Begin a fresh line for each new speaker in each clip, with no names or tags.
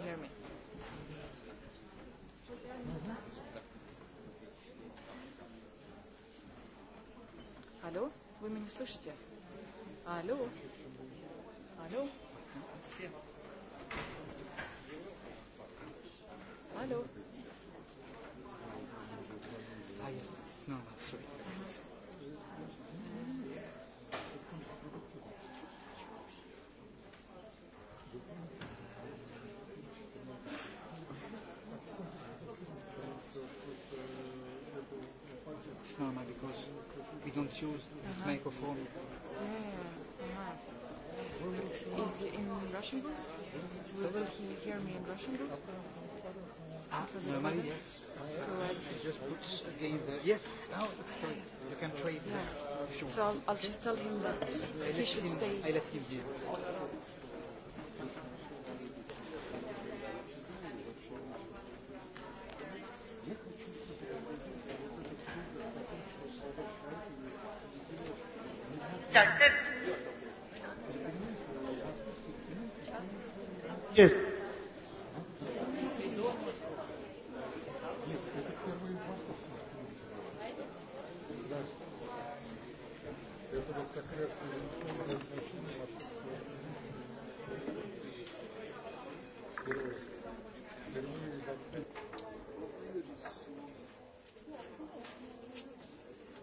hear me.
Алло, вы меня слышите? Алло.
it's normal because we don't use this uh -huh. microphone. Yeah,
yeah. Uh -huh. Is in Russian booth?
Will he hear me in Russian books? Ah, normally, yes.
So I uh, uh, just put
again the... Yes,
now oh, it's great.
You can trade yeah. there. Sure. So I'll,
I'll just tell him that I he should him, stay. I let him here.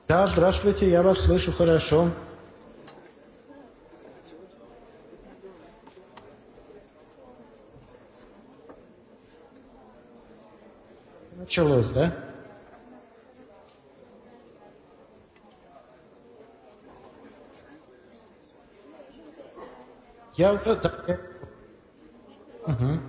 Да, здравствуйте, я вас слышу хорошо. Началось, да? Я уже... Да, я... Угу.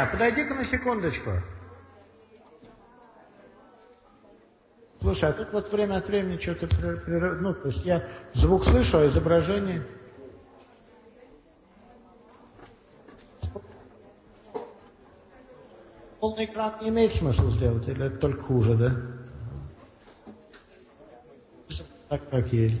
Ja, подойди ка на секундочку. Слушай, а тут вот время от времени что-то прерыв... Ну, то есть я звук слышу, а изображение... Полный экран не имеет смысла сделать, или это только хуже, да? Так как есть.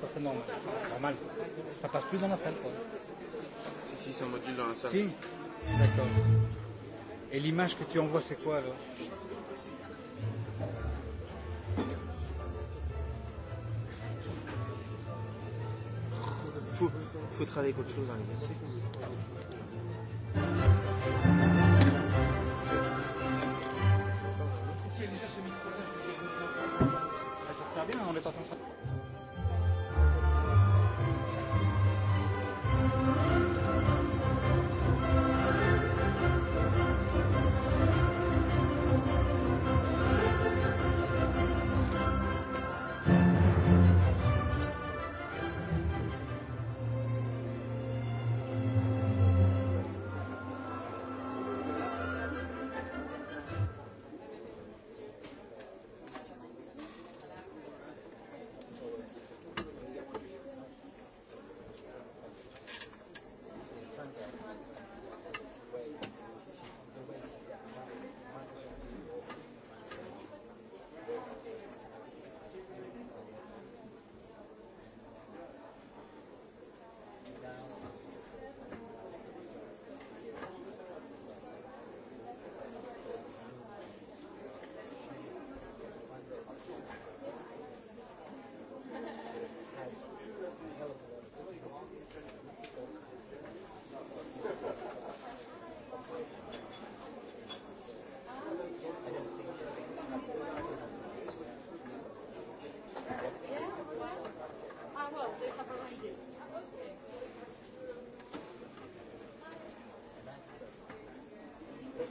Ça c'est normal. normal. Ça passe plus dans la salle quoi.
Si, si, c'est en module dans la
salle. Si, d'accord. Et l'image que tu envoies c'est quoi alors Faut, faut travailler avec autre chose, hein, les gars.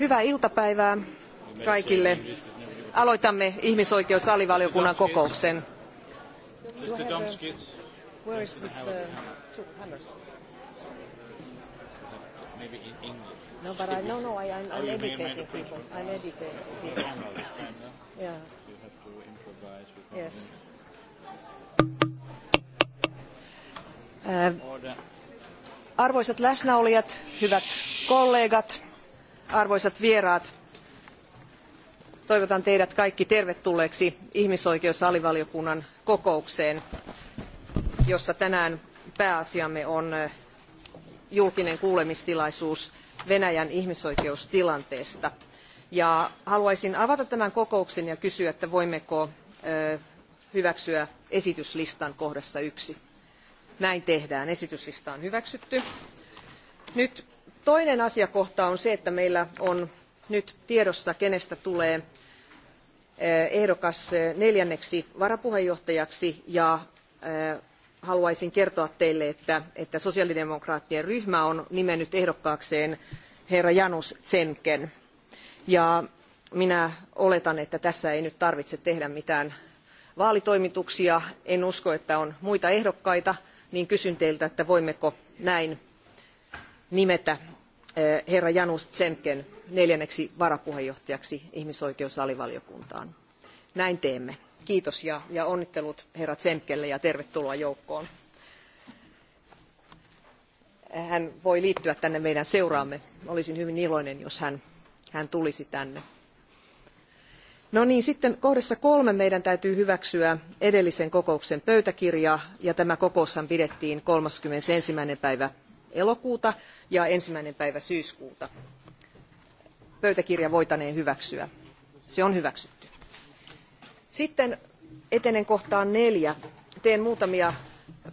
Hyvää
iltapäivää kaikille. Aloitamme ihmisoikeusalivaliokunnan kokouksen.
Uh, no, but I, no, no, I, I'm, I'm educating people. I'm educating people. yeah. You have to improvise. Yes. Uh,
arvoisat läsnäolijat hyvät kollegat arvoisat vieraat toivotan teidät kaikki tervetulleeksi ihmisoikeusalivaliokunnan kokoukseen jossa tänään pääasiamme on julkinen kuulemistilaisuus venäjän ihmisoikeustilanteesta. haluaisin avata tämän kokouksen ja kysyä että voimmeko hyväksyä esityslistan kohdassa yksi näin tehdään. esityslista on hyväksytty. nyt toinen asiakohta on se että meillä on nyt tiedossa kenestä tulee eh, ehdokas eh, neljänneksi varapuheenjohtajaksi ja eh, haluaisin kertoa teille että, että sosiaalidemokraattien ryhmä on nimennyt ehdokkaakseen herra Janus Tsenken. Ja minä oletan, että tässä ei nyt tarvitse tehdä mitään vaalitoimituksia. En usko, että on muita ehdokkaita niin kysyn teiltä että voimmeko näin nimetä eh, herra janus neljänneksi varapuheenjohtajaksi ihmisoikeusalivaliokuntaan. näin teemme. kiitos ja, onnittelut herra zemkelle ja tervetuloa joukkoon. hän voi liittyä tänne meidän seuraamme. olisin hyvin iloinen jos hän tulisi tänne. No niin, sitten kohdassa kolme meidän täytyy hyväksyä edellisen kokouksen pöytäkirja ja tämä kokoushan pidettiin 31. päivä elokuuta ja ensimmäinen päivä syyskuuta. Pöytäkirja voitaneen hyväksyä. Se on hyväksytty. Sitten etenen kohtaan neljä. Teen muutamia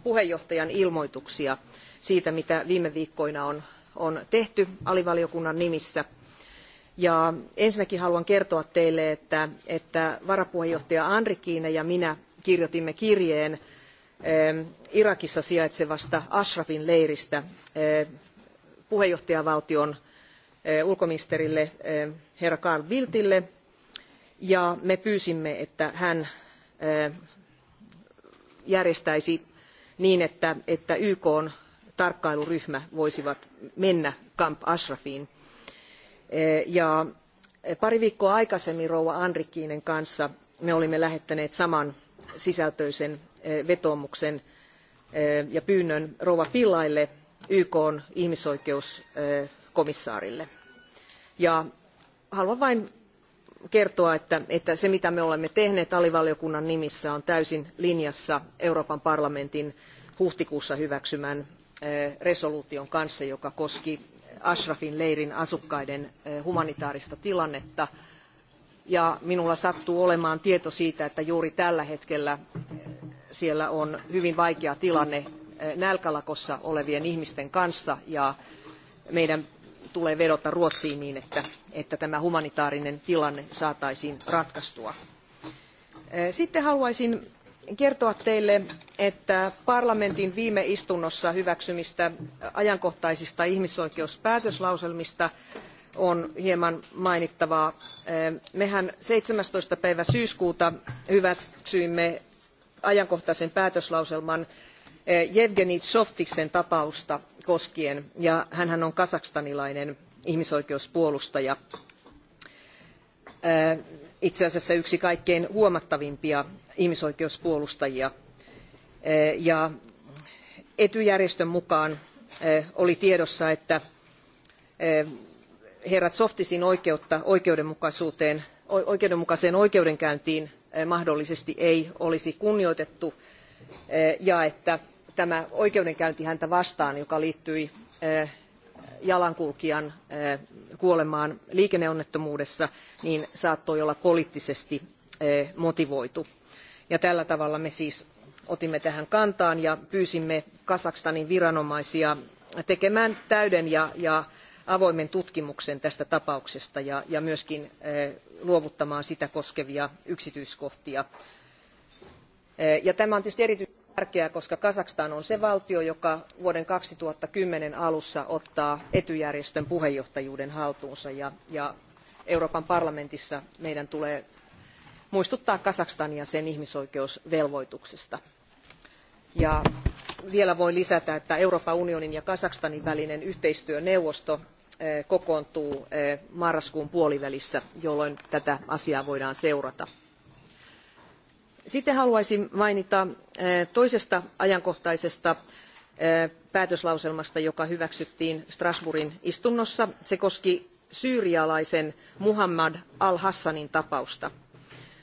puheenjohtajan ilmoituksia siitä, mitä viime viikkoina on, on tehty alivaliokunnan nimissä – ja ensinnäkin haluan kertoa teille, että, että varapuheenjohtaja Andrikiina ja minä kirjoitimme kirjeen ähm, Irakissa sijaitsevasta Ashrafin leiristä äh, puheenjohtajavaltion äh, ulkoministerille äh, herra Carl Bildtille ja me pyysimme, että hän järjestäisi niin, että, että YK on tarkkailuryhmä voisivat mennä Camp Ashrafiin Eh, ja eh, pari viikkoa aikaisemmin rouva Andrikkiinen kanssa me olimme lähettäneet saman sisältöisen eh, vetoomuksen ja pyynnön rouva Pillaille YK :n ihmisoikeuskomissaarille. Ja haluan vain kertoa, että, se mitä me olemme tehneet alivaliokunnan nimissä on täysin linjassa Euroopan parlamentin huhtikuussa hyväksymän päätöslauselman kanssa, joka koski Ashrafin leirin asukkaiden humanitaarista tilannetta. Ja minulla sattuu olemaan tieto siitä, että juuri tällä hetkellä siellä on hyvin vaikea tilanne nälkälakossa olevien ihmisten kanssa ja meidän tulee vedota Ruotsiin niin, että, että tämä humanitaarinen tilanne saataisiin ratkaistua. Sitten haluaisin kertoa teille että parlamentin viime istunnossa hyväksymistä ajankohtaisista ihmisoikeuspäätöslauselmista on hieman mainittavaa. Eh, mehän seitsemäntoista päivä syyskuuta hyväksyimme ajankohtaisen päätöslauselman jevgeni eh, zhovtisin tapausta koskien ja hänhän on kazakstanilainen ihmisoikeuspuolustaja eh, itse asiassa yksi kaikkein huomattavimpia ihmisoikeuspuolustajia. Eh, ja järjestön mukaan eh, oli tiedossa, että eh, herra zhovtisin oikeutta oikeudenmukaisuuteen, oikeudenmukaiseen oikeudenkäyntiin mahdollisesti ei olisi kunnioitettu ja että tämä oikeudenkäynti häntä vastaan, joka liittyi jalankulkijan eh, kuolemaan liikenneonnettomuudessa niin saattoi olla poliittisesti eh, motivoitu. Ja tällä tavalla me siis otimme tähän kantaa ja pyysimme kazakstanin viranomaisia tekemään täyden ja, ja avoimen tutkimuksen tästä tapauksesta ja, ja myös eh, luovuttamaan sitä koskevia yksityiskohtia. Ja tämä on tietysti erityisesti tärkeää koska kazakstan on se valtio joka vuoden kaksituhatta kymmenen alussa ottaa ety järjestön puheenjohtajuuden haltuunsa ja, ja euroopan parlamentissa meidän tulee muistuttaa kazakstania sen ihmisoikeusvelvoituksista. Ja vielä voin lisätä että euroopan unionin ja kazakstanin välinen yhteistyöneuvosto eh, kokoontuu eh, marraskuun puolivälissä jolloin tätä asiaa voidaan seurata sitten haluaisin mainita eh, toisesta ajankohtaisesta eh, päätöslauselmasta joka hyväksyttiin strasbourgin istunnossa se koski syyrialaisen muhammad al hassanin tapausta.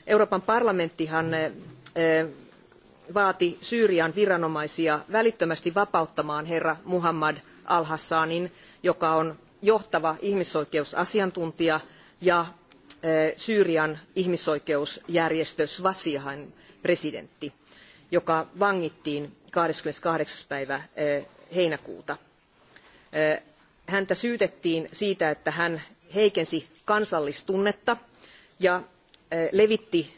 euroopan parlamenttihan eh, vaati syyrian viranomaisia välittömästi vapauttamaan herra muhammad al hassanin joka on johtava ihmisoikeusasiantuntija ja syyrian ihmisoikeusjärjestö swasihan presidentti joka vangittiin kaksikymmentäkahdeksan päivä heinäkuuta. häntä syytettiin siitä että hän heikensi kansallistunnetta ja levitti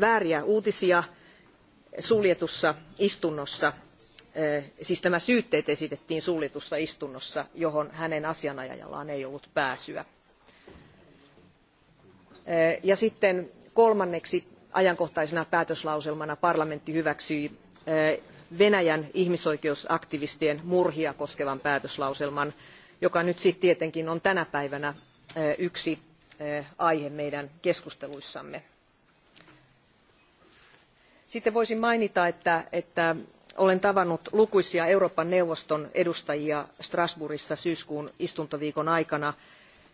vääriä uutisia suljetussa istunnossa siis nämä syytteet esitettiin suljetussa istunnossa johon hänen asianajajallaan ei ollut pääsyä ja sitten kolmanneksi ajankohtaisena päätöslauselmana parlamentti hyväksyi venäjän ihmisoikeusaktivistien murhia koskevan päätöslauselman joka nyt sitten tietenkin on tänä päivänä yksi aihe meidän keskusteluissamme. sitten voisin mainita että, että olen tavannut lukuisia euroopan neuvoston edustajia strasbourgissa syyskuun istuntoviikon aikana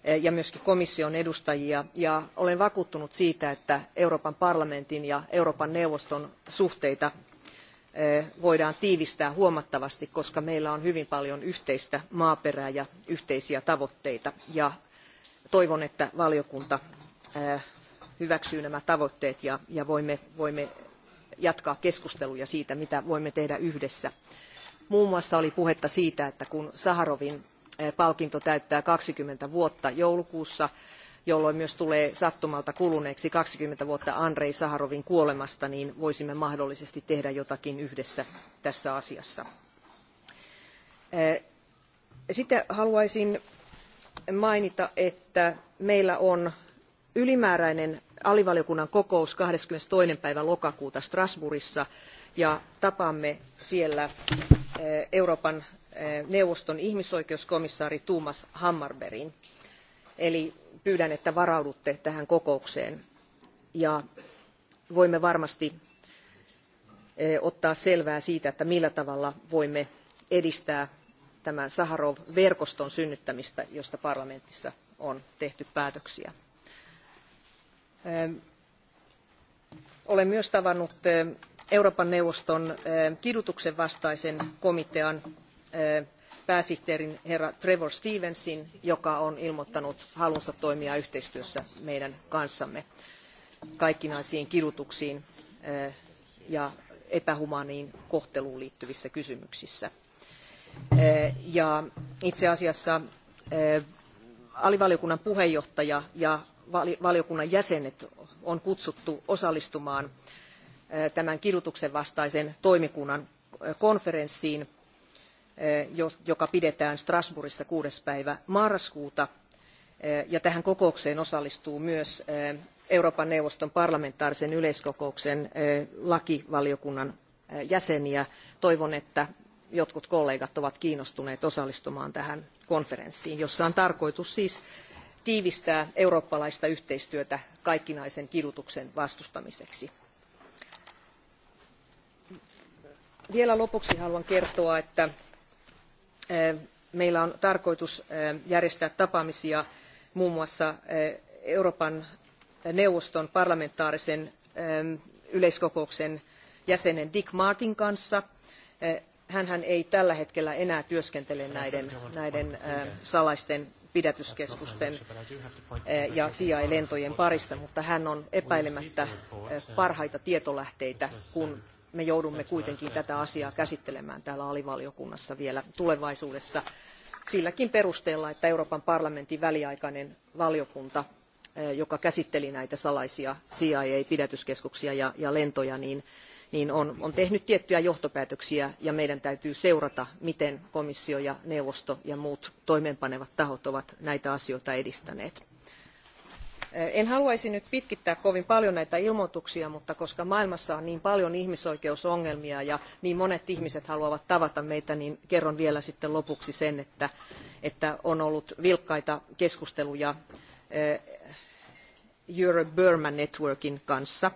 Eh, ja myös komission edustajia ja olen vakuuttunut siitä että euroopan parlamentin ja euroopan neuvoston suhteita eh, voidaan tiivistää huomattavasti koska meillä on hyvin paljon yhteistä maaperää ja yhteisiä tavoitteita ja toivon että valiokunta eh, hyväksyy nämä tavoitteet ja, ja voimme, voimme jatkaa keskusteluja siitä mitä voimme tehdä yhdessä. muun muassa oli puhetta siitä että kun saharovin palkinto täyttää kaksikymmentä vuotta joulukuussa jolloin myös tulee sattumalta kuluneeksi kaksikymmentä vuotta andrei saharovin kuolemasta niin voisimme mahdollisesti tehdä jotakin yhdessä tässä asiassa. sitten haluaisin mainita että meillä on ylimääräinen alivaliokunnan kokous 22. päivä lokakuuta strasbourgissa ja tapaamme siellä euroopan Eh, neuvoston ihmisoikeuskomissaari Thomas Hammarbergin. Eli pyydän, että varaudutte tähän kokoukseen ja voimme varmasti eh, ottaa selvää siitä, että millä tavalla voimme edistää tämän Saharov-verkoston synnyttämistä, josta parlamentissa on tehty päätöksiä. Eh, olen myös tavannut Euroopan neuvoston kidutuksen vastaisen komitean pääsihteerin herra Trevor Stevensin, joka on ilmoittanut halunsa toimia yhteistyössä meidän kanssamme kaikkinaisiin kidutuksiin ja epähumaaniin kohteluun liittyvissä kysymyksissä. Ja itse asiassa alivaliokunnan puheenjohtaja ja valiokunnan jäsenet on kutsuttu osallistumaan tämän kidutuksen vastaisen toimikunnan konferenssiin Eh, joka pidetään Strasbourgissa 6. päivä marraskuuta. Eh, ja tähän kokoukseen osallistuu myös eh, Euroopan neuvoston parlamentaarisen yleiskokouksen lakivaliokunnan jäseniä. Toivon, että jotkut kollegat ovat kiinnostuneet osallistumaan tähän konferenssiin, jossa on tarkoitus siis tiivistää eurooppalaista yhteistyötä kaikkinaisen kidutuksen vastustamiseksi. Vielä lopuksi haluan kertoa, että Eh, meillä on tarkoitus eh, järjestää tapaamisia muun muassa eh, Euroopan neuvoston parlamentaarisen yleiskokouksen jäsenen Dick Martin kanssa. Hänhän ei tällä hetkellä enää työskentele näiden, näiden salaisten pidätyskeskusten ja CIA-lentojen parissa, mutta hän on epäilemättä parhaita tietolähteitä, kun me joudumme kuitenkin tätä asiaa käsittelemään täällä alivaliokunnassa vielä tulevaisuudessa silläkin perusteella, että Euroopan parlamentin väliaikainen valiokunta, eh, joka käsitteli näitä salaisia CIA-pidätyskeskuksia ja, ja lentoja, niin niin on, on tehnyt tiettyjä johtopäätöksiä ja meidän täytyy seurata miten komissio ja neuvosto ja muut toimeenpanevat tahot ovat näitä asioita edistäneet. Eh, en haluaisi nyt pitkittää kovin paljon näitä ilmoituksia mutta koska maailmassa on niin paljon ihmisoikeusongelmia ja niin monet ihmiset haluavat tavata meitä niin kerron vielä sitten lopuksi sen että, että on ollut vilkkaita keskusteluja eh, euro burma networkin kanssa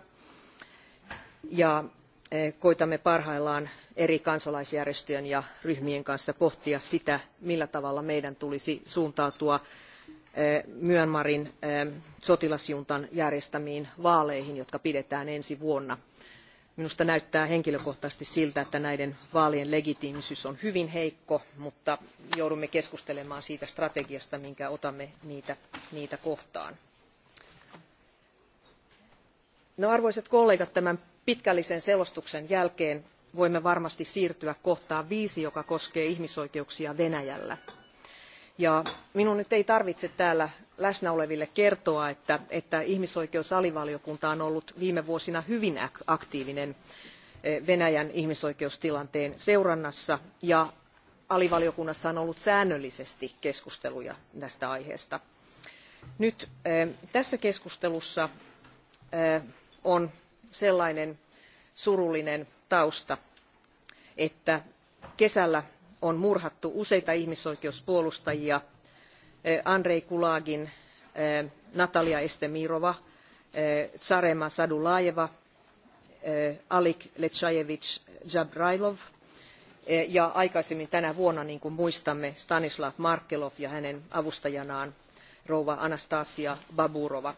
ja eh, koitamme parhaillaan eri kansalaisjärjestöjen ja ryhmien kanssa pohtia sitä millä tavalla meidän tulisi suuntautua Eh, Myanmarin eh, sotilasjuntan järjestämiin vaaleihin, jotka pidetään ensi vuonna. Minusta näyttää henkilökohtaisesti siltä, että näiden vaalien legitiimisyys on hyvin heikko, mutta joudumme keskustelemaan siitä strategiasta, minkä otamme niitä, kohtaan. No, arvoisat kollegat, tämän pitkällisen selostuksen jälkeen voimme varmasti siirtyä kohtaan viisi, joka koskee ihmisoikeuksia Venäjällä ja minun nyt ei tarvitse täällä läsnä oleville kertoa että, että ihmisoikeusalivaliokunta on ollut viime vuosina hyvin aktiivinen eh, venäjän ihmisoikeustilanteen seurannassa ja alivaliokunnassa on ollut säännöllisesti keskusteluja tästä aiheesta. nyt eh, tässä keskustelussa eh, on sellainen surullinen tausta että kesällä on murhattu useita ihmisoikeuspuolustajia eh, andrei kulagin eh, natalia estemirova zarema eh, sadulajeva alik lecajevich jabrailov ja aikaisemmin tänä vuonna niin kuin muistamme stanislav markelov ja hänen avustajanaan rouva anastasia baburova.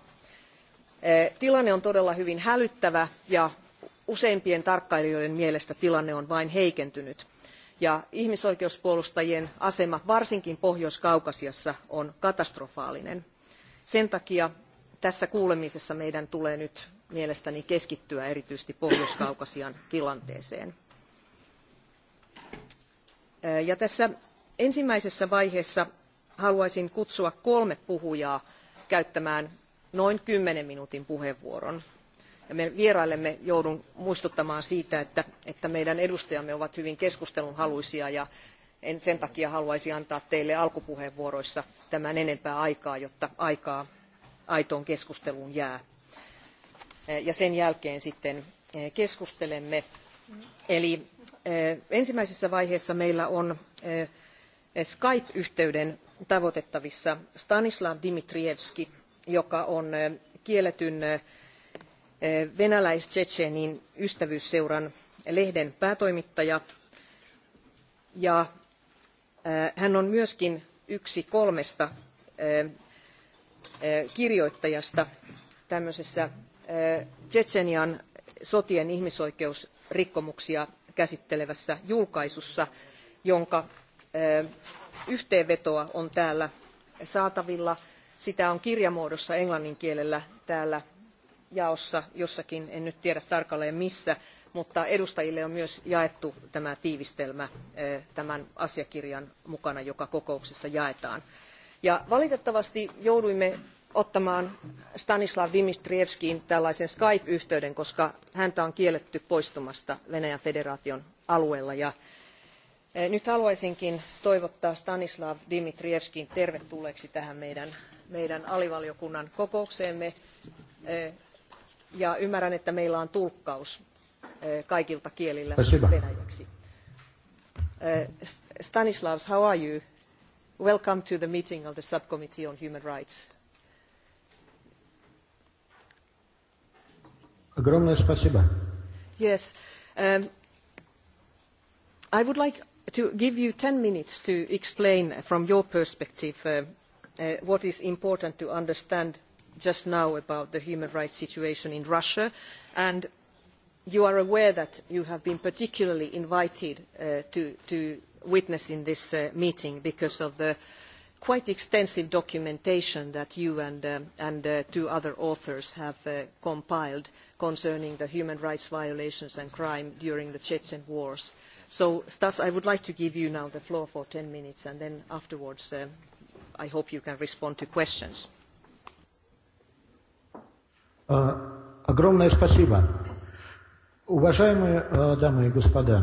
tilanne on todella hyvin hälyttävä ja useimpien tarkkailijoiden mielestä tilanne on vain heikentynyt ja ihmisoikeuspuolustajien asema varsinkin pohjois kaukasiassa on katastrofaalinen. sen takia tässä kuulemisessa meidän tulee nyt mielestäni keskittyä erityisesti pohjois kaukasian tilanteeseen. tässä ensimmäisessä vaiheessa haluaisin kutsua kolme puhujaa käyttämään noin kymmenen minuutin puheenvuoron me vieraillemme joudun muistuttamaan siitä että, meidän edustajamme ovat hyvin keskusteluhaluisia ja en sen takia haluaisi antaa teille alkupuheenvuoroissa tämän enempää aikaa jotta aikaa aitoon keskusteluun jää. Ja sen jälkeen sitten eh, keskustelemme. Eli eh, ensimmäisessä vaiheessa meillä on eh, skype yhteyden tavoitettavissa stanislav dimitrijevski joka on kielletyn venäläis tetenin ystävyysseuran lehden päätoimittaja ja hän on myös yksi kolmesta kirjoittajasta tämmöisessä tetenian sotien ihmisoikeusrikkomuksia käsittelevässä julkaisussa jonka yhteenvetoa on täällä saatavilla sitä on kirjamuodossa englannin kielellä täällä jaossa jossakin en nyt tiedä tarkalleen missä mutta edustajille on myös jaettu tämä tiivistelmä tämän asiakirjan mukana joka kokouksessa jaetaan. Ja valitettavasti jouduimme ottamaan Stanislav Dimitrievskiin tällaisen Skype-yhteyden, koska häntä on kielletty poistumasta Venäjän federaation alueella. Ja nyt haluaisinkin toivottaa Stanislav Dimitrievskin tervetulleeksi tähän meidän, meidän alivaliokunnan kokoukseemme ja ymmärrän, että meillä on tulkkaus eh, kaikilta kielillä venäjäksi. Eh, Stanislaus, how are you? Welcome to the meeting of the Subcommittee on Human Rights.
Огромное спасибо.
Yes. Um, I would like to give you 10 minutes to explain from your perspective uh, uh, what is important to understand just now about the human rights situation in russia and you are aware that you have been particularly invited uh, to, witness in this uh, meeting because of the quite extensive documentation that you and, um, uh, two other authors have compiled concerning the human rights violations and crime during the chechen wars. so stas i would like to give you now the floor for ten minutes and then afterwards um, i hope you can respond to questions.
Огромное спасибо. Уважаемые дамы и господа,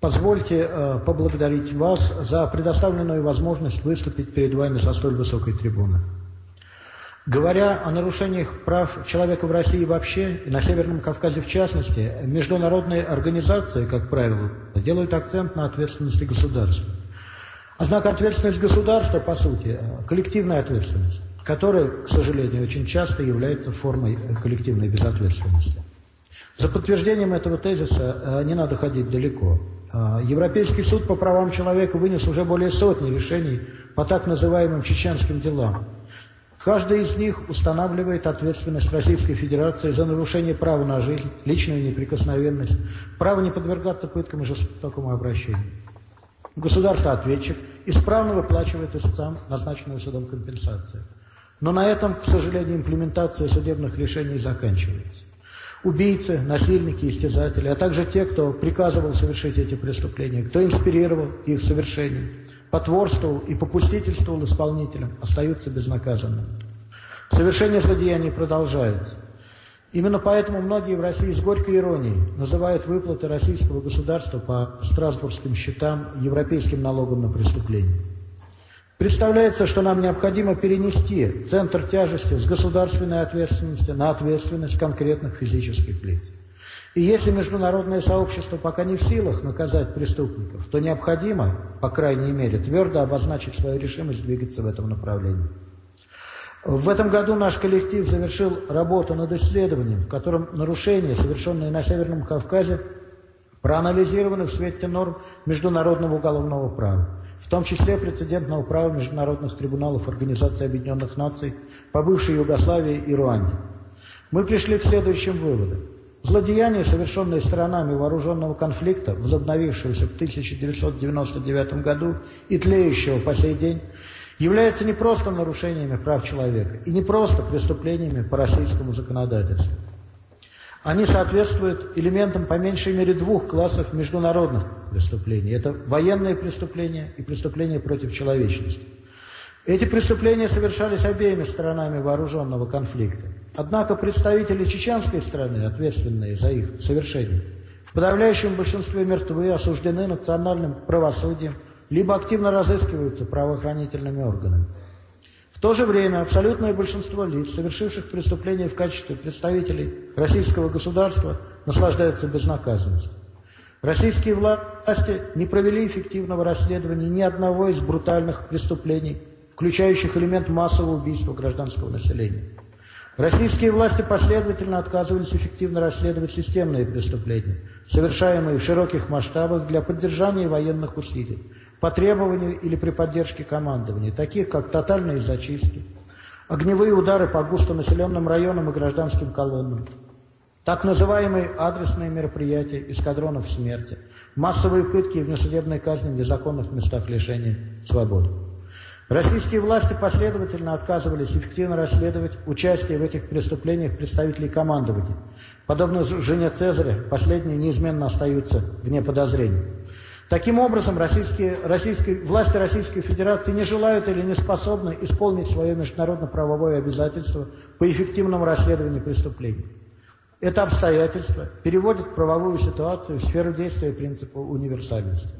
позвольте поблагодарить вас за предоставленную возможность выступить перед вами со столь высокой трибуны. Говоря о нарушениях прав человека в России вообще и на Северном Кавказе в частности, международные организации, как правило, делают акцент на ответственности государства. Однако ответственность государства, по сути, коллективная ответственность которая, к сожалению, очень часто является формой коллективной безответственности. За подтверждением этого тезиса не надо ходить далеко. Европейский суд по правам человека вынес уже более сотни решений по так называемым чеченским делам. Каждый из них устанавливает ответственность Российской Федерации за нарушение права на жизнь, личную неприкосновенность, право не подвергаться пыткам и жестокому обращению. Государство-ответчик исправно выплачивает истцам назначенную судом компенсацию. Но на этом, к сожалению, имплементация судебных решений заканчивается. Убийцы, насильники, истязатели, а также те, кто приказывал совершить эти преступления, кто инспирировал их совершение, потворствовал и попустительствовал исполнителям, остаются безнаказанными. Совершение злодеяний продолжается. Именно поэтому многие в России с горькой иронией называют выплаты российского государства по страсбургским счетам европейским налогом на преступление. Представляется, что нам необходимо перенести центр тяжести с государственной ответственности на ответственность конкретных физических лиц. И если международное сообщество пока не в силах наказать преступников, то необходимо, по крайней мере, твердо обозначить свою решимость двигаться в этом направлении. В этом году наш коллектив завершил работу над исследованием, в котором нарушения, совершенные на Северном Кавказе, проанализированы в свете норм международного уголовного права в том числе прецедентного права международных трибуналов Организации Объединенных Наций по бывшей Югославии и Руанде. Мы пришли к следующим выводам. Злодеяния, совершенные сторонами вооруженного конфликта, возобновившегося в 1999 году и тлеющего по сей день, являются не просто нарушениями прав человека и не просто преступлениями по российскому законодательству они соответствуют элементам по меньшей мере двух классов международных преступлений. Это военные преступления и преступления против человечности. Эти преступления совершались обеими сторонами вооруженного конфликта. Однако представители чеченской страны, ответственные за их совершение, в подавляющем большинстве мертвы осуждены национальным правосудием, либо активно разыскиваются правоохранительными органами. В то же время абсолютное большинство лиц, совершивших преступления в качестве представителей российского государства, наслаждаются безнаказанностью. Российские власти не провели эффективного расследования ни одного из брутальных преступлений, включающих элемент массового убийства гражданского населения. Российские власти последовательно отказывались эффективно расследовать системные преступления, совершаемые в широких масштабах для поддержания военных усилий, по требованию или при поддержке командования, таких как тотальные зачистки, огневые удары по густонаселенным районам и гражданским колоннам, так называемые адресные мероприятия эскадронов смерти, массовые пытки и внесудебные казни в незаконных местах лишения свободы. Российские власти последовательно отказывались эффективно расследовать участие в этих преступлениях представителей командования. Подобно жене Цезаря, последние неизменно остаются вне подозрений. Таким образом, российские, российские, власти Российской Федерации не желают или не способны исполнить свое международно-правовое обязательство по эффективному расследованию преступлений. Это обстоятельство переводит правовую ситуацию в сферу действия принципа универсальности.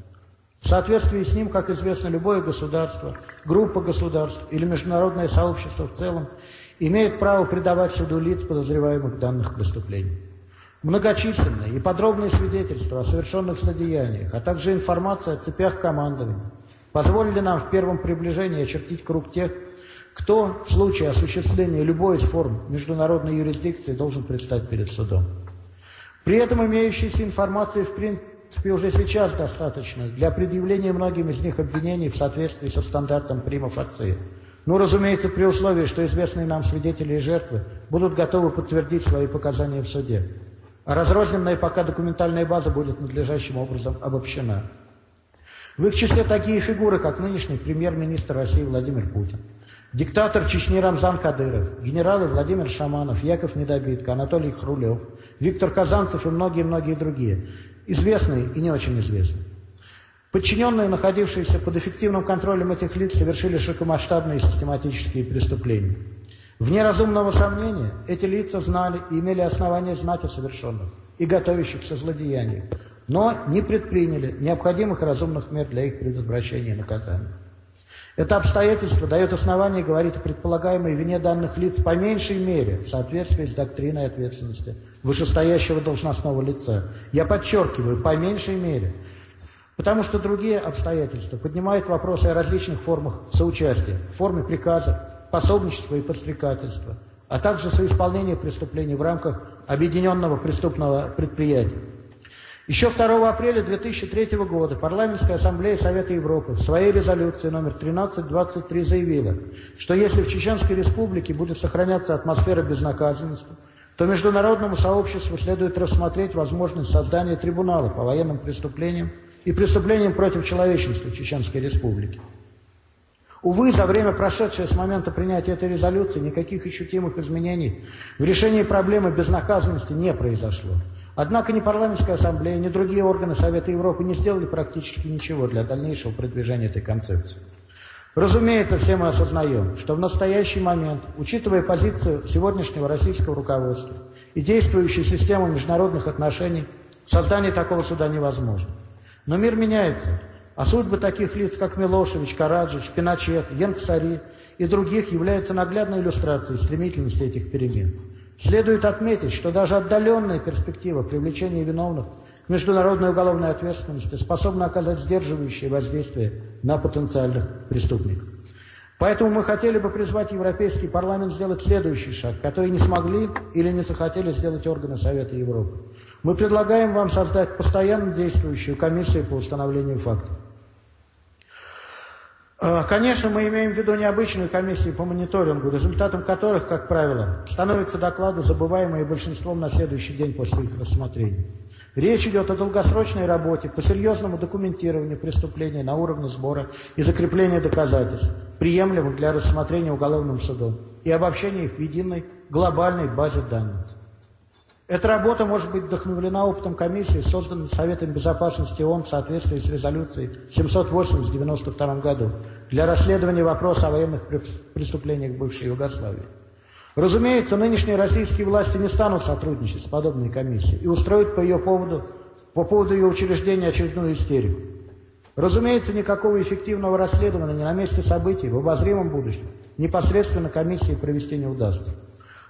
В соответствии с ним, как известно, любое государство, группа государств или международное сообщество в целом имеет право предавать суду лиц, подозреваемых в данных преступлениях многочисленные и подробные свидетельства о совершенных злодеяниях, а также информация о цепях командования, позволили нам в первом приближении очертить круг тех, кто в случае осуществления любой из форм международной юрисдикции должен предстать перед судом. При этом имеющейся информации в принципе уже сейчас достаточно для предъявления многим из них обвинений в соответствии со стандартом примов отцы. Ну, разумеется, при условии, что известные нам свидетели и жертвы будут готовы подтвердить свои показания в суде разрозненная пока документальная база будет надлежащим образом обобщена. В их числе такие фигуры, как нынешний премьер-министр России Владимир Путин, диктатор Чечни Рамзан Кадыров, генералы Владимир Шаманов, Яков Недобитко, Анатолий Хрулев, Виктор Казанцев и многие-многие другие, известные и не очень известные. Подчиненные, находившиеся под эффективным контролем этих лиц, совершили широкомасштабные систематические преступления – Вне разумного сомнения, эти лица знали и имели основания знать о совершенном и готовящихся злодеяниях, но не предприняли необходимых разумных мер для их предотвращения и наказания. Это обстоятельство дает основание говорить о предполагаемой вине данных лиц по меньшей мере в соответствии с доктриной ответственности вышестоящего должностного лица. Я подчеркиваю, по меньшей мере, потому что другие обстоятельства поднимают вопросы о различных формах соучастия, в форме приказа, пособничество и подстрекательство, а также соисполнение преступлений в рамках объединенного преступного предприятия. Еще 2 апреля 2003 года Парламентская ассамблея Совета Европы в своей резолюции номер 1323 заявила, что если в Чеченской республике будет сохраняться атмосфера безнаказанности, то международному сообществу следует рассмотреть возможность создания трибунала по военным преступлениям и преступлениям против человечности Чеченской Республики. Увы, за время, прошедшее с момента принятия этой резолюции, никаких ощутимых изменений в решении проблемы безнаказанности не произошло. Однако ни парламентская ассамблея, ни другие органы Совета Европы не сделали практически ничего для дальнейшего продвижения этой концепции. Разумеется, все мы осознаем, что в настоящий момент, учитывая позицию сегодняшнего российского руководства и действующую систему международных отношений, создание такого суда невозможно. Но мир меняется, А судьбы таких лиц, как Милошевич, Караджич, Пиночет, Янксари и других являются наглядной иллюстрацией стремительности этих перемен. Следует отметить, что даже отдаленная перспектива привлечения виновных к международной уголовной ответственности способна оказать сдерживающее воздействие на потенциальных преступников. Поэтому мы хотели бы призвать Европейский парламент сделать следующий шаг, который не смогли или не захотели сделать органы Совета Европы. Мы предлагаем вам создать постоянно действующую комиссию по установлению фактов. Конечно, мы имеем в виду необычные комиссии по мониторингу, результатом которых, как правило, становятся доклады, забываемые большинством на следующий день после их рассмотрения. Речь идет о долгосрочной работе по серьезному документированию преступлений на уровне сбора и закрепления доказательств, приемлемых для рассмотрения уголовным судом, и обобщения их в единой глобальной базе данных. Эта работа может быть вдохновлена опытом комиссии, созданной Советом Безопасности ООН в соответствии с резолюцией 780 в 1992 году для расследования вопроса о военных преступлениях бывшей Югославии. Разумеется, нынешние российские власти не станут сотрудничать с подобной комиссией и устроить по ее поводу, по поводу ее учреждения очередную истерику. Разумеется, никакого эффективного расследования на месте событий в обозримом будущем непосредственно комиссии провести не удастся.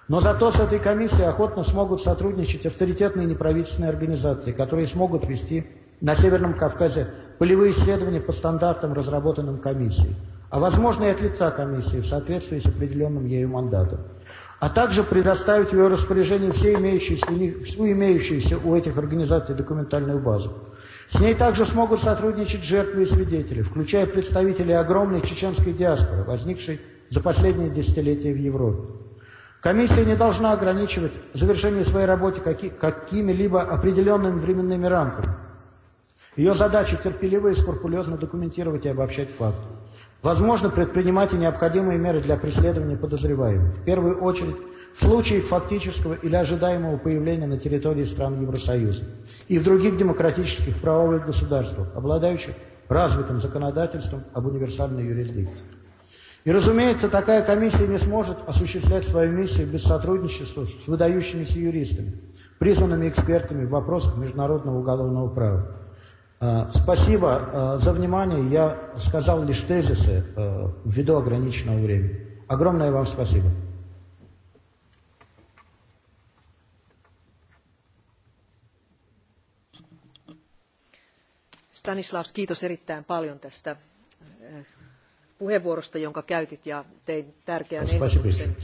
Но зато с этой комиссией охотно смогут сотрудничать авторитетные неправительственные организации, которые смогут вести на Северном Кавказе полевые исследования по стандартам, разработанным комиссией, а возможно и от лица комиссии в соответствии с определенным ею мандатом, а также предоставить в ее распоряжение все имеющиеся, всю имеющуюся у этих организаций документальную базу. С ней также смогут сотрудничать жертвы и свидетели, включая представителей огромной чеченской диаспоры, возникшей за последние десятилетия в Европе. Комиссия не должна ограничивать завершение своей работы какими-либо определенными временными рамками. Ее задача терпеливо и скрупулезно документировать и обобщать факты. Возможно, предпринимать и необходимые меры для преследования подозреваемых. В первую очередь, в случае фактического или ожидаемого появления на территории стран Евросоюза и в других демократических правовых государствах, обладающих развитым законодательством об универсальной юрисдикции. И, разумеется, такая комиссия не сможет осуществлять свою миссию без сотрудничества с выдающимися юристами, признанными экспертами в вопросах международного уголовного права. Спасибо за внимание. Я сказал лишь тезисы ввиду ограниченного времени. Огромное вам спасибо.
Станислав, kiitos erittäin paljon tästä puheenvuorosta, jonka käytit ja tein tärkeän ehdotuksen,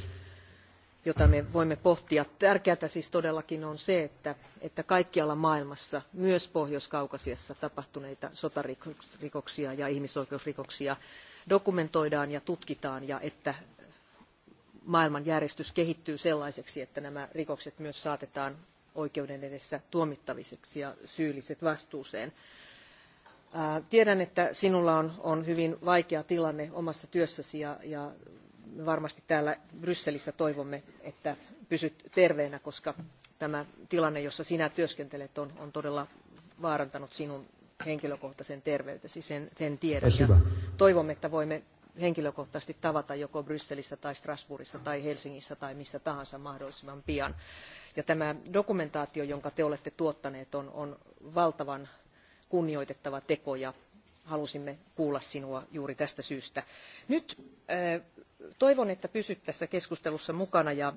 jota me voimme pohtia. Tärkeää siis todellakin on se, että, että kaikkialla maailmassa, myös Pohjois-Kaukasiassa tapahtuneita sotarikoksia ja ihmisoikeusrikoksia dokumentoidaan ja tutkitaan ja että maailmanjärjestys kehittyy sellaiseksi, että nämä rikokset myös saatetaan oikeuden edessä tuomittaviksi ja syylliset vastuuseen. Tiedän, että sinulla on, hyvin vaikea tilanne omassa työssäsi ja, me varmasti täällä Brysselissä toivomme, että pysyt terveenä, koska tämä tilanne, jossa sinä työskentelet, on, todella vaarantanut sinun henkilökohtaisen terveytesi, sen, sen tiedän. Ja toivomme, että voimme henkilökohtaisesti tavata joko Brysselissä tai Strasbourgissa tai Helsingissä tai missä tahansa mahdollisimman pian. tämä dokumentaatio, jonka te olette tuottaneet, on valtavan kunnioitettava teko ja halusimme kuulla sinua juuri tästä syystä. Nyt toivon, että pysyt tässä keskustelussa mukana ja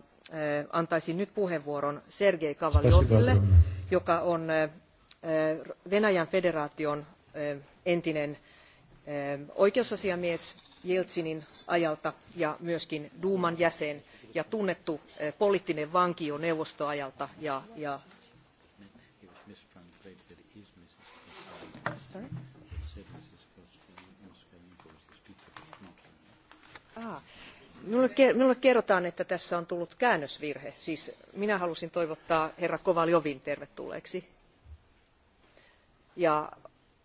antaisin nyt puheenvuoron Sergei Kavaljoville, joka on Venäjän federaation entinen oikeusasiamies Jeltsinin ajalta ja myöskin Duuman jäsen ja tunnettu poliittinen vanki jo neuvostoajalta ja, ja Aha. Minulle kerrotaan, että tässä on tullut käännösvirhe. Siis minä halusin toivottaa herra Kovaljovin tervetulleeksi. Ja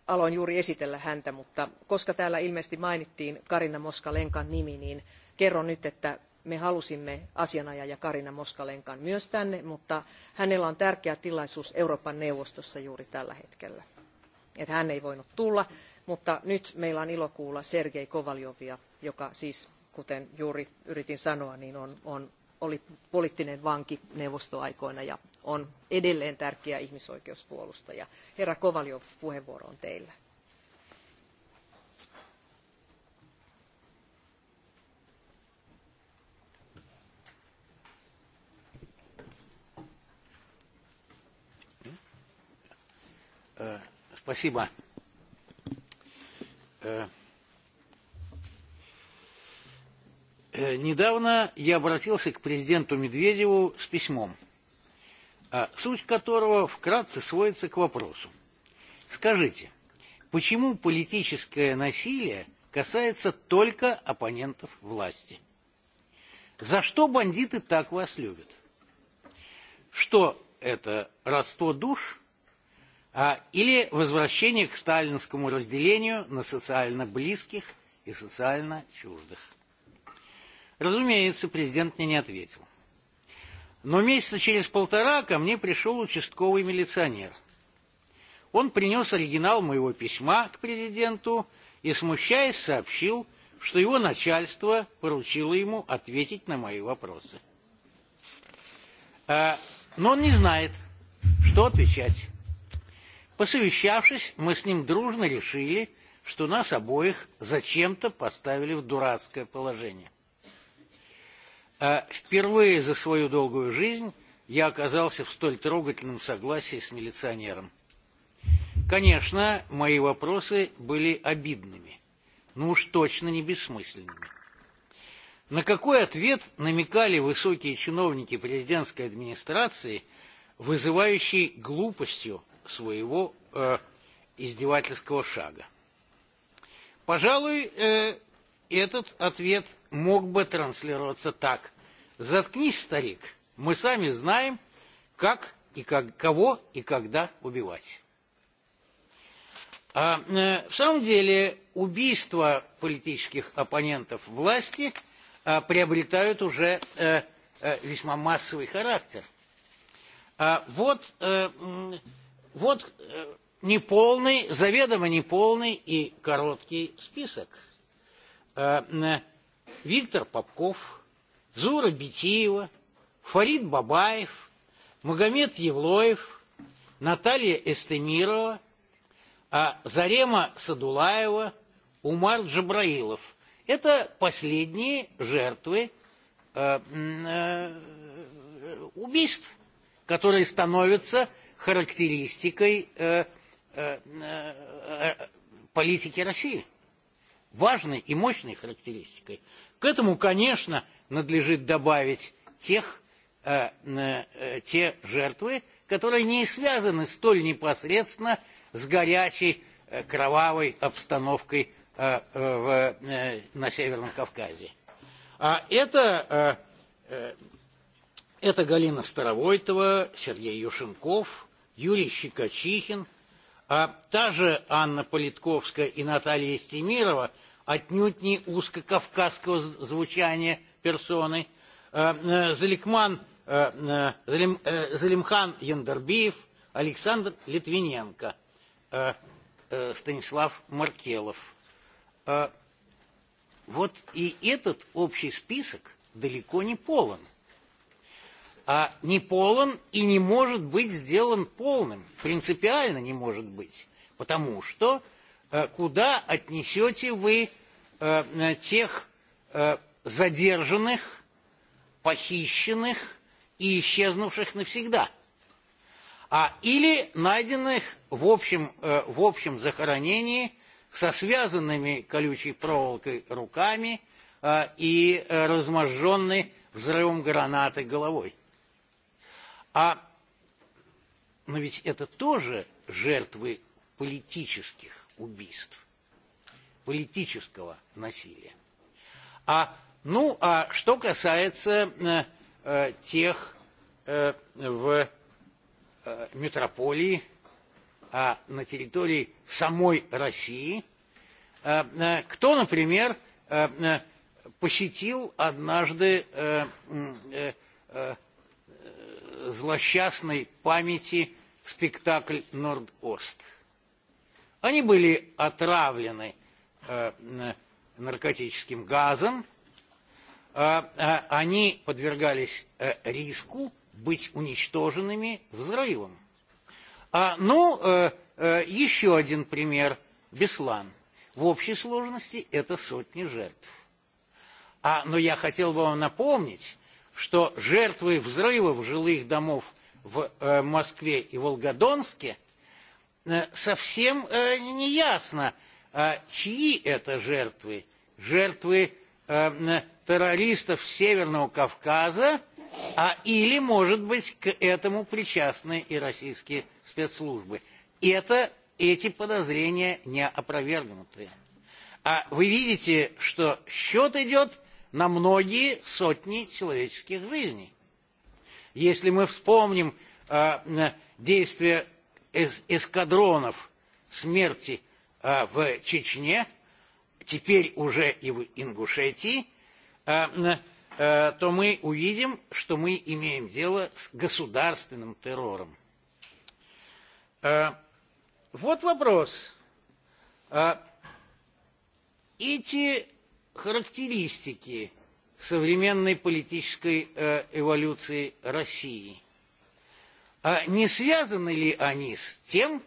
aloin juuri esitellä häntä, mutta koska täällä ilmeisesti mainittiin Karina Moskalenkan nimi, niin kerron nyt, että me halusimme asianajaja Karina Moskalenkan myös tänne, mutta hänellä on tärkeä tilaisuus Euroopan neuvostossa juuri tällä hetkellä. Että hän ei voinut tulla, mutta nyt meillä on ilo kuulla Sergei Kovaljovia, joka siis kuten juuri yritin sanoa, niin on, on, oli poliittinen vanki neuvostoaikoina ja on edelleen tärkeä ihmisoikeuspuolustaja. Herra Kovaljov, puheenvuoro on teillä.
Спасибо. недавно я обратился к президенту Медведеву с письмом, суть которого вкратце сводится к вопросу. Скажите, почему политическое насилие касается только оппонентов власти? За что бандиты так вас любят? Что это, родство душ а, или возвращение к сталинскому разделению на социально близких и социально чуждых? Разумеется, президент мне не ответил. Но месяца через полтора ко мне пришел участковый милиционер. Он принес оригинал моего письма к президенту и, смущаясь, сообщил, что его начальство поручило ему ответить на мои вопросы. Но он не знает, что отвечать. Посовещавшись, мы с ним дружно решили, что нас обоих зачем-то поставили в дурацкое положение. Впервые за свою долгую жизнь я оказался в столь трогательном согласии с милиционером. Конечно, мои вопросы были обидными, но уж точно не бессмысленными. На какой ответ намекали высокие чиновники президентской администрации, вызывающие глупостью своего э, издевательского шага? Пожалуй, э, этот ответ мог бы транслироваться так. Заткнись, старик, мы сами знаем, как и как, кого и когда убивать. А, э, в самом деле убийства политических оппонентов власти э, приобретают уже э, э, весьма массовый характер. А, вот, э, вот э, неполный, заведомо неполный и короткий список. Э, э, Виктор Попков – Зура Битиева, Фарид Бабаев, Магомед Евлоев, Наталья Эстемирова, Зарема Садулаева, Умар Джабраилов. Это последние жертвы убийств, которые становятся характеристикой политики России важной и мощной характеристикой. К этому, конечно, надлежит добавить тех, э, э, те жертвы, которые не связаны столь непосредственно с горячей э, кровавой обстановкой э, э, в, э, на Северном Кавказе. А это, э, это Галина Старовойтова, Сергей Юшенков, Юрий Щекочихин, а та же Анна Политковская и Наталья Стемирова отнюдь не узкокавказского звучания – персоны, Заликман, Залим, Залимхан Яндарбиев, Александр Литвиненко, Станислав Маркелов. Вот и этот общий список далеко не полон. А не полон и не может быть сделан полным. Принципиально не может быть. Потому что куда отнесете вы тех задержанных, похищенных и исчезнувших навсегда. А, или найденных в общем, э, в общем захоронении со связанными колючей проволокой руками э, и э, разможженной взрывом гранаты головой. А, но ведь это тоже жертвы политических убийств, политического насилия. А Ну, а что касается э, тех э, в э, метрополии, а на территории самой России, э, кто, например, э, посетил однажды э, э, злосчастной памяти спектакль «Норд-Ост». Они были отравлены наркотическим газом, они подвергались риску быть уничтоженными взрывом. Ну, еще один пример – Беслан. В общей сложности это сотни жертв. А, но я хотел бы вам напомнить, что жертвы взрывов жилых домов в э, Москве и Волгодонске э, совсем э, не ясно, э, чьи это жертвы. Жертвы террористов Северного Кавказа, а или, может быть, к этому причастны и российские спецслужбы. Это, эти подозрения не опровергнуты. А вы видите, что счет идет на многие сотни человеческих жизней. Если мы вспомним э, действия эскадронов смерти э, в Чечне – теперь уже и в Ингушетии, то мы увидим, что мы имеем дело с государственным террором. Вот вопрос. Эти характеристики современной политической эволюции России, не связаны ли они с тем,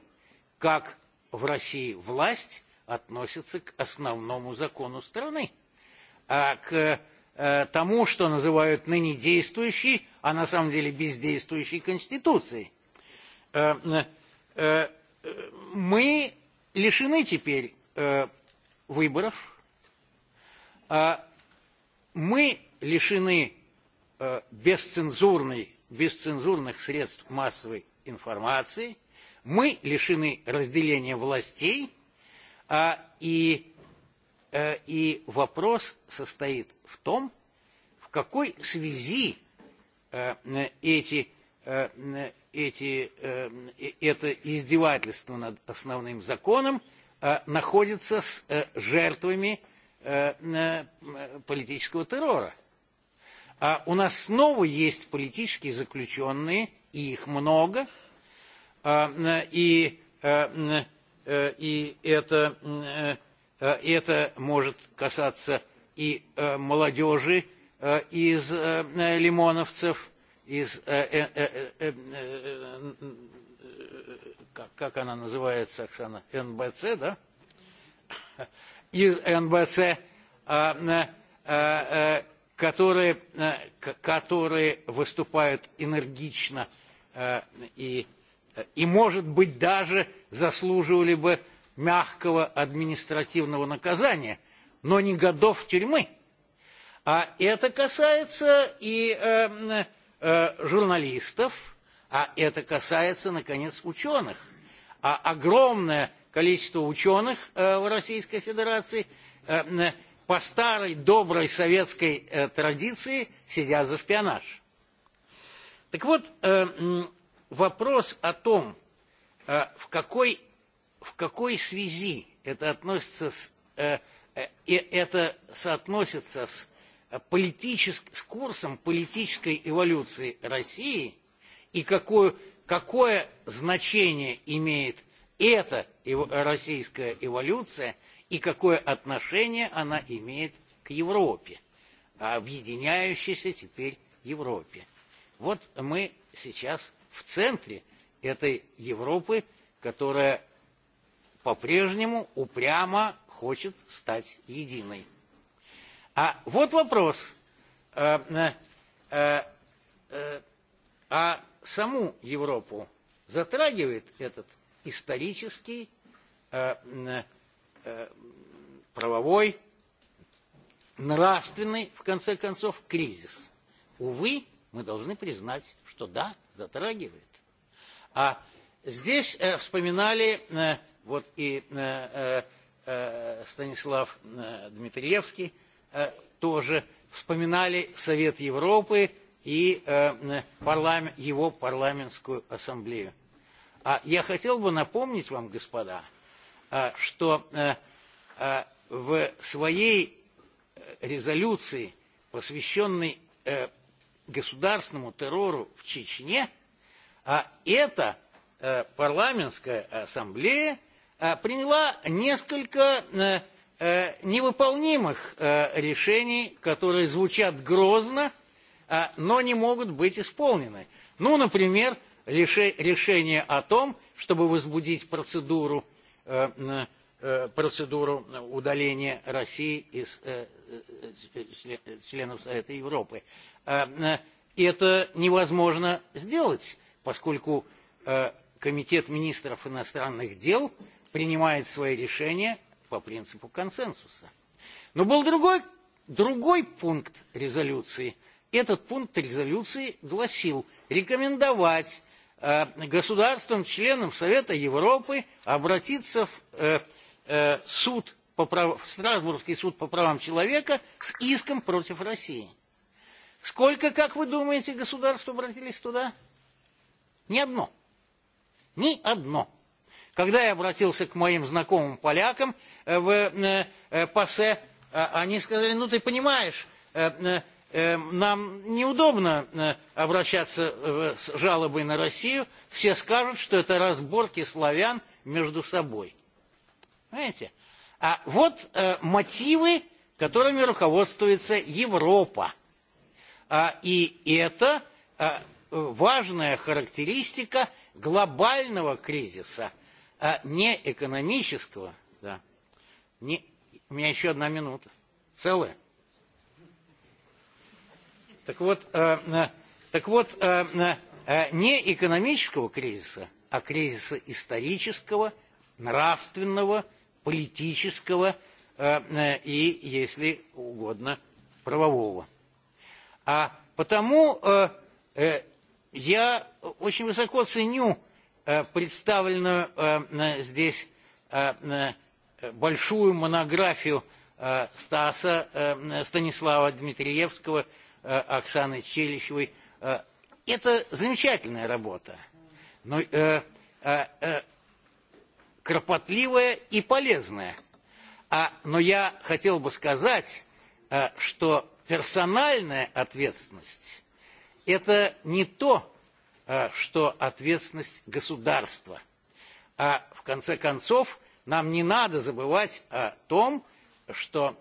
как в России власть относится к основному закону страны. А к тому, что называют ныне действующей, а на самом деле бездействующей Конституцией. Мы лишены теперь выборов, мы лишены бесцензурной, бесцензурных средств массовой информации, мы лишены разделения властей, И, и вопрос состоит в том, в какой связи эти, эти, это издевательство над основным законом находится с жертвами политического террора. А у нас снова есть политические заключенные, и их много, и и это, это может касаться и молодежи из лимоновцев, из, как, она называется, Оксана, НБЦ, да? Из НБЦ, которые, которые выступают энергично и, и может быть, даже заслуживали бы мягкого административного наказания, но не годов тюрьмы. А это касается и э, э, журналистов, а это касается, наконец, ученых. А огромное количество ученых э, в Российской Федерации э, по старой доброй советской э, традиции сидят за шпионаж. Так вот, э, вопрос о том, в какой, в какой связи это относится с, это соотносится с, политичес, с курсом политической эволюции России и какое, какое значение имеет эта российская эволюция и какое отношение она имеет к Европе, объединяющейся теперь Европе. Вот мы сейчас в центре этой Европы, которая по-прежнему упрямо хочет стать единой. А вот вопрос а, а, а, а саму Европу затрагивает этот исторический, а, а, правовой, нравственный, в конце концов, кризис. Увы, мы должны признать, что да, затрагивает. А здесь вспоминали вот и Станислав Дмитриевский тоже вспоминали Совет Европы и парлам, его парламентскую ассамблею. А я хотел бы напомнить вам, господа, что в своей резолюции, посвященной государственному террору в Чечне, А эта парламентская ассамблея приняла несколько невыполнимых решений, которые звучат грозно, но не могут быть исполнены. Ну, например, решение о том, чтобы возбудить процедуру, процедуру удаления России из членов Совета Европы. Это невозможно сделать поскольку Комитет министров иностранных дел принимает свои решения по принципу консенсуса. Но был другой, другой пункт резолюции. Этот пункт резолюции гласил рекомендовать государствам-членам Совета Европы обратиться в суд по прав... в Страсбургский суд по правам человека с иском против России. Сколько, как вы думаете, государств обратились туда? Ни одно. Ни одно. Когда я обратился к моим знакомым полякам в ПАСЕ, они сказали, ну ты понимаешь, нам неудобно обращаться с жалобой на Россию, все скажут, что это разборки славян между собой. Понимаете? А вот мотивы, которыми руководствуется Европа. И это важная характеристика глобального кризиса, а не экономического. Да. Не... У меня еще одна минута. Целая. Так вот, э, так вот э, э, не экономического кризиса, а кризиса исторического, нравственного, политического э, и, если угодно, правового. А потому э, э, Я очень высоко ценю представленную здесь большую монографию Стаса Станислава Дмитриевского, Оксаны Челищевой. Это замечательная работа, но кропотливая и полезная. А, но я хотел бы сказать, что персональная ответственность это не то, что ответственность государства. А в конце концов, нам не надо забывать о том, что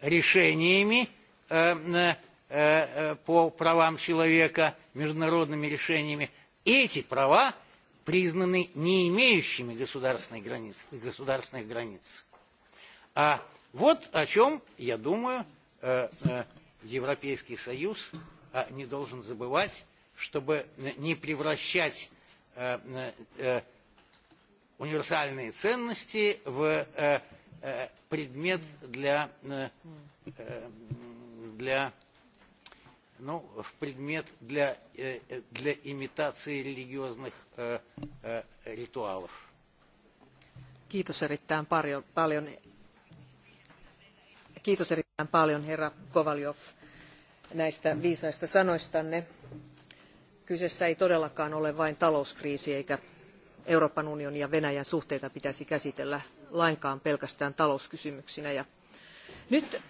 решениями по правам человека, международными решениями, эти права признаны не имеющими государственных границ. Государственных границ. А вот о чем, я думаю, Европейский Союз не должен забывать, чтобы не превращать универсальные ценности в предмет для, для, ну, в предмет для, для имитации религиозных ритуалов.
Kiitos erittäin paljon, paljon, kiitos erittäin paljon herra Kovaljov näistä viisaista sanoistanne. Kyseessä ei todellakaan ole vain talouskriisi eikä Euroopan unionin ja Venäjän suhteita pitäisi käsitellä lainkaan pelkästään talouskysymyksinä. Ja nyt,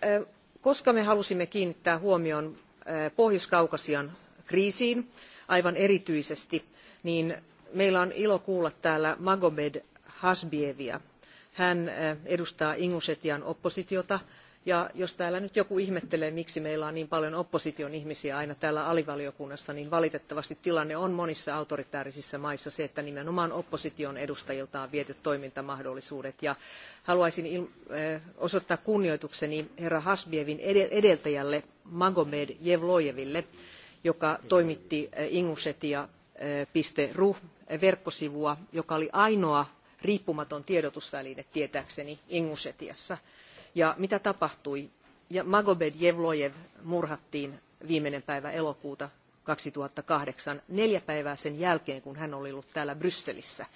koska me halusimme kiinnittää huomion Pohjois-Kaukasian kriisiin aivan erityisesti, niin meillä on ilo kuulla täällä Magomed Hasbievia. Hän edustaa Ingusetian oppositiota ja jos täällä nyt joku ihmettelee, miksi meillä on niin paljon opposition ihmisiä aina täällä alivaliokunnassa, niin valitettavasti tilanne on monissa autoritäärisissä maissa se, että nimenomaan opposition edustajilta on viety toimintamahdollisuudet. Ja haluaisin eh, osoittaa kunnioitukseni herra Hasbievin edeltäjälle Magomed Jevlojeville, joka toimitti eh, ingushetia eh, ru verkkosivua joka oli ainoa riippumaton tiedotusväline tietääkseni ingushetiassa ja mitä tapahtui? Ja Magobed Jevlojev murhattiin viimeinen päivä elokuuta 2008, neljä päivää sen jälkeen, kun hän oli ollut täällä Brysselissä.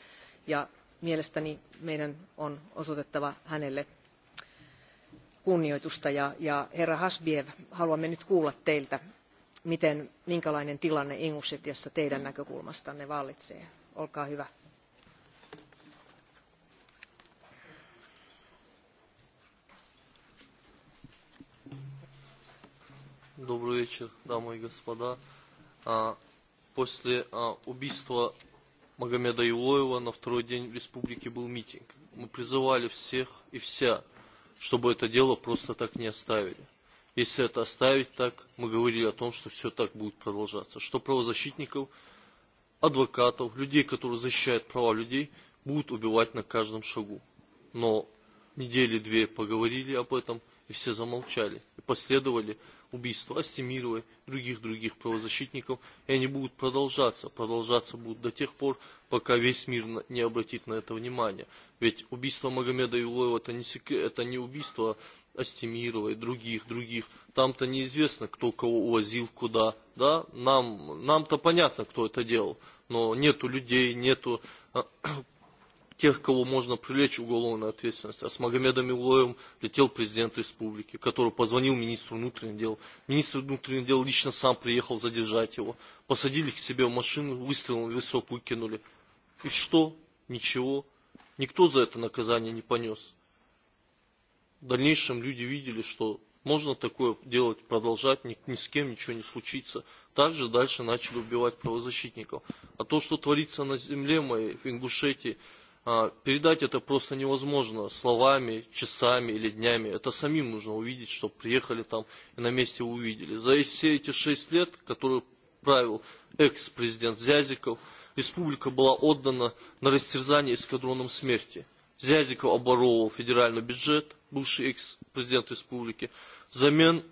Ja mielestäni meidän on osoitettava hänelle kunnioitusta. Ja, ja herra Hasbiev, haluamme nyt kuulla teiltä, miten, minkälainen tilanne Ingushetiassa teidän näkökulmastanne vallitsee. Olkaa hyvä.
Добрый вечер, дамы и господа. После убийства Магомеда Илоева на второй день в республике был митинг. Мы призывали всех и вся, чтобы это дело просто так не оставили. Если это оставить так, мы говорили о том, что все так будет продолжаться, что правозащитников, адвокатов, людей, которые защищают права людей, будут убивать на каждом шагу. Но недели две поговорили об этом, и все замолчали, и последовали убийства Астемировой, других-других правозащитников, и они будут продолжаться. Продолжаться будут до тех пор, пока весь мир не обратит на это внимание. Ведь убийство Магомеда Юлоева это не, секрет, это не убийство Астемировой, других, других. Там-то неизвестно, кто кого увозил, куда. Да? Нам, нам-то понятно, кто это делал. Но нету людей, нету тех, кого можно привлечь уголовной ответственности. А с Магомедом Илоевым летел президент республики, который позвонил министру внутренних дел. Министр внутренних дел лично сам приехал задержать его. Посадили к себе в машину, выстрелом в висок выкинули. И что? Ничего. Никто за это наказание не понес. В дальнейшем люди видели, что можно такое делать, продолжать, ни, ни с кем ничего не случится. Также дальше начали убивать правозащитников. А то, что творится на земле моей, в Ингушетии, Передать это просто невозможно словами, часами или днями. Это самим нужно увидеть, чтобы приехали там и на месте увидели. За все эти шесть лет, которые правил экс-президент Зязиков, республика была отдана на растерзание эскадроном смерти. Зязиков оборовывал федеральный бюджет, бывший экс-президент республики. взамен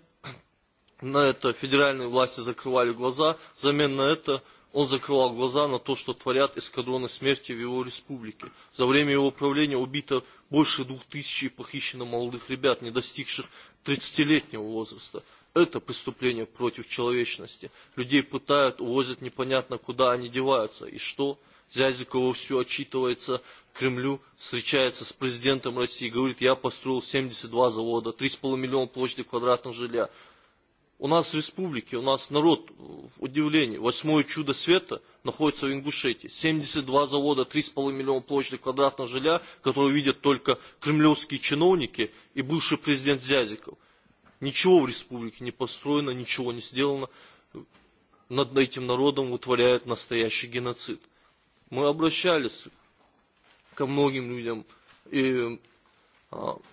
на это федеральные власти закрывали глаза, взамен на это Он закрывал глаза на то, что творят эскадроны смерти в его республике. За время его правления убито больше двух тысяч и похищено молодых ребят, не достигших 30-летнего возраста. Это преступление против человечности. Людей пытают, увозят непонятно куда они деваются. И что? Зязикова все отчитывается Кремлю, встречается с президентом России, говорит, я построил 72 завода, 3,5 миллиона площади квадратного жилья. У нас в республике, у нас народ, в удивлении, восьмое чудо света находится в Ингушетии. 72 завода, 3,5 миллиона площади квадратного жилья, которые видят только кремлевские чиновники и бывший президент Зязиков. Ничего в республике не построено, ничего не сделано. Над этим народом утворяет настоящий геноцид. Мы обращались ко многим людям, и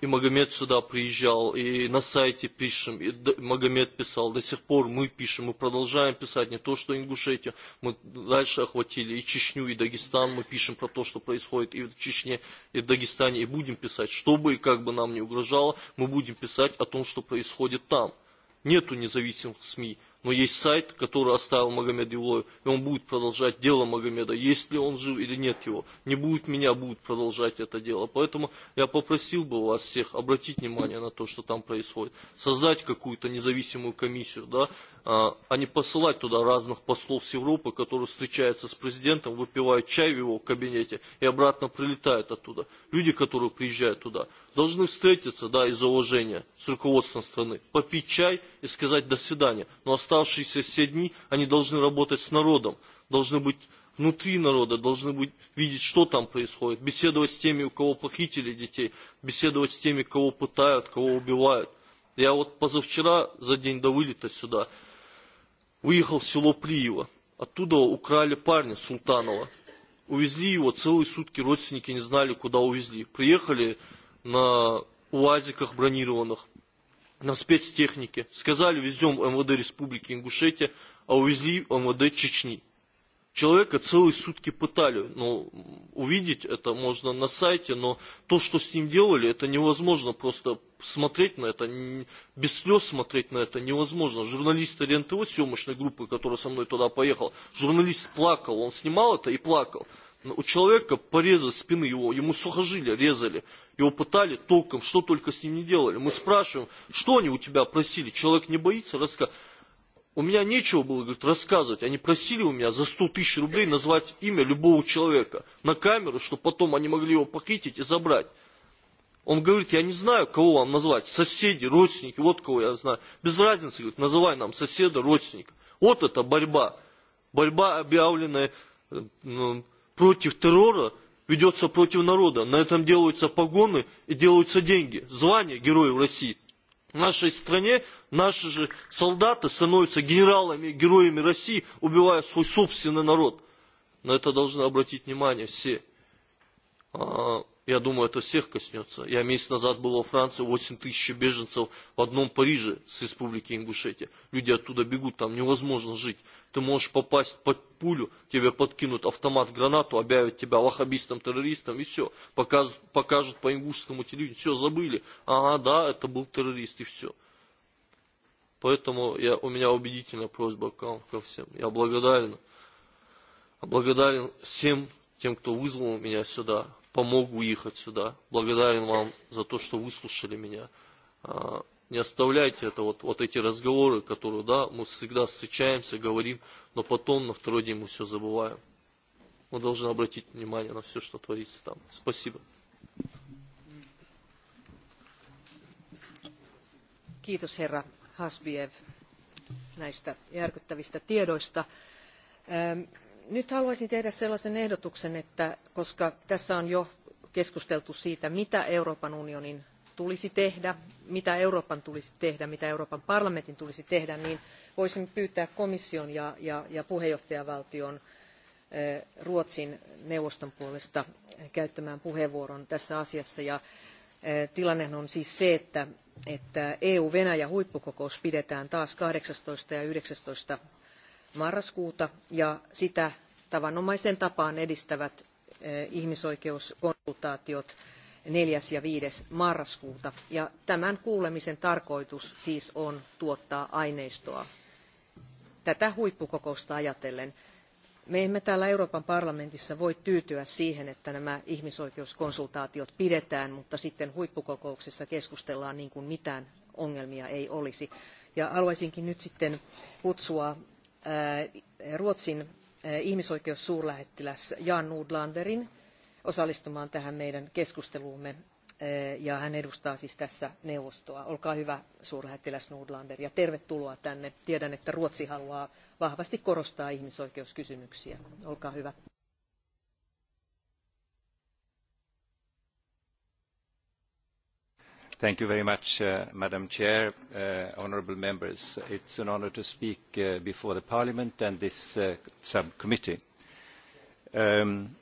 И Магомед сюда приезжал, и на сайте пишем, и Магомед писал. До сих пор мы пишем, мы продолжаем писать. Не то, что Ингушетию, мы дальше охватили и Чечню, и Дагестан. Мы пишем про то, что происходит и в Чечне, и в Дагестане. И будем писать, что бы и как бы нам не угрожало, мы будем писать о том, что происходит там. Нету независимых СМИ но есть сайт, который оставил Магомед Юлоев, и он будет продолжать дело Магомеда, есть ли он жив или нет его. Не будет меня, будет продолжать это дело. Поэтому я попросил бы вас всех обратить внимание на то, что там происходит. Создать какую-то независимую комиссию, да, а не посылать туда разных послов с Европы, которые встречаются с президентом, выпивают чай в его кабинете и обратно прилетают оттуда. Люди, которые приезжают туда, должны встретиться, да, из-за уважения с руководством страны, попить чай и сказать «до свидания», но оставшиеся все дни, они должны работать с народом, должны быть внутри народа, должны быть, видеть, что там происходит, беседовать с теми, у кого похитили детей, беседовать с теми, кого пытают, кого убивают. Я вот позавчера, за день до вылета сюда, выехал в село Плиево, Оттуда украли парня Султанова. Увезли его, целые сутки родственники не знали, куда увезли. Приехали на УАЗиках бронированных, на спецтехнике. Сказали, везем МВД Республики Ингушетия, а увезли МВД Чечни. Человека целые сутки пытали. Ну, увидеть это можно на сайте, но то, что с ним делали, это невозможно. Просто смотреть на это, без слез смотреть на это невозможно. Журналист РНТО съемочной группы, который со мной туда поехал, журналист плакал, он снимал это и плакал у человека порезы спины его, ему сухожилия резали, его пытали толком, что только с ним не делали. Мы спрашиваем, что они у тебя просили, человек не боится рассказать. У меня нечего было говорит, рассказывать. Они просили у меня за 100 тысяч рублей назвать имя любого человека на камеру, чтобы потом они могли его похитить и забрать. Он говорит, я не знаю, кого вам назвать. Соседи, родственники, вот кого я знаю. Без разницы, говорит, называй нам соседа, родственника. Вот это борьба. Борьба, объявленная против террора ведется против народа. На этом делаются погоны и делаются деньги. Звание героев России. В нашей стране наши же солдаты становятся генералами, героями России, убивая свой собственный народ. На это должны обратить внимание все. Я думаю, это всех коснется. Я месяц назад был во Франции, 8 тысяч беженцев в одном Париже с республики Ингушетия. Люди оттуда бегут, там невозможно жить. Ты можешь попасть под пулю, тебе подкинут автомат, гранату, объявят тебя ваххабистом, террористом и все. Покажут, покажут по ингушскому телевидению, все, забыли. Ага, да, это был террорист и все. Поэтому я, у меня убедительная просьба вам, ко всем. Я благодарен, благодарен всем тем, кто вызвал меня сюда помог уехать сюда. Благодарен вам за то, что выслушали меня. Не оставляйте это, вот, вот эти разговоры, которые, да, мы всегда встречаемся, говорим, но потом на второй день мы все забываем. Мы должны обратить внимание на все, что творится там. Спасибо.
Kiitos herra Hasbiev näistä järkyttävistä tiedoista nyt haluaisin tehdä sellaisen ehdotuksen että koska tässä on jo keskusteltu siitä mitä euroopan unionin tulisi tehdä mitä euroopan tulisi tehdä mitä euroopan parlamentin tulisi tehdä niin voisin pyytää komission ja, puheenjohtajavaltion eh, ruotsin neuvoston puolesta käyttämään puheenvuoron tässä asiassa. Tilanne eh, tilannehan on siis se että, että eu venäjä huippukokous pidetään taas kahdeksantoista ja yhdeksäntoista marraskuuta ja sitä tavanomaiseen tapaan edistävät eh, ihmisoikeuskonsultaatiot 4. ja 5. marraskuuta. Ja tämän kuulemisen tarkoitus siis on tuottaa aineistoa tätä huippukokousta ajatellen. Me emme täällä Euroopan parlamentissa voi tyytyä siihen, että nämä ihmisoikeuskonsultaatiot pidetään, mutta sitten huippukokouksessa keskustellaan niin kuin mitään ongelmia ei olisi. Ja haluaisinkin nyt sitten kutsua Ruotsin ihmisoikeussuurlähettiläs Jan Nudlanderin osallistumaan tähän meidän keskusteluumme ja hän edustaa siis tässä neuvostoa. Olkaa hyvä, suurlähettiläs Nordlander, ja tervetuloa tänne. Tiedän, että Ruotsi haluaa vahvasti korostaa ihmisoikeuskysymyksiä. Olkaa hyvä.
Thank you very much, uh, Madam Chair, uh, honourable members. It's an honour to speak uh, before the Parliament and this uh, subcommittee. Um,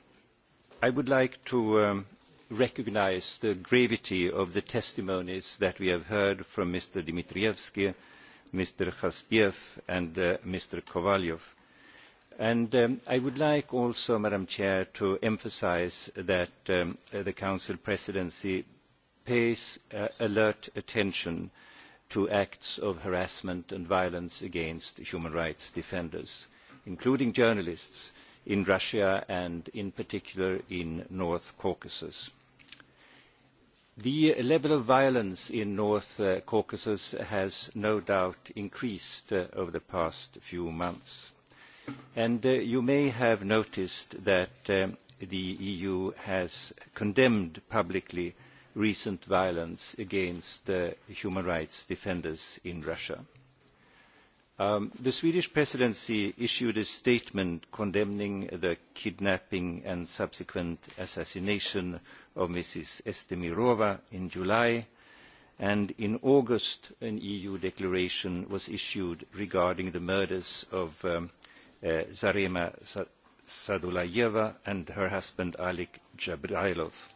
I would like to um, recognise the gravity of the testimonies that we have heard from Mr. Dmitrievsky, Mr. Khaspiev and uh, Mr. Kovalyov. And um, I would like also, Madam Chair, to emphasise that um, the Council presidency pays uh, alert attention to acts of harassment and violence against human rights defenders, including journalists in Russia and in particular in North Caucasus. The level of violence in North uh, Caucasus has no doubt increased uh, over the past few months. And uh, you may have noticed that um, the EU has condemned publicly recent violence against uh, human rights defenders in Russia. Um, the Swedish presidency issued a statement condemning the kidnapping and subsequent assassination of Mrs. Estemirova in July, and in August an EU declaration was issued regarding the murders of um, uh, Zarema Sadulayeva and her husband Alik Jabrailov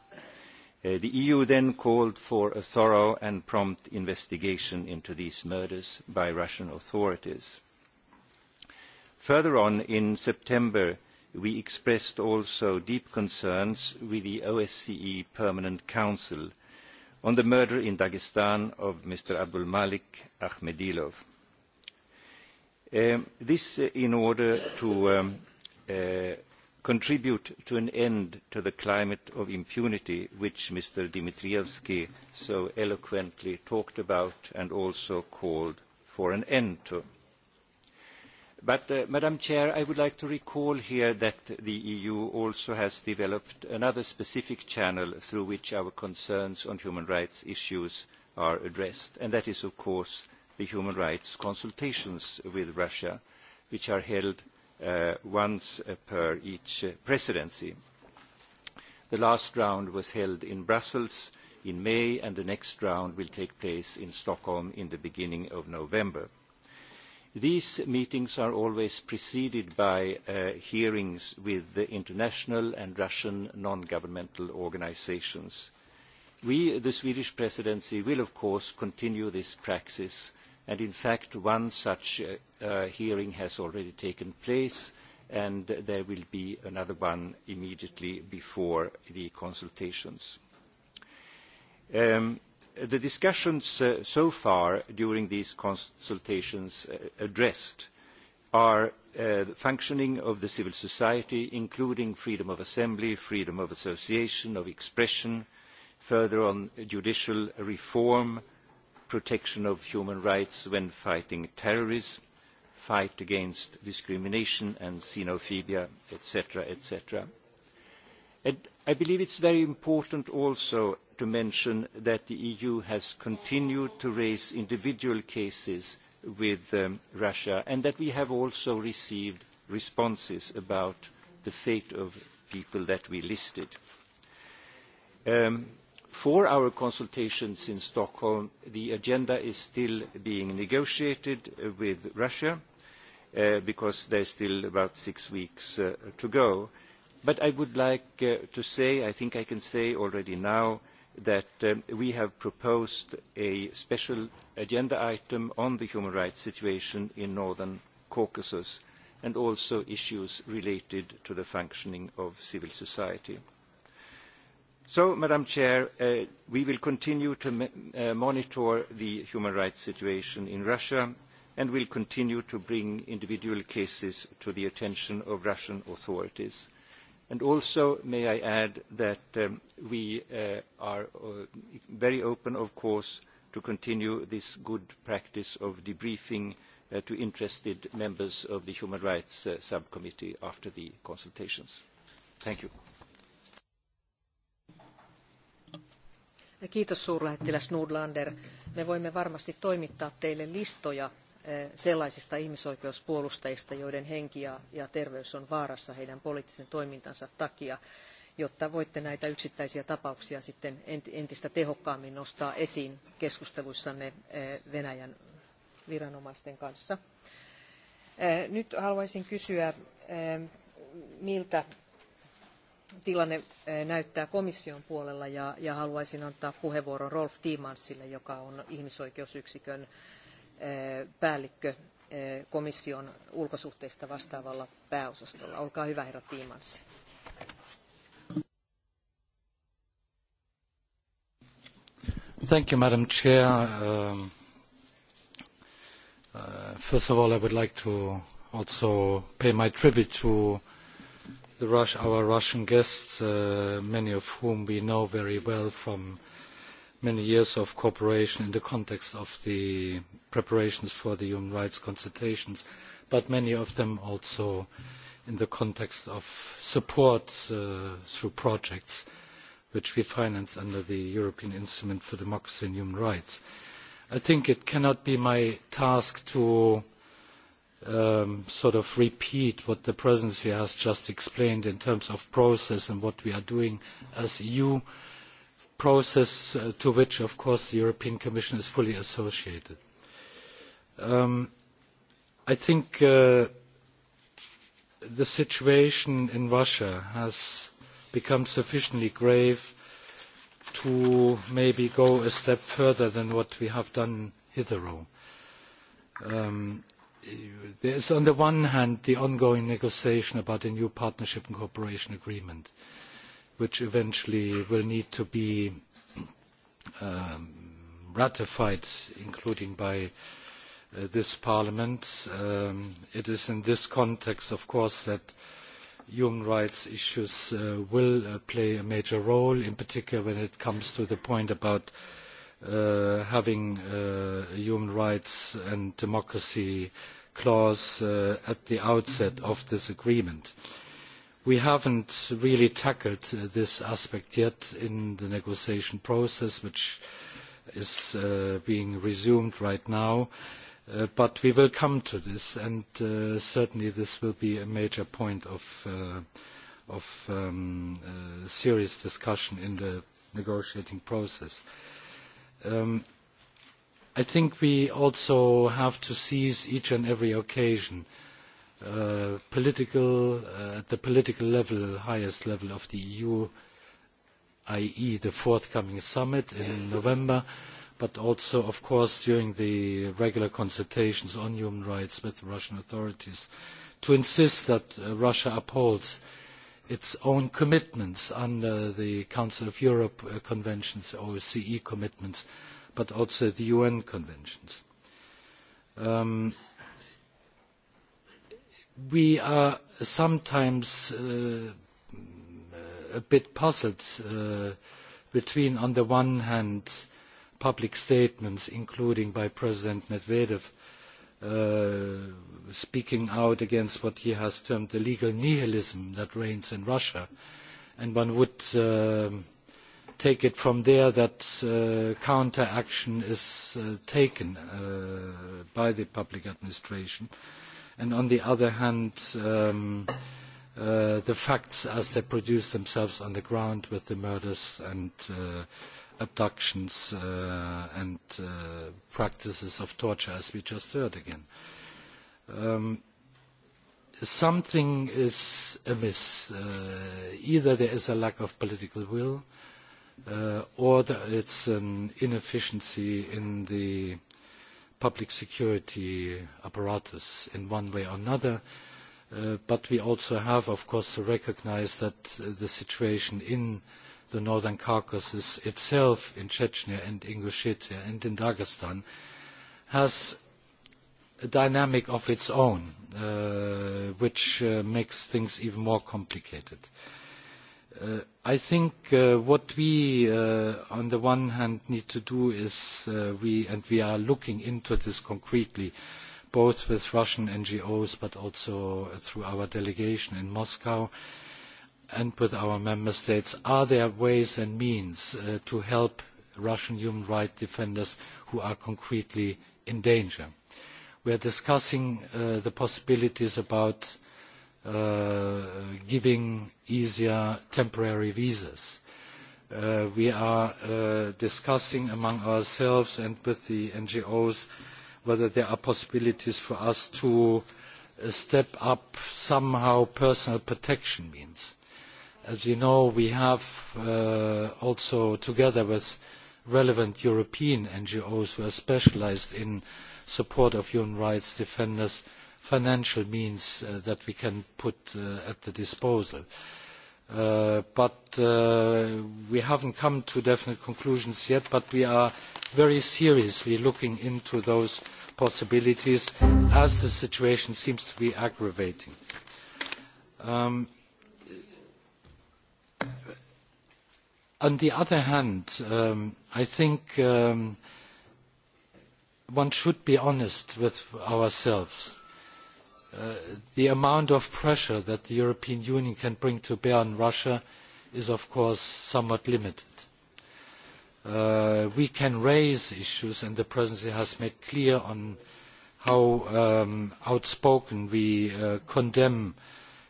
Uh, the eu then called for a thorough and prompt investigation into these murders by russian authorities. further on in september we expressed also deep concerns with the osce permanent council on the murder in dagestan of mr abdulmalik ahmedilov. Um, this uh, in order to um, uh, contribute to an end to the climate of impunity which Mr. dmitrievski so eloquently talked about and also called for an end to. But, uh, Madam Chair, I would like to recall here that the EU also has developed another specific channel through which our concerns on human rights issues are addressed, and that is, of course, the human rights consultations with Russia, which are held uh, once per each presidency. The last round was held in Brussels in May, and the next round will take place in Stockholm in the beginning of November. These meetings are always preceded by uh, hearings with the international and Russian non-governmental organisations. We, the Swedish presidency, will of course continue this practice And in fact, one such uh, uh, hearing has already taken place, and there will be another one immediately before the consultations. Um, the discussions uh, so far during these consultations uh, addressed are uh, the functioning of the civil society, including freedom of assembly, freedom of association, of expression, further on judicial reform, uh, protection of human rights when fighting terrorism, fight against discrimination and xenophobia, etc. etc. And I believe it is very important also to mention that the EU has continued to raise individual cases with um, Russia and that we have also received responses about the fate of people that we listed. Um, For our consultations in Stockholm, the agenda is still being negotiated with Russia uh, because there are still about six weeks uh, to go. But I would like uh, to say, I think I can say already now, that um, we have proposed a special agenda item on the human rights situation in northern Caucasus and also issues related to the functioning of civil society. So, Madam President, uh, we will continue to uh, monitor the human rights situation in Russia and will continue to bring individual cases to the attention of Russian authorities. And also, may I add that um, we uh, are very open, of course, to continue this good practice of debriefing to interested members of the Human Rights Subcommittee after the consultations. Thank you.
Kiitos suurlähettiläs Nordlander. Me voimme varmasti toimittaa teille listoja eh, sellaisista ihmisoikeuspuolustajista, joiden henki ja terveys on vaarassa heidän poliittisen toimintansa takia, jotta voitte näitä yksittäisiä tapauksia sitten entistä tehokkaammin nostaa esiin keskusteluissanne eh, Venäjän viranomaisten kanssa. Eh, nyt haluaisin kysyä, miltä tilanne eh, näyttää komission puolella ja, ja haluaisin antaa puheenvuoron Rolf Tiemansille, joka on ihmisoikeusyksikön eh, päällikkö eh, komission ulkosuhteista vastaavalla pääosastolla. Olkaa hyvä, herra Tiimans.
Thank you, Madam Chair. Um, uh, first of all, I would like to also pay my tribute to our Russian guests, uh, many of whom we know very well from many years of cooperation in the context of the preparations for the human rights consultations, but many of them also in the context of support uh, through projects which we finance under the European Instrument for Democracy and Human Rights. I think it cannot be my task to um, sort of repeat what the presidency has just explained in terms of process and what we are doing as EU process uh, to which, of course, the European Commission is fully associated. Um, I think uh, the situation in Russia has become sufficiently grave to maybe go a step further than what we have done hitherto. Um, there is on the one hand the ongoing negotiation about a new partnership and cooperation agreement, which eventually will need to be um, ratified, including by uh, this parliament. Um, it is in this context, of course, that human rights issues uh, will uh, play a major role, in particular when it comes to the point about uh, having uh, human rights and democracy uh, clause uh, at the outset of this agreement. We have not really tackled uh, this aspect yet in the negotiation process, which is uh, being resumed right now. but we will come to this, and certainly this will be a major point of, um, serious discussion in the negotiating process. Um, i think we also have to seize each and every occasion, uh, political, uh, at the political level, highest level of the EU, i. e. the forthcoming summit in November, but also, of course, during the regular consultations on human rights with the Russian authorities, to insist that uh, Russia upholds its own commitments under the Council of Europe uh, conventions, OSCE commitments, but also the UN conventions. Um, we are sometimes uh, a bit puzzled uh, between, on the one hand, public statements, including by President Medvedev, uh, speaking out against what he has termed the legal nihilism that reigns in Russia. And one would um, take it from there that uh, counter action is uh, taken uh, by the public administration. And on the other hand, um, uh, the facts as they produce themselves on the ground with the murders and uh, abductions uh, and practices of torture, as we just heard again. Um, something is amiss. either there is a lack of political will, uh, or the, it's an inefficiency in the public security apparatus in one way or another. Uh, but we also have, of course, to recognise that uh, the situation in the Northern Caucasus itself, in Chechnya and Ingushetia and in Dagestan, has a dynamic of its own, uh, which uh, makes things even more complicated. Uh, Uh, I think uh, what we, uh, on the one hand, need to do is uh, we, and we are looking into this concretely, both with Russian NGOs but also through our delegation in Moscow and with our member states, are there ways and means uh, to help Russian human rights defenders who are concretely in danger? We are discussing the possibilities about Uh, giving easier temporary visas. Uh, we are uh, discussing among ourselves and with the ngos whether there are possibilities for us to uh, step up somehow personal protection means. as you know we have uh, also together with relevant european ngos who are specialised in support of human rights defenders financial means uh, that we can put uh, at the disposal. Uh, but uh, we have not come to definite conclusions yet, but we are very seriously looking into those possibilities as the situation seems to be aggravating. Um, on the other hand, um, I think um, one should be honest with ourselves Uh, the amount of pressure that the European Union can bring to bear on Russia is of course somewhat limited. Uh, we can raise issues and the presidency has made clear on how um, outspoken we uh, condemn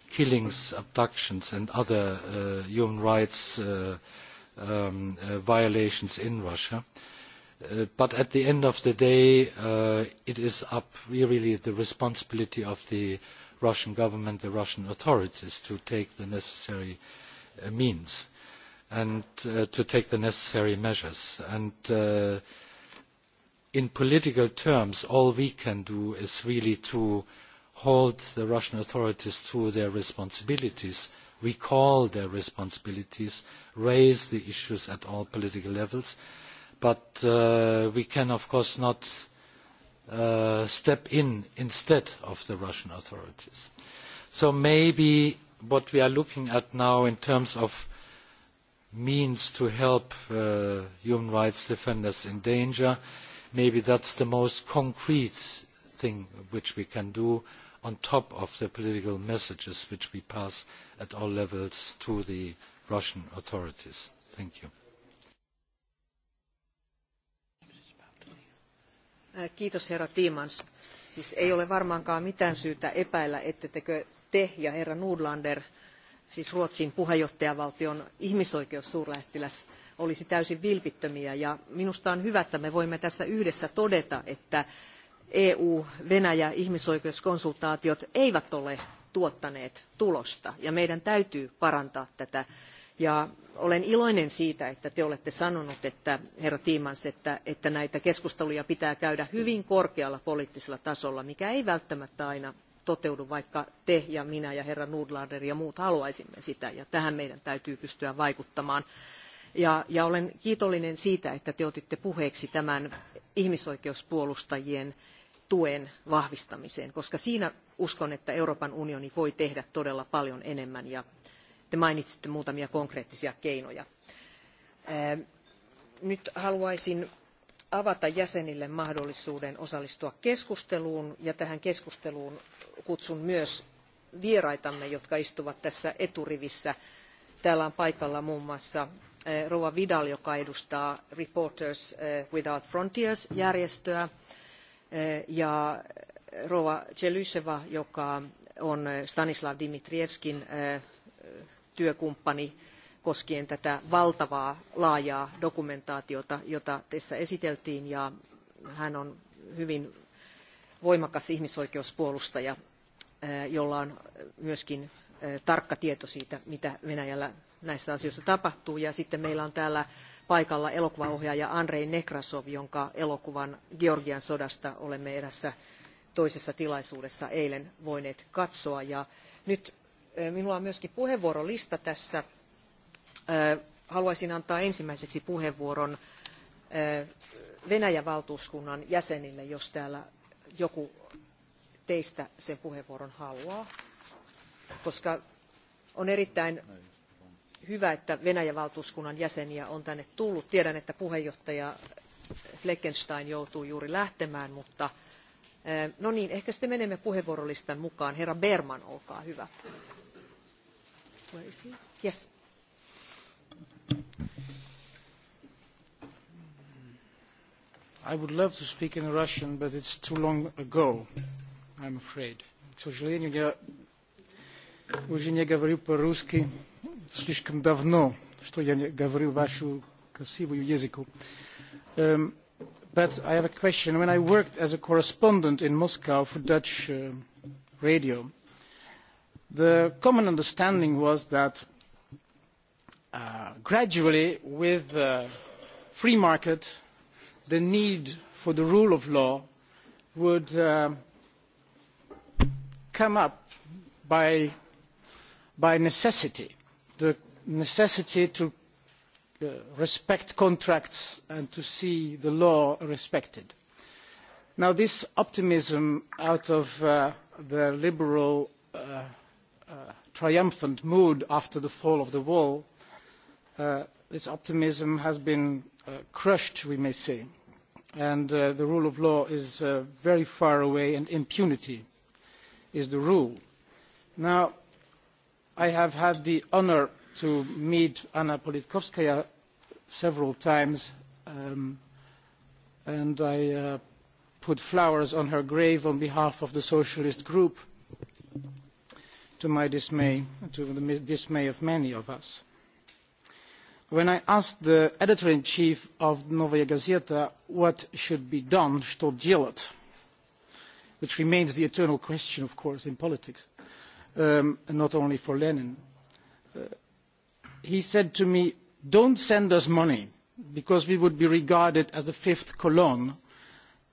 killings, abductions and other uh, human rights uh, um, uh, violations in Russia. Uh, Uh, but at the end of the day, uh, it is up really the responsibility of the Russian government, the Russian authorities, to take the necessary uh, means and uh, to take the necessary measures. And uh, in political terms, all we can do is really to hold the Russian authorities to their responsibilities, recall their responsibilities, raise the issues at all political levels, but uh, we can of course not uh, step in instead of the Russian authorities. So maybe what we are looking at now in terms of means to help uh, human rights defenders in danger, maybe that is the most concrete thing which we can do on top of the political messages which we pass at all levels to the Russian authorities. Thank you.
Äh, kiitos herra Tiimans. Siis ei ole varmaankaan mitään syytä epäillä, ettettekö te ja herra Nordlander, siis Ruotsin puheenjohtajavaltion ihmisoikeussuurlähettiläs, olisi täysin vilpittömiä. Ja minusta on hyvä, että me voimme tässä yhdessä todeta, että EU-Venäjä ihmisoikeuskonsultaatiot eivät ole tuottaneet tulosta ja meidän täytyy parantaa tätä ja olen iloinen siitä, että te olette sanonut, että herra Tiimans, että, että näitä keskusteluja pitää käydä hyvin korkealla poliittisella tasolla, mikä ei välttämättä aina toteudu, vaikka te ja minä ja herra Nudlander ja muut haluaisimme sitä, ja tähän meidän täytyy pystyä vaikuttamaan. Ja, ja olen kiitollinen siitä, että te otitte puheeksi tämän ihmisoikeuspuolustajien tuen vahvistamiseen, koska siinä uskon, että Euroopan unioni voi tehdä todella paljon enemmän. Ja te mainitsitte muutamia konkreettisia keinoja. Ähm, nyt haluaisin avata jäsenille mahdollisuuden osallistua keskusteluun ja tähän keskusteluun kutsun myös vieraitamme, jotka istuvat tässä eturivissä. Täällä on paikalla muun muassa äh, Rova Vidal, joka edustaa Reporters äh, Without Frontiers-järjestöä, äh, ja Rova Chelyseva, joka on Stanislav Dimitrievskin työkumppani koskien tätä valtavaa laajaa dokumentaatiota, jota tässä esiteltiin ja hän on hyvin voimakas ihmisoikeuspuolustaja, eh, jolla on myöskin eh, tarkka tieto siitä, mitä Venäjällä näissä asioissa tapahtuu. Ja sitten meillä on täällä paikalla elokuvaohjaaja Andrei Nekrasov, jonka elokuvan Georgian sodasta olemme erässä toisessa tilaisuudessa eilen voineet katsoa. Ja nyt Minulla on myöskin puheenvuorolista tässä. Haluaisin antaa ensimmäiseksi puheenvuoron Venäjän valtuuskunnan jäsenille, jos täällä joku teistä sen puheenvuoron haluaa, koska on erittäin hyvä, että Venäjän valtuuskunnan jäseniä on tänne tullut. Tiedän, että puheenjohtaja Fleckenstein joutuu juuri lähtemään, mutta no niin, ehkä sitten menemme puheenvuorolistan mukaan. Herra Berman, olkaa hyvä. Where is he?
Yes. I would love to speak in Russian, but it's too long ago, I'm afraid. К сожалению, я уже не говорю по-русски слишком давно, что я не говорю вашу красивую языку. Um, but I have a question. When I worked as a correspondent in Moscow for Dutch uh, radio, the common understanding was that uh, gradually, with the free market, the need for the rule of law would uh, come up by, by necessity, the necessity to uh, respect contracts and to see the law respected. Now, this optimism out of uh, the liberal uh, Uh, triumphant mood after the fall of the wall, uh, this optimism has been uh, crushed, we may say, and the rule of law is very far away, and impunity is the rule. Now, I have had the honour to meet Anna Politkovskaya several times, um, and I uh, put flowers on her grave on behalf of the socialist group to my dismay, to the dismay of many of us. When I asked the editor-in-chief of Novaya Gazeta what should be done, что делать, which remains the eternal question, of course, in politics, um, and not only for Lenin, uh, he said to me, don't send us money, because we would be regarded as the fifth colonne,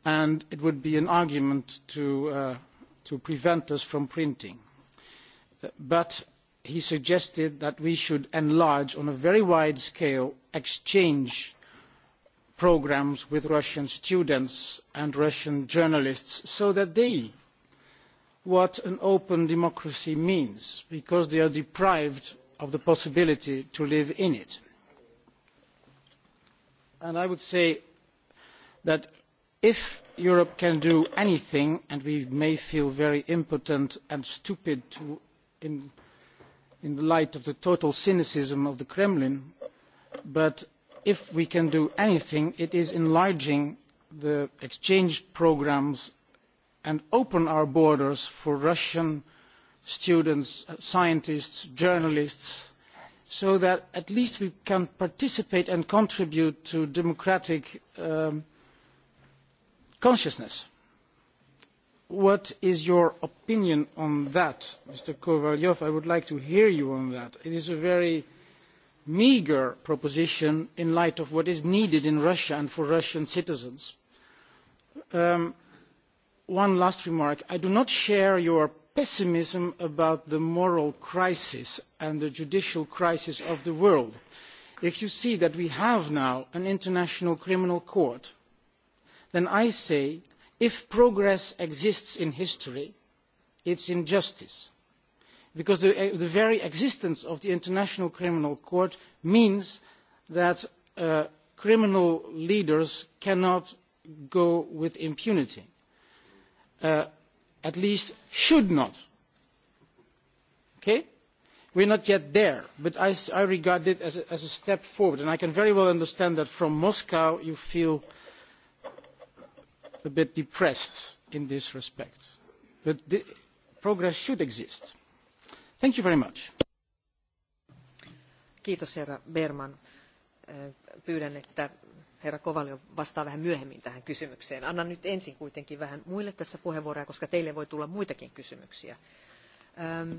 and it would be an argument to, uh, to prevent us from printing but he suggested that we should enlarge on a very wide scale exchange programmes with Russian students and Russian journalists so that they know what an open democracy means because they are deprived of the possibility to live in it. And I would say that if Europe can do anything, and we may feel very impotent and stupid to in, in the light of the total cynicism of the Kremlin, but if we can do anything, it is enlarging the exchange programmes and open our borders for Russian students, scientists, journalists, so that at least we can participate and contribute to democratic um, consciousness What is your opinion on that, Mr. Kovalyov? I would like to hear you on that. It is a very meagre proposition in light of what is needed in Russia and for Russian citizens. Um, one last remark. I do not share your pessimism about the moral crisis and the judicial crisis of the world. If you see that we have now an international criminal court, then I say if progress exists in history it is in justice because the, eh, the, very existence of the international criminal court means that uh, criminal leaders cannot go with impunity uh, at least should not okay? We are not yet there, but I, I regard it as a, as a step forward, and I can very well understand that from Moscow you feel uh, a bit depressed in this respect. But the progress should exist. Thank you very much.
Kiitos herra Berman. Eh, pyydän, että herra Kovalio vastaa vähän myöhemmin tähän kysymykseen. Annan nyt ensin kuitenkin vähän muille tässä puheenvuoroja, koska teille voi tulla muitakin kysymyksiä. Ehm,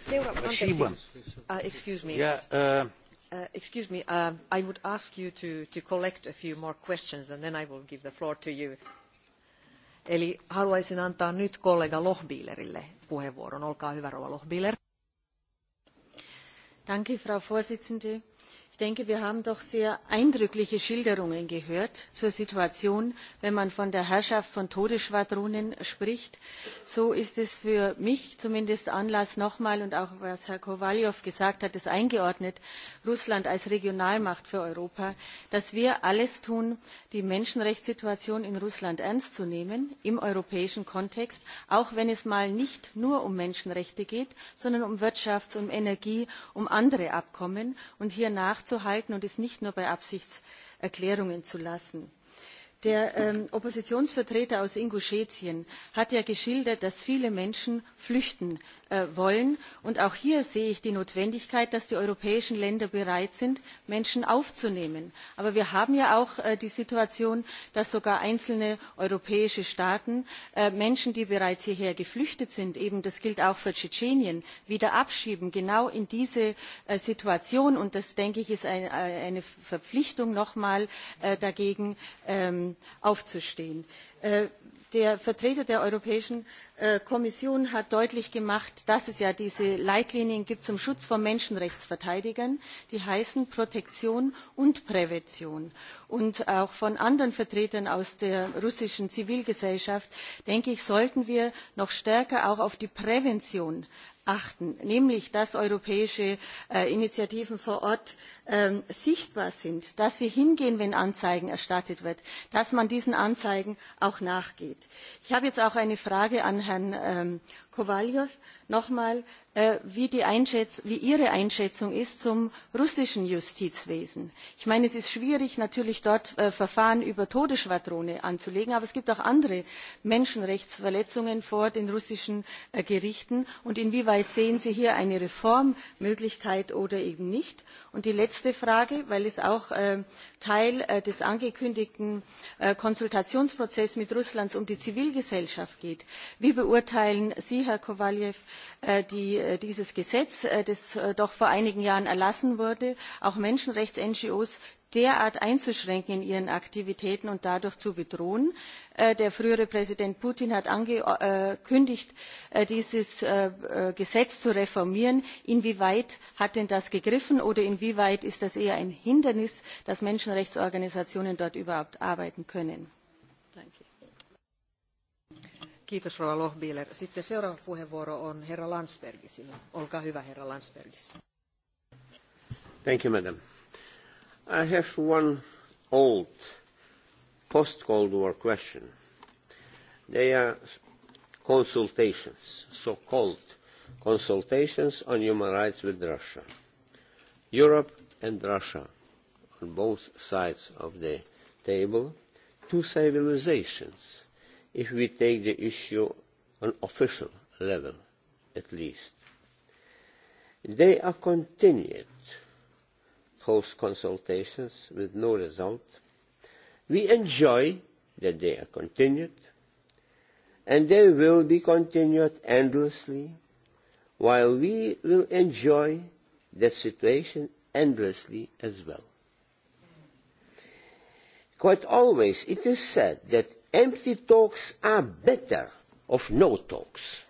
Seuraava, anteeksi. Uh, excuse me. Yeah, uh Uh, excuse me, uh, I would ask you to, collect a few more questions and then I will give the floor to you. Eli haluaisin antaa nyt kollega lochbihlerille puheenvuoron. Olkaa hyvä, rouva
Lohbieler. Danke, Frau Vorsitzende denke wir haben doch sehr eindrückliche schilderungen gehört zur situation wenn man von der herrschaft von todesschwadronen spricht. so ist es für mich zumindest anlass nochmal und auch was herr kowaljow gesagt hat ist eingeordnet russland als regionalmacht für europa dass wir alles tun die menschenrechtssituation in russland ernst zu nehmen im europäischen kontext auch wenn es mal nicht nur um menschenrechte geht sondern um wirtschafts um energie um andere abkommen und hier festzuhalten und es nicht nur bei absichtserklärungen zu lassen. der ähm, oppositionsvertreter aus ingushetien hat ja geschildert dass viele menschen flüchten. Äh, wollen. Und auch hier sehe ich die Notwendigkeit, dass die europäischen Länder bereit sind, Menschen aufzunehmen. Aber wir haben ja auch äh, die Situation, dass sogar einzelne europäische Staaten äh, Menschen, die bereits hierher geflüchtet sind, eben das gilt auch für Tschetschenien, wieder abschieben, genau in diese Situation. Und das, denke ich, ist eine Verpflichtung, einmal dagegen ähm, aufzustehen der vertreter der europäischen äh, kommission hat deutlich gemacht dass es ja diese leitlinien zum schutz von menschenrechtsverteidigern gibt, die heißen protektion und prävention. und auch von anderen vertretern aus der russischen zivilgesellschaft sollten wir noch stärker auf die prävention achten nämlich dass europäische äh, initiativen vor ort ähm, sichtbar sind dass sie hingehen wenn anzeigen erstattet werden dass man diesen anzeigen auch nachgeht. ich habe jetzt auch eine frage an herrn ähm, Kowaljow nochmal, äh, wie, wie, Ihre Einschätzung ist zum russischen Justizwesen. Ich meine, es ist schwierig, natürlich dort äh, Verfahren über Todesschwadrone anzulegen, aber es gibt auch andere Menschenrechtsverletzungen vor den russischen äh, Gerichten. Und inwieweit sehen Sie hier eine Reformmöglichkeit oder eben nicht? Und die letzte Frage, weil es auch äh, Teil des angekündigten Konsultationsprozesses mit Russland um die Zivilgesellschaft geht. Wie beurteilen Sie, herr kowaljew äh, die, äh, dieses gesetz äh, das doch vor einigen jahren erlassen wurde auch menschenrechts ngos derart einzuschränken in ihren aktivitäten und dadurch zu bedrohen. der frühere präsident putin hat angekündigt dieses gesetz zu reformieren. inwieweit hat denn das gegriffen oder inwieweit ist das eher ein hindernis dass menschenrechtsorganisationen dort überhaupt arbeiten können? seuraava puheenvuoro on herra Landsbergis.
Thank you, madam. I have one old post-Cold War question. They are consultations, so-called consultations on human rights with Russia. Europe and Russia on both sides of the table, two civilizations – if we take the issue on official level, at least. They are continued close consultations with no result. We enjoy that they are continued, and they will be continued endlessly, while we will enjoy that situation endlessly as well. Quite always it is said that empty talks are better of no talks.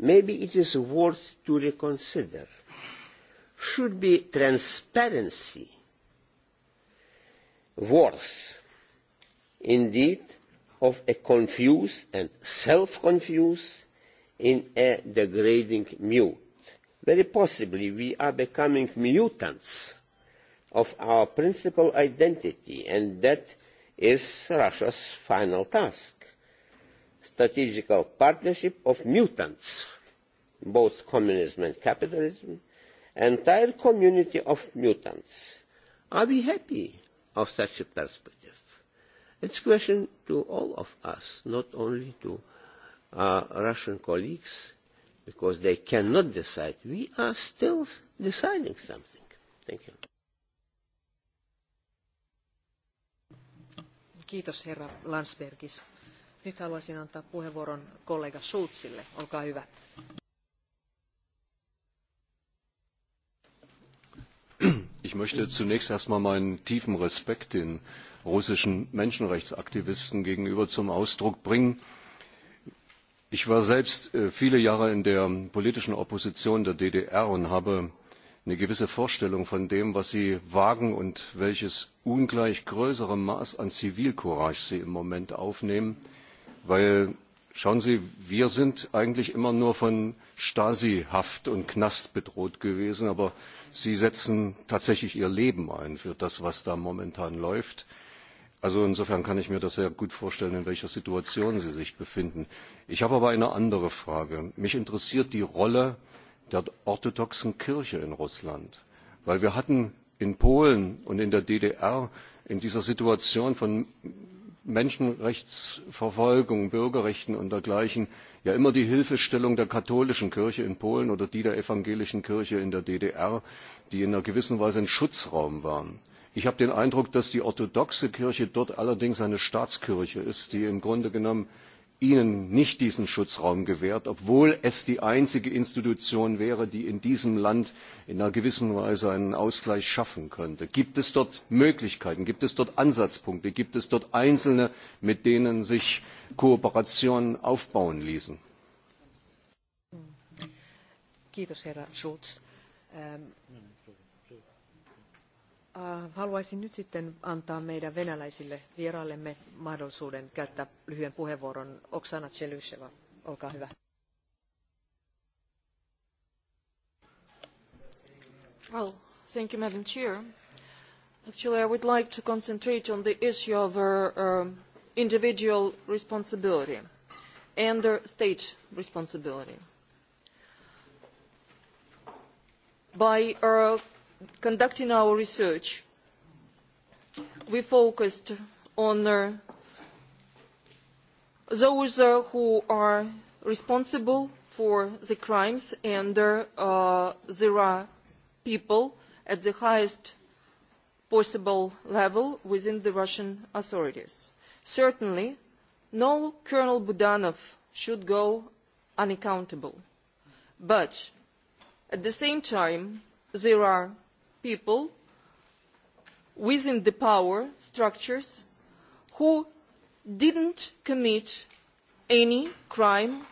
Maybe it is worth to reconsider. Should be transparency worse indeed of a confused and self-confused in a degrading mute. Very possibly we are becoming mutants of our principal identity and that is Russia's final task. Strategical partnership of mutants, both communism and capitalism, entire community of mutants. Are we happy of such a perspective? It's a question to all of us, not only to our uh, Russian colleagues, because they cannot decide. We are still deciding something. Thank you.
haluaisin antaa Schulzille.
Ich möchte zunächst erstmal meinen tiefen Respekt den russischen Menschenrechtsaktivisten gegenüber zum Ausdruck bringen. Ich war selbst äh, viele Jahre in der politischen Opposition der DDR und habe eine gewisse Vorstellung von dem, was Sie wagen und welches ungleich größere Maß an Zivilcourage Sie im Moment aufnehmen. Weil, schauen Sie, wir sind eigentlich immer nur von Stasi-Haft und Knast bedroht gewesen, aber Sie setzen tatsächlich Ihr Leben ein für das, was da momentan läuft. Also insofern kann ich mir das sehr gut vorstellen, in welcher Situation Sie sich befinden. Ich habe aber eine andere Frage. Mich interessiert die Rolle, der orthodoxen Kirche in Russland. Weil wir hatten in Polen und in der DDR in dieser Situation von Menschenrechtsverfolgung, Bürgerrechten und dergleichen ja immer die Hilfestellung der katholischen Kirche in Polen oder die der evangelischen Kirche in der DDR, die in einer gewissen Weise ein Schutzraum waren. Ich habe den Eindruck, dass die orthodoxe Kirche dort allerdings eine Staatskirche ist, die im Grunde genommen ihnen nicht diesen Schutzraum gewährt, obwohl es die einzige Institution wäre, die in diesem Land in einer gewissen Weise einen Ausgleich schaffen könnte. Gibt es dort Möglichkeiten? Gibt es dort Ansatzpunkte? Gibt es dort Einzelne, mit denen sich Kooperationen aufbauen ließen?
Äh, haluaisin nyt sitten antaa meidän venäläisille vieraillemme mahdollisuuden käyttää lyhyen puheenvuoron. Oksana Chelusheva, olkaa hyvä.
Well, thank you, Madam Chair. Actually, I would like to concentrate on the issue of uh, uh individual responsibility and uh, state responsibility. By uh, conducting our research, we focused on uh, those uh, who are responsible for the crimes and uh, uh, there are people at the highest possible level within the Russian authorities. Certainly, no Colonel Budanov should go unaccountable. But at the same time, there are people within the power structures who did not commit any crime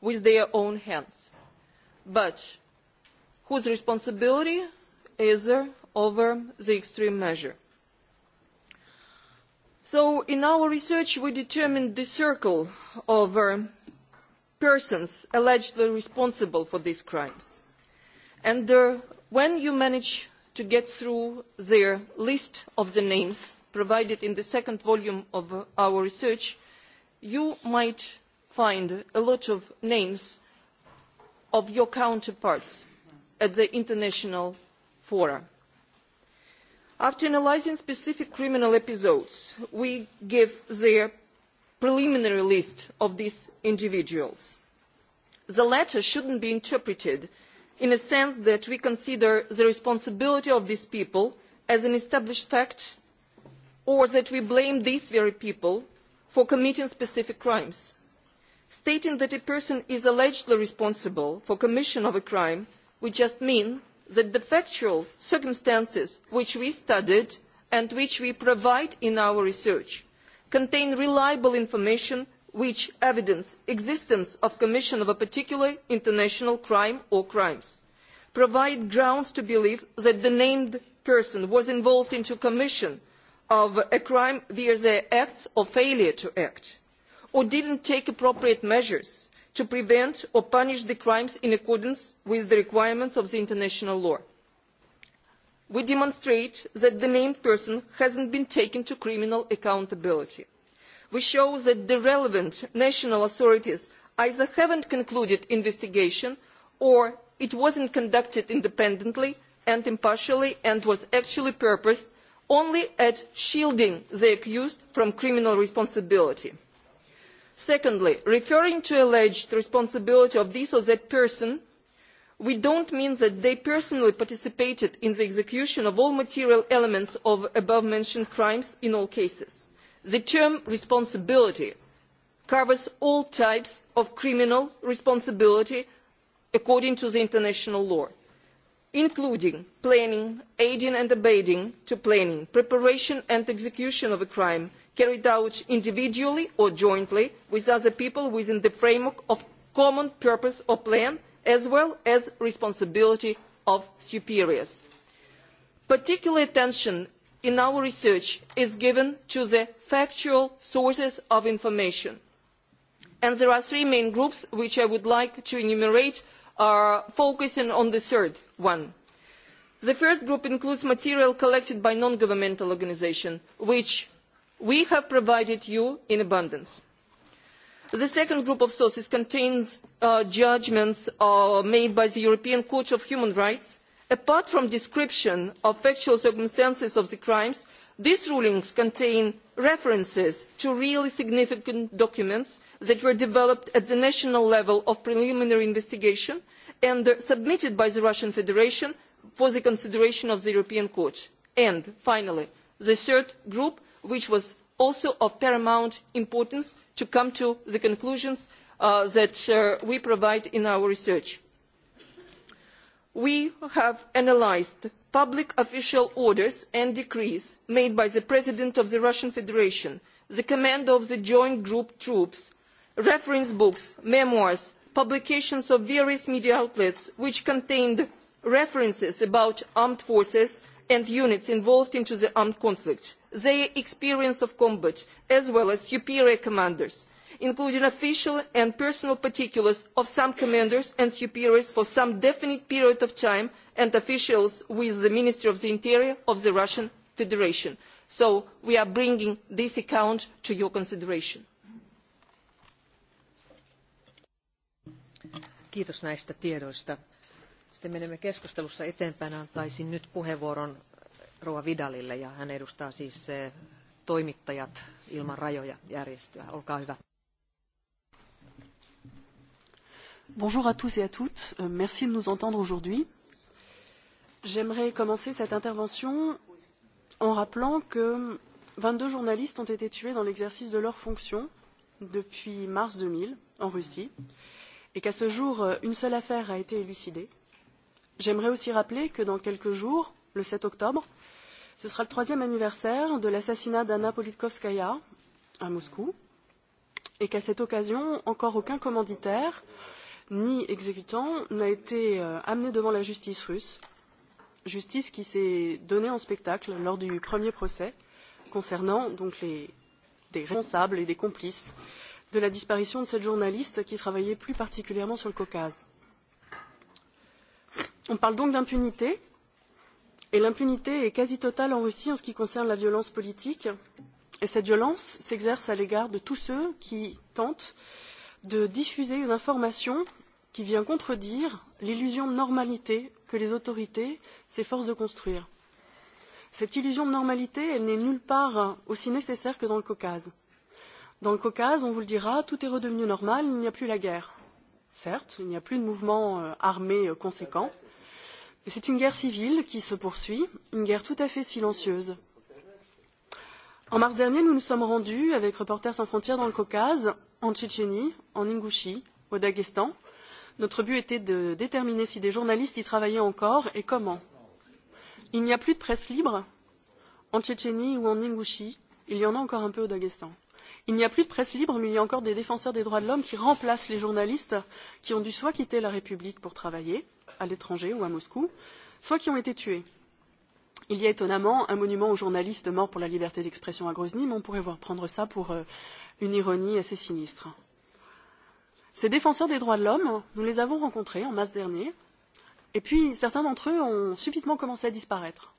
with their own hands but whose responsibility is over the extreme measure. so in our research we determined the circle of uh, persons allegedly responsible for these crimes and the uh, when you manage to get through their list of the names provided in the second volume of our research you might find a lot of names of your counterparts at the international fora. after analysing specific criminal episodes we give their preliminary list of these individuals. the latter should not be interpreted in a sense that we consider the responsibility of these people as an established fact or that we blame these very people for committing specific crimes. Stating that a person is allegedly responsible for the commission of a crime would just mean that the factual circumstances which we studied and which we provide in our research contain reliable information which evidence the existence of commission of a particular international crime or crimes provide grounds to believe that the named person was involved in the commission of a crime via their acts or failure to act or did not take appropriate measures to prevent or punish the crimes in accordance with the requirements of the international law. We demonstrate that the named person has not been taken to criminal accountability we show that the relevant national authorities either have not concluded an investigation or it was not conducted independently and impartially and was actually purposed only at shielding the accused from criminal responsibility. secondly referring to alleged responsibility of this or that person we do not mean that they personally participated in the execution of all material elements of the above mentioned crimes in all cases the term responsibility covers all types of criminal responsibility according to international law including planning aiding and abetting to planning preparation and execution of a crime carried out individually or jointly with other people within the framework of common purpose or plan as well as responsibility of superiors. particular attention in our research is given to the factual sources of information. And there are three main groups which I would like to enumerate, uh, focusing on the third one. The first group includes material collected by non-governmental organisations, which we have provided you in abundance. The second group of sources contains uh, judgments uh, made by the European Court of Human Rights, apart from description of factual circumstances of the crimes these rulings contain references to really significant documents that were developed at the national level of preliminary investigation and submitted by the russian federation for the consideration of the european court. and finally the third group which was also of paramount importance to come to the conclusions uh, that uh, we provide in our research we have analysed public official orders and decrees made by the president of the russian federation the commander of the joint group troops reference books memoirs publications of various media outlets which contained references about armed forces and units involved in the armed conflict their experience of combat as well as superior commanders including official and personal particulars of some commanders and superiors for some definite period of time and officials with the ministry of the interior of the russian federation. so we are bringing this account to your consideration.
Kiitos näistä tiedoista. Sitten menemme keskustelussa eteenpäin. Antaisin nyt puheenvuoron Rova Vidalille ja hän edustaa siis eh, toimittajat ilman rajoja järjestöä. Olkaa hyvä.
Bonjour à tous et à toutes. Euh, merci de nous entendre aujourd'hui. J'aimerais commencer cette intervention en rappelant que 22 journalistes ont été tués dans l'exercice de leurs fonctions depuis mars 2000 en Russie et qu'à ce jour, euh, une seule affaire a été élucidée. J'aimerais aussi rappeler que dans quelques jours, le 7 octobre, ce sera le troisième anniversaire de l'assassinat d'Anna Politkovskaya à Moscou et qu'à cette occasion, encore aucun commanditaire, ni exécutant n'a été euh, amené devant la justice russe, justice qui s'est donnée en spectacle lors du premier procès concernant donc les, des responsables et des complices de la disparition de cette journaliste qui travaillait plus particulièrement sur le Caucase. On parle donc d'impunité, et l'impunité est quasi totale en Russie en ce qui concerne la violence politique, et cette violence s'exerce à l'égard de tous ceux qui tentent euh, de diffuser une information qui vient contredire l'illusion de normalité que les autorités s'efforcent de construire. Cette illusion de normalité, n'est nulle part aussi nécessaire que dans le Caucase. Dans le Caucase, on vous le dira, tout est redevenu normal, il n'y a plus la guerre. Certes, il n'y a plus de mouvement euh, armé euh, conséquent, mais c'est une guerre civile qui se poursuit, une guerre tout à fait silencieuse. En mars dernier, nous nous sommes rendus avec Reporters sans frontières dans le Caucase en Tchétchénie, en Ingouchie, au Daghestan. Notre but était de déterminer si des journalistes y travaillaient encore et comment. Il n'y a plus de presse libre en Tchétchénie ou en Ingouchie. Il y en a encore un peu au Daghestan. Il n'y a plus de presse libre, mais il y a encore des défenseurs des droits de l'homme qui remplacent les journalistes qui ont dû soit quitter la République pour travailler à l'étranger ou à Moscou, soit qui ont été tués. Il y a étonnamment un monument aux journalistes morts pour la liberté d'expression à Grozny, mais on pourrait voir prendre cela pour euh, une ironie assez sinistre. Ces défenseurs des droits de l'homme, nous les avons rencontrés en mars dernier, et puis certains d'entre eux ont subitement commencé à disparaître.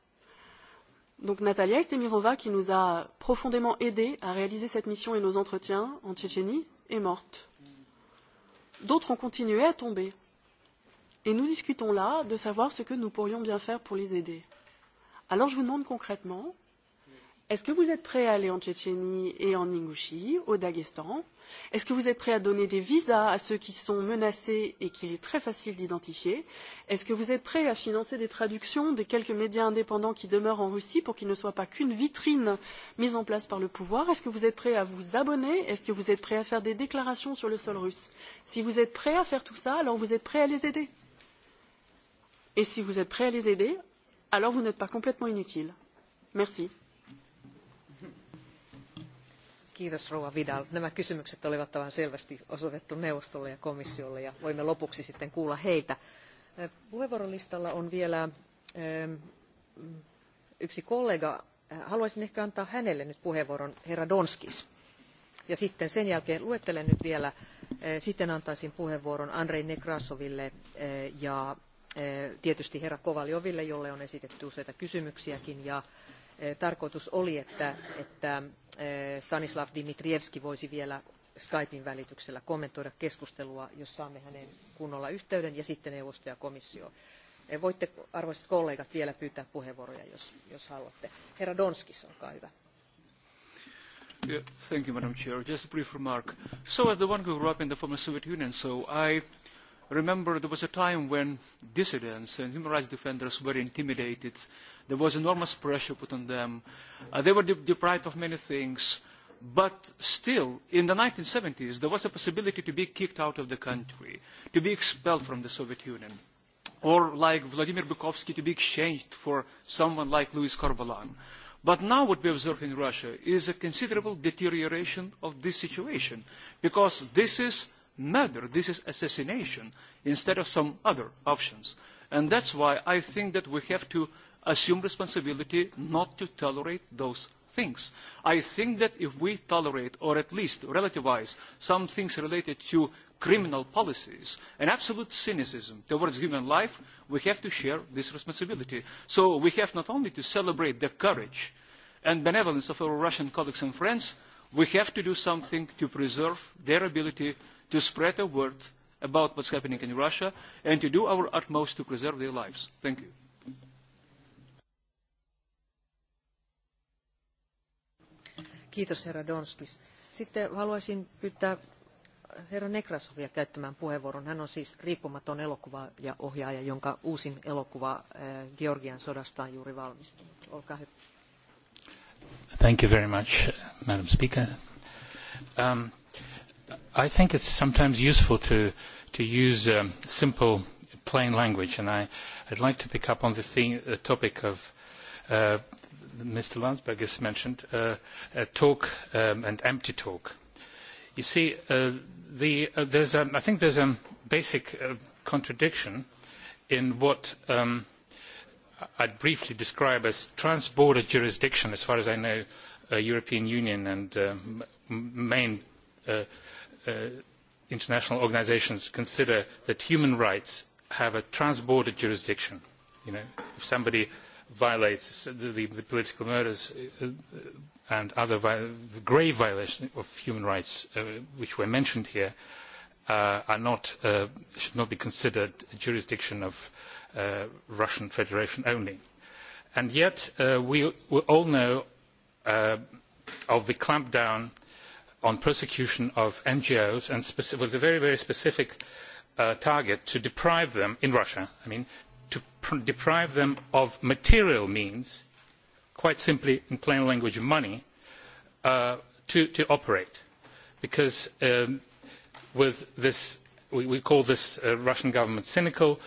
Donc Natalia Estemirova, qui nous a profondément aidés à réaliser cette mission et nos entretiens en Tchétchénie, est morte. D'autres ont continué à tomber. Et nous discutons là de savoir ce que nous pourrions bien faire pour les aider. Alors je vous demande concrètement, Est-ce que vous êtes prêt à aller en Tchétchénie et en Ingouchie, au Daghestan Est-ce que vous êtes prêt à donner des visas à ceux qui sont menacés et qu'il est très facile d'identifier Est-ce que vous êtes prêt à financer des traductions des quelques médias indépendants qui demeurent en Russie pour qu'ils ne soient pas qu'une vitrine mise en place par le pouvoir Est-ce que vous êtes prêt à vous abonner Est-ce que vous êtes prêt à faire des déclarations sur le sol russe Si vous êtes prêt à faire tout ça, alors vous êtes prêt à les aider. Et si vous êtes prêt à les aider, alors vous n'êtes pas complètement inutile. Merci. Kiitos Rouva
Vidal. Nämä kysymykset olivat aivan selvästi osoitettu neuvostolle ja komissiolle ja voimme lopuksi sitten kuulla heiltä. Puheenvuorolistalla on vielä yksi kollega. Haluaisin ehkä antaa hänelle nyt puheenvuoron, herra Donskis. Ja sitten sen jälkeen luettelen nyt vielä, sitten antaisin puheenvuoron Andrei Nekrasoville ja tietysti herra Kovaljoville, jolle on esitetty useita kysymyksiäkin. Ja tarkoitus oli, että, että Stanislav Dimitrievski voisi vielä Skypein välityksellä kommentoida keskustelua, jos saamme hänen kunnolla yhteyden, ja sitten neuvosto ja komissio. Voitte, arvoisat kollegat, vielä pyytää puheenvuoroja, jos, jos haluatte. Herra Donskis, olkaa hyvä.
Yeah, thank you, Madam Chair. Just a brief remark. So as the one who grew up in the former Soviet Union, so I remember there was a time when dissidents and human rights defenders were intimidated There was enormous pressure put on them. Uh, they were de deprived of many things. But still, in the 1970s, there was a possibility to be kicked out of the country, to be expelled from the Soviet Union, or like Vladimir Bukovsky, to be exchanged for someone like Louis Korbalan. But now what we observe in Russia is a considerable deterioration of this situation, because this is murder, this is assassination, instead of some other options. And that's why I think that we have to assume responsibility not to tolerate those things. I think that if we tolerate, or at least relativize, some things related to criminal policies and absolute cynicism towards human life, we have to share this responsibility. So we have not only to celebrate the courage and benevolence of our Russian colleagues and friends, we have to do something to preserve their ability to spread the word about what is happening in Russia and to do our utmost to preserve their lives. Thank you.
Kiitos Sitten haluaisin pyytää herra Nekrasovia käyttämään puheenvuoron. Hän on siis riippumaton elokuva ja ohjaaja, jonka uusin elokuva eh, Georgian sodasta on juuri valmistunut.
Olkaa hyvä. Thank you very much, Madam Speaker. Um, I think it's sometimes useful to, to use um, simple, plain language, and I, I'd like to pick up on the, theme, the topic of uh, Mr. Landsberg has mentioned, uh, uh, talk um, and empty talk. You see, uh, the, uh, there's a, I think there's a basic uh, contradiction in what um, I'd briefly describe as transborder jurisdiction, as far as I know, uh, European Union and uh, main uh, uh, international organisations consider that human rights have a transborder jurisdiction. You know, if somebody violates the, the political murders uh, uh, and other the grave violations of human rights uh, which were mentioned here uh, are not, uh, should not be considered a jurisdiction of the uh, Russian Federation only. And yet we, we, all know of the clampdown on persecution of NGOs and with a very, very specific target to deprive them in Russia, I mean, deprive them of material means quite simply in plain language money uh, to, to operate because um, with this we, we call this uh, russian government cynical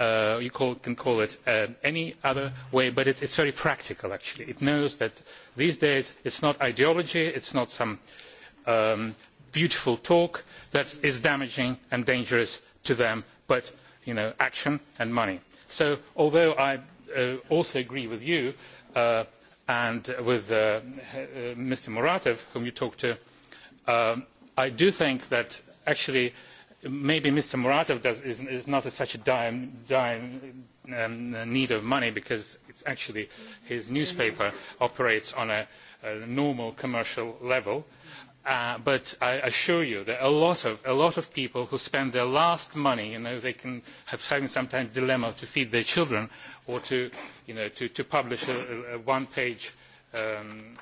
uh, you can call it any other way but it is very practical actually. it knows that these days it is not ideology it is not some um, beautiful talk that is damaging and dangerous to them but action and money so although i uh, also agree with you uh, and with uh, mr muratov whom you talked to um, i do think that actually maybe mr muratov does, is, is not such a dire um, need of money because actually his newspaper operates on a, a normal commercial level Uh, but I assure you that a lot, of, a lot of people who spend their last money, you know, they can have sometimes a dilemma to feed their children or to, you know, to, to publish a, a one-page um,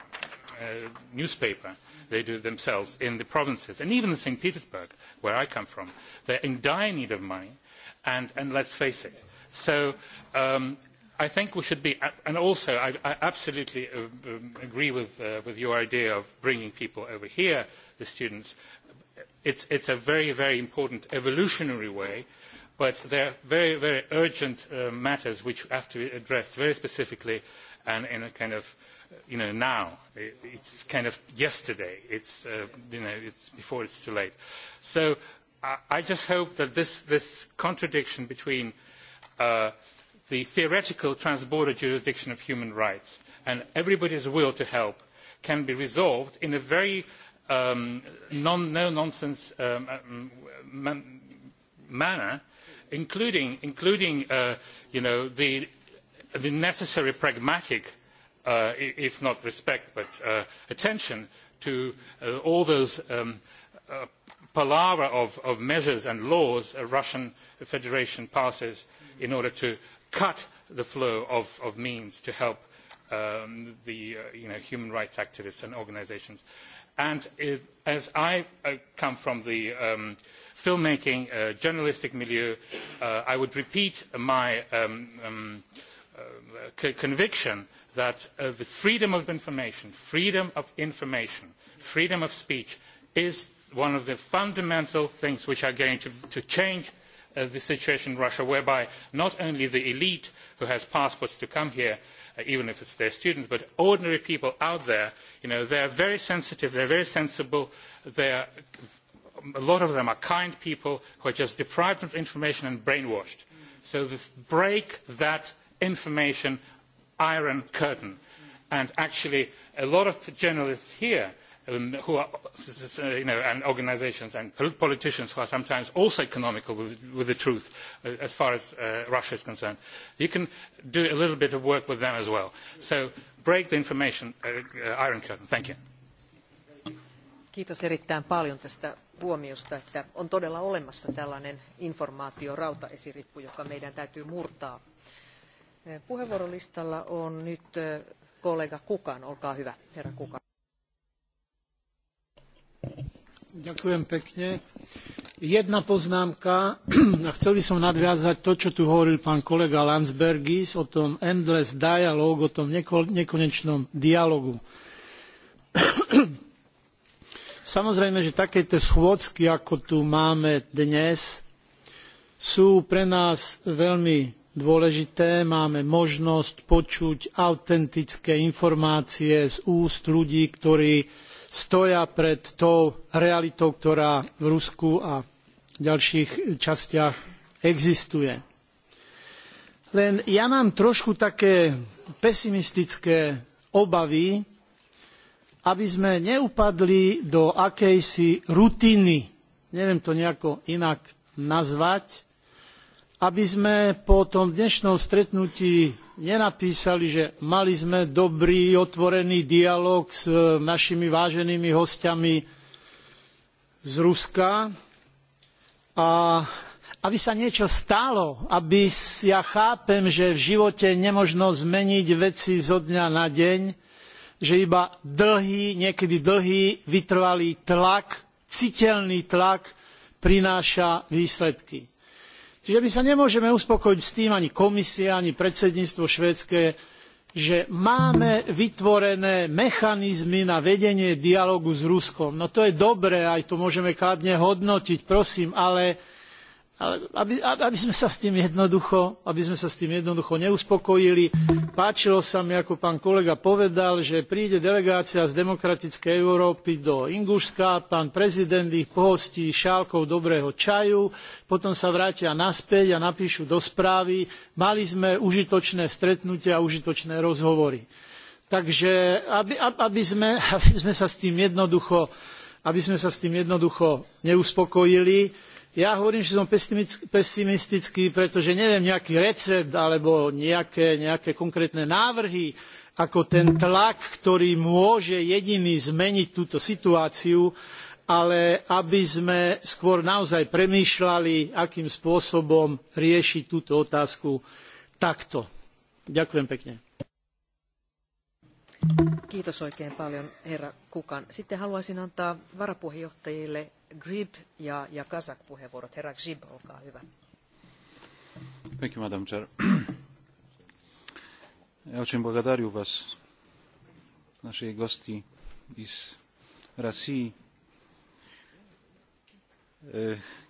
uh, newspaper. They do themselves in the provinces, and even in St. Petersburg, where I come from, they are in dire need of money, and, and let's face it. So um, i think we should be, and also I, I absolutely uh, um, agree with, uh, with your idea of bringing people over here, the students. It's, it's a very, very important evolutionary way, but there are very, very urgent uh, matters which have to be addressed very specifically and in a kind of, you know, now. It, it's kind of yesterday. It's, uh, you know, it's before it's too late. So I, I just hope that this, this contradiction between uh, the theoretical trans border jurisdiction of human rights and everybody's will to help can be resolved in a very um, no nonsense um, um, manner including, including uh, the, the necessary pragmatic uh, if not respect but uh, attention to uh, all those uh, palavras of, of measures and laws the russian federation passes in order to cut the flow of, of means to help um, the uh, you know, human rights activists and organisations. And if, as I uh, come from the um, filmmaking, uh, journalistic milieu, uh, I would repeat my um, um uh, conviction that uh, the freedom of information, freedom of information, freedom of speech is one of the fundamental things which are going to, to change Uh, the situation in russia whereby not only the elite who has passports to come here uh, even if it is their students but ordinary people out there they are very sensitive they are very sensible are, a lot of them are kind people who are just deprived of information and brainwashed. so break that information iron curtain and actually a lot of journalists here um, who are, you know, and organisations and politicians who are sometimes also economical with, with the truth uh, as far as uh, Russia is concerned. You can do a little bit of work with them as well. So break the information uh, uh iron curtain. Thank you.
Kiitos erittäin paljon tästä huomiosta, että on todella olemassa tällainen informaatiorautaesirippu, joka meidän täytyy murtaa. Äh, puheenvuorolistalla on nyt äh, kollega Kukan. Olkaa hyvä, herra Kukan.
Ďakujem pekne. Jedna poznámka, a chcel by som nadviazať to, čo tu hovoril pán kolega Landsbergis o tom endless dialogue, o tom nekonečnom dialogu. Samozrejme, že takéto schôdzky, ako tu máme dnes, sú pre nás veľmi dôležité. Máme možnosť počuť autentické informácie z úst ľudí, ktorí stoja pred tou realitou, ktorá v Rusku a v ďalších častiach existuje. Len ja mám trošku také pesimistické obavy, aby sme neupadli do akejsi rutiny, neviem to nejako inak nazvať, aby sme po tom dnešnom stretnutí nenapísali, že mali sme dobrý, otvorený dialog s e, našimi váženými hostiami z Ruska a aby sa niečo stalo, aby ja chápem, že v živote nemožno zmeniť veci zo dňa na deň, že iba dlhý, niekedy dlhý, vytrvalý tlak, citeľný tlak prináša výsledky Čiže my sa nemôžeme uspokojiť s tým ani komisia, ani predsedníctvo švédske, že máme vytvorené mechanizmy na vedenie dialógu s Ruskom. No to je dobré, aj to môžeme kladne hodnotiť, prosím, ale aby, aby sme sa s tým jednoducho, aby sme sa s tým jednoducho neuspokojili. Páčilo sa mi, ako pán kolega povedal, že príde delegácia z demokratickej Európy do Ingušska, pán prezident ich pohostí šálkou dobrého čaju, potom sa vrátia naspäť a napíšu do správy, mali sme užitočné stretnutia a užitočné rozhovory. Takže aby, aby, sme, aby sme sa s tým jednoducho, aby sme sa s tým jednoducho neuspokojili, ja hovorím, že som pesimistický, pretože neviem nejaký recept alebo nejaké, konkrétne návrhy, ako ten tlak, ktorý môže jediný zmeniť túto situáciu, ale aby sme skôr naozaj premýšľali, akým spôsobom riešiť túto otázku takto. Ďakujem pekne.
Kiitos oikein paljon, herra Kukan. Sitten haluaisin antaa varapuheenjohtajille ja, ja Kazak puheenvuorot. Herra olkaa hyvä.
Thank you, Madam Chair. Ja очень благодарю вас, наши гости из России.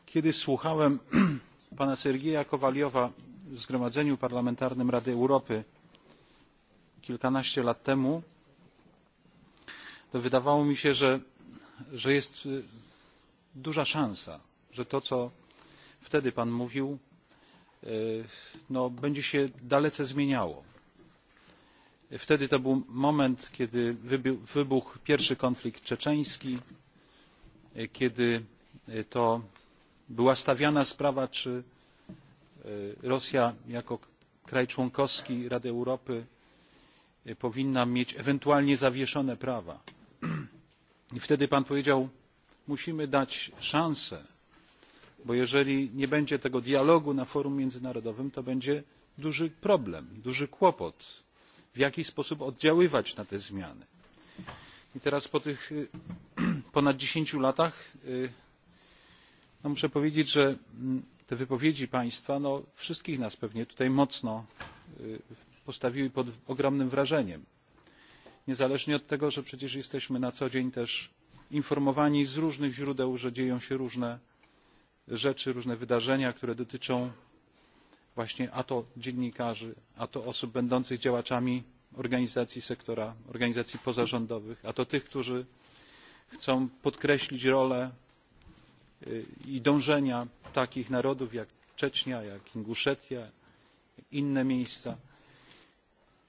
Kiedy słuchałem pana Sergieja Kowaliowa w Zgromadzeniu Parlamentarnym Rady Europy kilkanaście lat temu, to wydawało mi się, że, że jest duża szansa że to co wtedy pan mówił e, no, będzie się dalece zmieniało. wtedy to był moment kiedy wybuchł pierwszy konflikt czeczeński e, kiedy e, to była stawiana sprawa czy rosja jako kraj członkowski rady europy powinna mieć ewentualnie zawieszone prawa. i wtedy pan powiedział musimy dać szansę bo jeżeli nie będzie tego dialogu na forum międzynarodowym to będzie duży problem duży kłopot w jaki sposób oddziaływać na te zmiany. i teraz po tych ponad dziesięciu latach no muszę powiedzieć że mm, te wypowiedzi państwa no, wszystkich nas pewnie tutaj mocno postawiły pod ogromnym wrażeniem niezależnie od tego że przecież jesteśmy na co dzień też informowani z różnych źródeł, że dzieją się różne rzeczy, różne wydarzenia, które dotyczą właśnie a to dziennikarzy, a to osób będących działaczami organizacji sektora, organizacji pozarządowych, a to tych, którzy chcą podkreślić rolę i dążenia takich narodów jak Czecznia, jak Inguszetia, inne miejsca.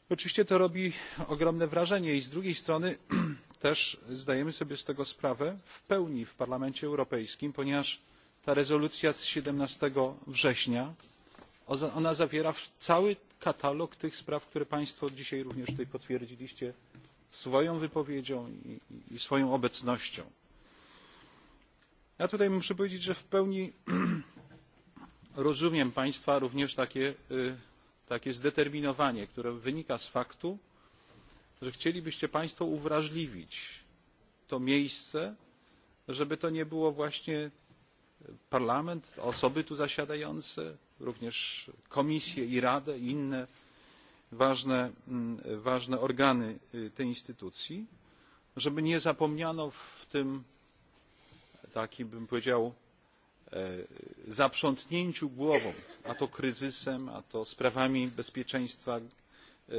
Oczywiście to robi ogromne wrażenie i z drugiej strony też zdajemy sobie z tego sprawę w pełni w parlamencie europejskim ponieważ ta rezolucja z siedemnaście września zawiera cały katalog tych spraw które państwo dzisiaj również tutaj potwierdziliście swoją wypowiedzią i, swoją obecnością. ja tutaj muszę powiedzieć że w pełni rozumiem państwa również takie zdeterminowanie które wynika z faktu że chcielibyście państwo uwrażliwić to miejsce żeby to nie było właśnie parlament osoby tu zasiadające również komisję i radę i inne ważne, mm, ważne organy tej instytucji żeby nie zapomniano w tym takim bym powiedział e, zaprzątnięciu głową a to kryzysem a to sprawami bezpieczeństwa E,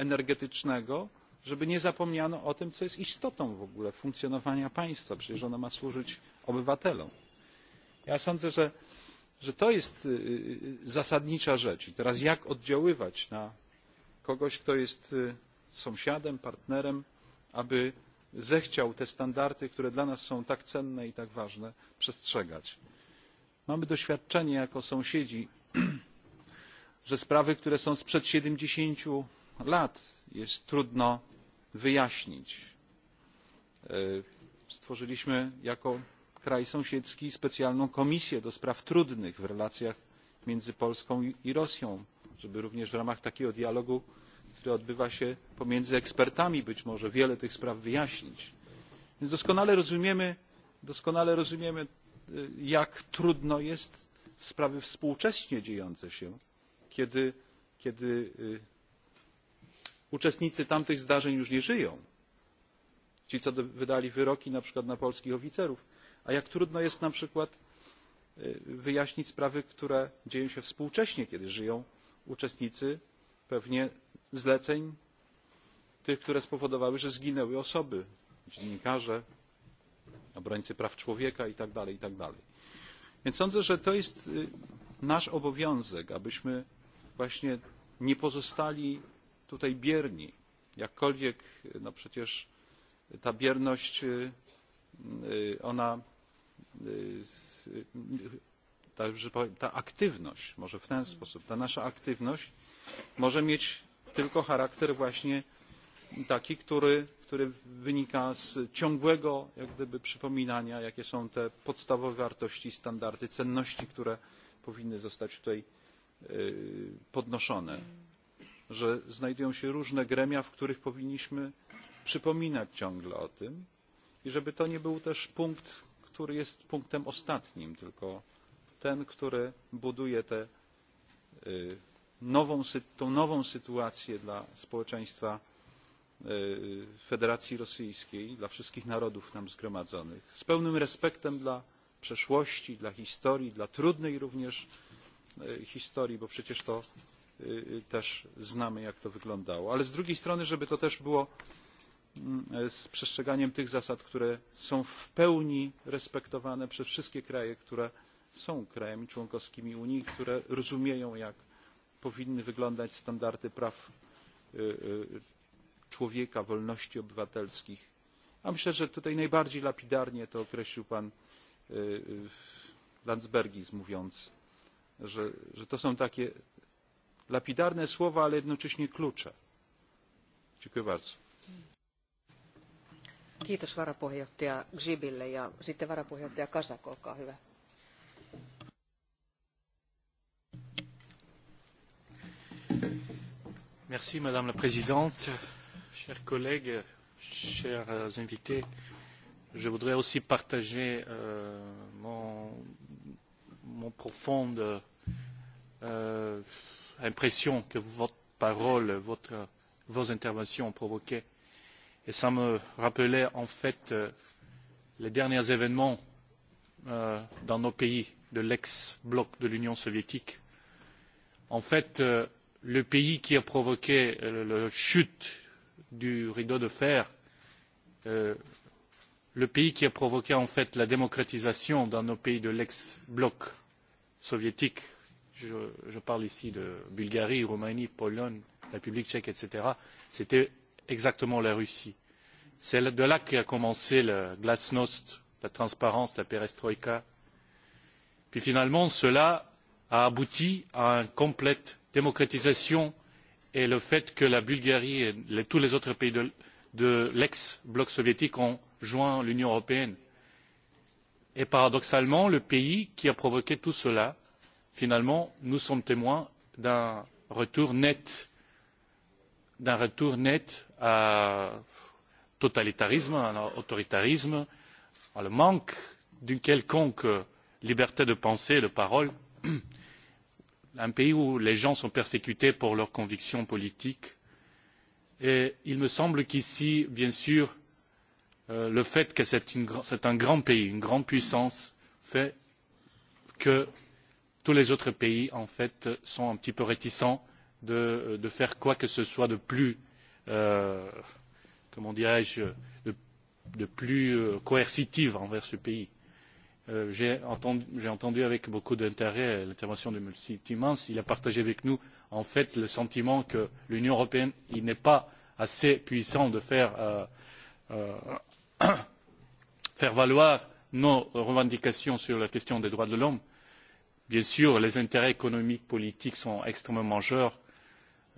energetycznego żeby nie zapomniano o tym co jest istotą w ogóle funkcjonowania państwa przecież ono ma służyć obywatelom. ja sądzę że, to jest zasadnicza rzecz i teraz jak oddziaływać na kogoś kto jest sąsiadem partnerem aby zechciał te standardy które dla nas są tak cenne i tak ważne przestrzegać. mamy doświadczenie jako sąsiedzi że sprawy które są sprzed siedemdziesiąt lat jest trudno wyjaśnić. E, stworzyliśmy jako kraj sąsiedzki specjalną komisję do spraw trudnych w relacjach między polską i rosją żeby również w ramach takiego dialogu który odbywa się pomiędzy ekspertami być może wiele tych spraw wyjaśnić. więc doskonale rozumiemy, doskonale rozumiemy e, jak trudno jest sprawy współcześnie dziejące się kiedy, uczestnicy tamtych zdarzeń już nie żyją ci co wydali wyroki na przykład na polskich oficerów a jak trudno jest na przykład wyjaśnić sprawy które dzieją się współcześnie kiedy żyją uczestnicy pewnie zleceń tych które spowodowały że zginęły osoby dziennikarze obrońcy praw człowieka itd. dalej. więc sądzę że to jest nasz obowiązek abyśmy właśnie nie pozostali tutaj bierni jakkolwiek no przecież ta bierność ona ta, aktywność może w ten sposób ta nasza aktywność może mieć tylko charakter właśnie taki który, który wynika z ciągłego jak gdyby przypominania jakie są te podstawowe wartości standardy cenności które powinny zostać tutaj podnoszone, że znajdują się różne gremia, w których powinniśmy przypominać ciągle o tym i żeby to nie był też punkt, który jest punktem ostatnim, tylko ten, który buduje tę nową, nową sytuację dla społeczeństwa Federacji Rosyjskiej, dla wszystkich narodów tam zgromadzonych, z pełnym respektem dla przeszłości, dla historii, dla trudnej również E, historii, bo przecież to e, e, też znamy, jak to wyglądało. Ale z drugiej strony, żeby to też było mm, z przestrzeganiem tych zasad, które są w pełni respektowane przez wszystkie kraje, które są krajami członkowskimi Unii, które rozumieją, jak powinny wyglądać standardy praw człowieka, wolności obywatelskich. A myślę, że tutaj najbardziej lapidarnie to określił pan Landsbergis, mówiąc że, że to są takie lapidarne słowa, ale jednocześnie klucze. Dziękuję bardzo.
Kiitos varapuheenjohtaja Gzibille ja sitten varapuheenjohtaja Kasak, olkaa hyvä.
Merci Madame la Présidente, chers collègues, chers invités. Je voudrais aussi partager euh, mon, mon profonde euh, impression que votre parole, votre, vos interventions ont provoquée. Et ça me rappelait en fait euh, les derniers événements euh, dans nos pays de l'ex-bloc de l'Union soviétique. En fait, euh, le pays qui a provoqué la chute du rideau de fer, le pays qui a provoqué en fait la démocratisation dans nos pays de l'ex bloc soviétique je, je parle ici de bulgarie roumanie pologne république tchèque etc. c'était exactement la russie. c'est de là qu'a commencé la glasnost la transparence la perestroïka. puis finalement cela a abouti à une complète démocratisation et le fait que la bulgarie et les, tous les autres pays de, de l'ex bloc soviétique ont joint l'union européenne et paradoxalement le pays qui a provoqué tout cela finalement nous sommes témoins d'un retour net d'un retour net totalitarisme à autoritarisme à le manque d'une quelconque liberté de pensée et de parole un pays où les gens sont persécutés pour leurs convictions politiques et il me semble qu'ici bien sûr Euh, le fait que c'est un grand pays une grande puissance fait que tous les autres pays en fait sont un petit peu réticents de, euh, faire quoi que ce soit de plus euh, comment dirais je de, plus coercitif envers ce pays. j'ai entendu, entendu avec beaucoup d'intérêt l'intervention de m. timmermans il a partagé avec nous en fait le sentiment que l'union européenne n'est pas assez puissante de faire faire valoir nos revendications sur la question des droits de l'homme. bien sûr les intérêts économiques et politiques sont extrêmement majeurs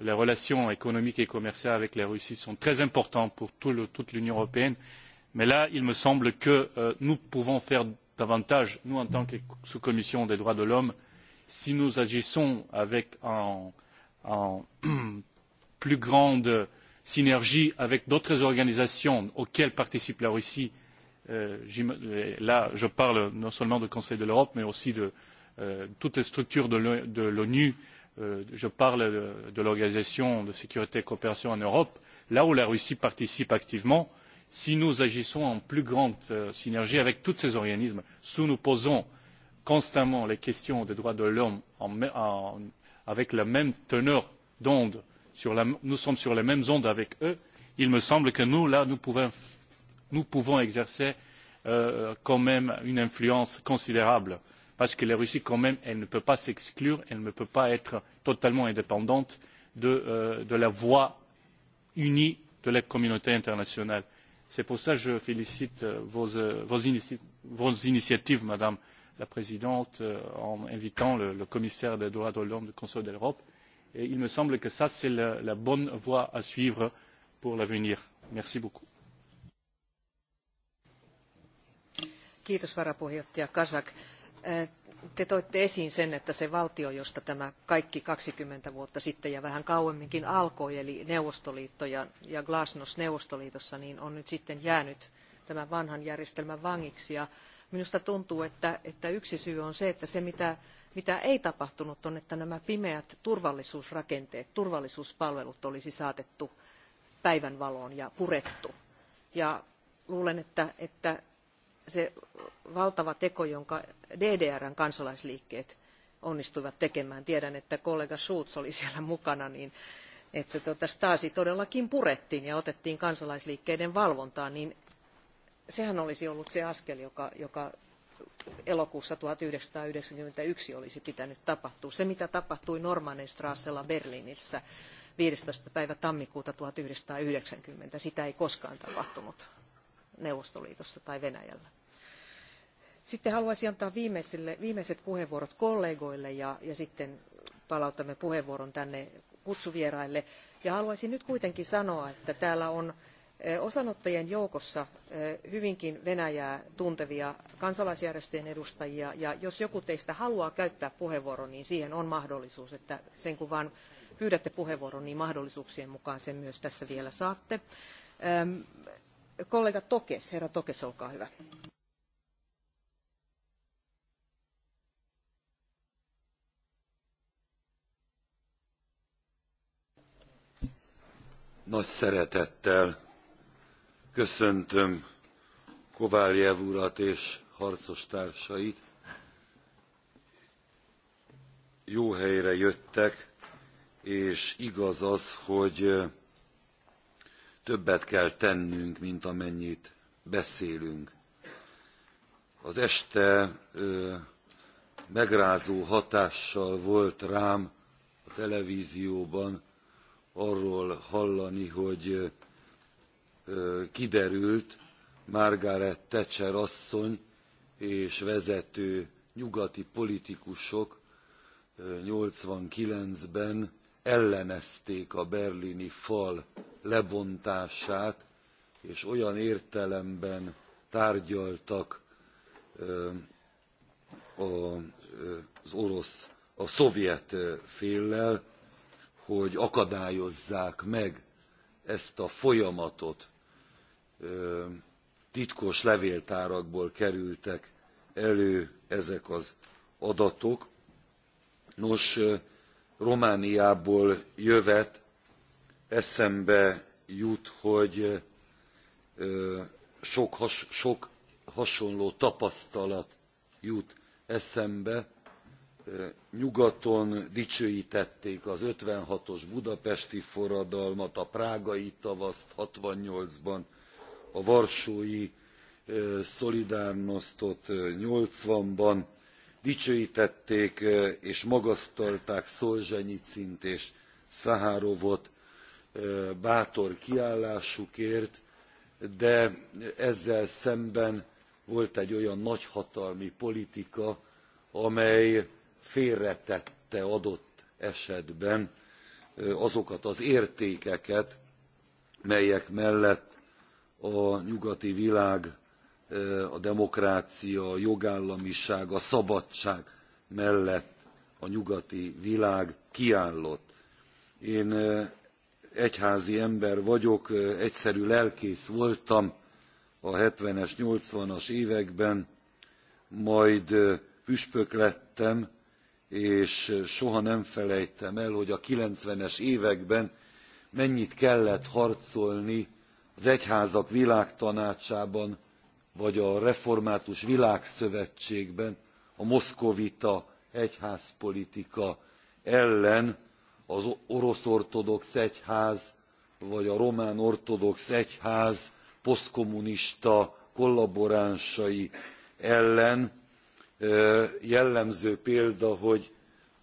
les relations économiques et commerciales avec la russie sont très importantes pour toute l'union européenne mais là il me semble que euh, nous pouvons faire davantage nous en tant que sous commission des droits de l'homme si nous agissons avec une plus grande synergie avec d'autres organisations auxquelles participe la russie euh, là je parle non seulement du conseil de l'europe mais aussi de euh, toutes les structures de l'onu euh, je parle de l'organisation de sécurité et de coopération en europe là où la russie participe activement si nous agissons en plus grande synergie avec tous ces organismes si nous posons constamment les questions des droits de l'homme avec la même teneur d'onde nous sommes sur les mêmes ondes avec eux il me semble que nous là nous pouvons, pouvons exercer euh, quand même une influence considérable parce que la russie quand même elle ne peut pas s'exclure elle ne peut pas être totalement indépendante de, euh, la voix unie de la communauté internationale. c'est pour cela que je félicite euh, vos, initiatives madame la présidente en invitant le, le commissaire des droits de l'homme du conseil de l'europe et il me semble que c'est la, bonne voie à suivre pour l'avenir. merci beaucoup.
Kiitos varapuheenjohtaja Kazak. Te toitte esiin sen, että se valtio, josta tämä kaikki 20 vuotta sitten ja vähän kauemminkin alkoi, eli Neuvostoliitto ja, ja Glasnost Neuvostoliitossa, niin on nyt sitten jäänyt tämän vanhan järjestelmän vangiksi. Ja minusta tuntuu, että, että yksi syy on se, että se mitä mitä ei tapahtunut on että nämä pimeät turvallisuusrakenteet turvallisuuspalvelut olisi saatettu päivänvaloon ja purettu. Ja luulen että, se valtava teko jonka ddr n kansalaisliikkeet onnistuivat tekemään tiedän että kollega schulz oli siellä mukana niin että tuota stasi todellakin purettiin ja otettiin kansalaisliikkeiden valvontaan niin sehän olisi ollut se askel joka, joka elokuussa tuhat yhdeksänsataayhdeksänkymmentäyksi olisi pitänyt tapahtua. se mitä tapahtui normannenstrassella berliinissä viisitoista päivä tammikuuta tuhat yhdeksänsataayhdeksänkymmentä sitä ei koskaan tapahtunut neuvostoliitossa tai venäjällä. sitten haluaisin antaa viimeiset puheenvuorot kollegoille ja, ja sitten palautamme puheenvuoron tänne kutsuvieraille. Ja haluaisin nyt kuitenkin sanoa että täällä on osanottajien joukossa hyvinkin venäjää tuntevia kansalaisjärjestöjen edustajia ja jos joku teistä haluaa käyttää puheenvuoron niin siihen on mahdollisuus että sen kun vain pyydätte puheenvuoron niin mahdollisuuksien mukaan sen myös tässä vielä saatte. kollega Tokes, herra Tokes, olkaa hyvä.
Nagy szeretettel köszöntöm kovályv urat és harcos társait jó helyre jöttek és igaz az hogy többet kell tennünk mint amennyit beszélünk. az este megrázó hatással volt rám a televízióban arról hallani hogy kiderült Margaret Thatcher asszony és vezető nyugati politikusok 89-ben ellenezték a berlini fal lebontását, és olyan értelemben tárgyaltak az orosz, a szovjet féllel, hogy akadályozzák meg ezt a folyamatot titkos levéltárakból kerültek elő ezek az adatok. Nos, Romániából jövet eszembe jut, hogy sok, has, sok hasonló tapasztalat jut eszembe. Nyugaton dicsőítették az 56-os budapesti forradalmat, a prágai tavaszt 68-ban, a varsói e, szolidárnosztot 80-ban, e, dicsőítették e, és magasztalták Szolzsenyicint és Szahárovot bátor kiállásukért, de ezzel szemben volt egy olyan nagyhatalmi politika, amely félretette adott esetben azokat az értékeket, melyek mellett a nyugati világ e, a demokrácia, a jogállamiság, a szabadság mellett a nyugati világ kiállott. Én e, egyházi ember vagyok, e, egyszerű lelkész voltam a 70-es, 80-as években, majd püspök lettem, és soha nem felejtem el, hogy a 90-es években mennyit kellett harcolni az egyházak világtanácsában vagy a református világszövetségben a moszkovita egyházpolitika ellen az orosz ortodox egyház vagy a román ortodox egyház posztkommunista kollaboránsai ellen jellemző példa hogy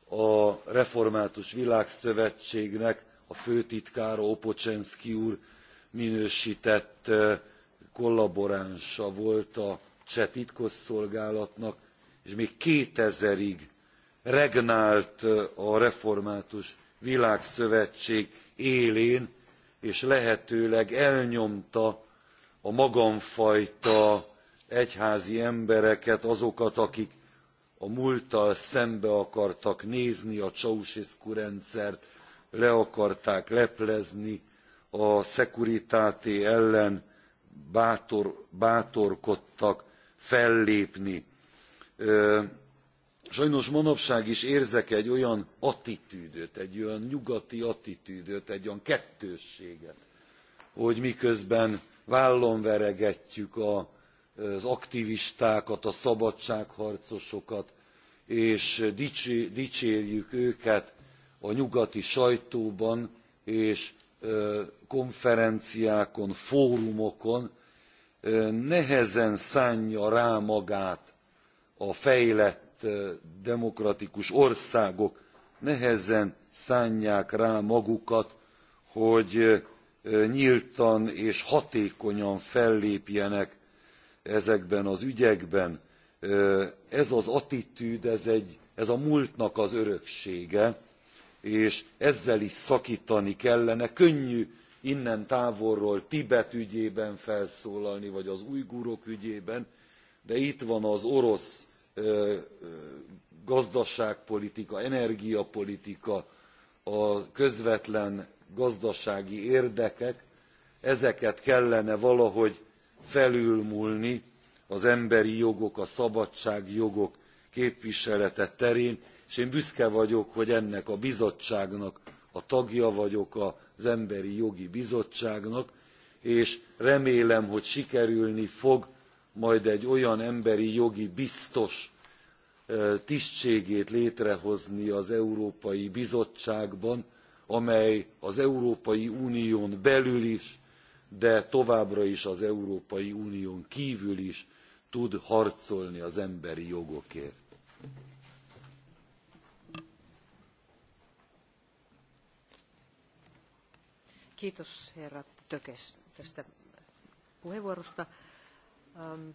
a református világszövetségnek a főtitkára Opocsenszki úr minőstett kollaboránsa volt a cseh titkosszolgálatnak és még two thousand ig regnált a református világszövetség élén és lehetőleg elnyomta a magamfajta egyházi embereket azokat akik a múlttal szembe akartak nézni a ceausescu rendszert le akarták leplezni a szekuritáti ellen bátor, bátorkodtak fellépni. Sajnos manapság is érzek egy olyan attitűdöt, egy olyan nyugati attitűdöt, egy olyan kettősséget, hogy miközben vállon veregetjük a, az aktivistákat, a szabadságharcosokat, és dicsérjük őket a nyugati sajtóban, és konferenciákon, fórumokon nehezen szánja rá magát a fejlett demokratikus országok, nehezen szánják rá magukat, hogy nyíltan és hatékonyan fellépjenek ezekben az ügyekben. Ez az attitűd, ez, egy, ez a múltnak az öröksége, és ezzel is szaktani kellene könnyű innen távolról tibet ügyében felszólalni vagy az ujgurok ügyében de itt van az orosz gazdaságpolitika energiapolitika a közvetlen gazdasági érdekek ezeket kellene valahogy felülmúlni az emberi jogok a szabadságjogok képviselete terén és én büszke vagyok, hogy ennek a bizottságnak a tagja vagyok az Emberi Jogi Bizottságnak, és remélem, hogy sikerülni fog majd egy olyan emberi jogi biztos tisztségét létrehozni az Európai Bizottságban, amely az Európai Unión belül is, de továbbra is az Európai Unión kívül is tud harcolni az emberi jogokért.
Kiitos herra Tökes tästä puheenvuorosta. Ähm,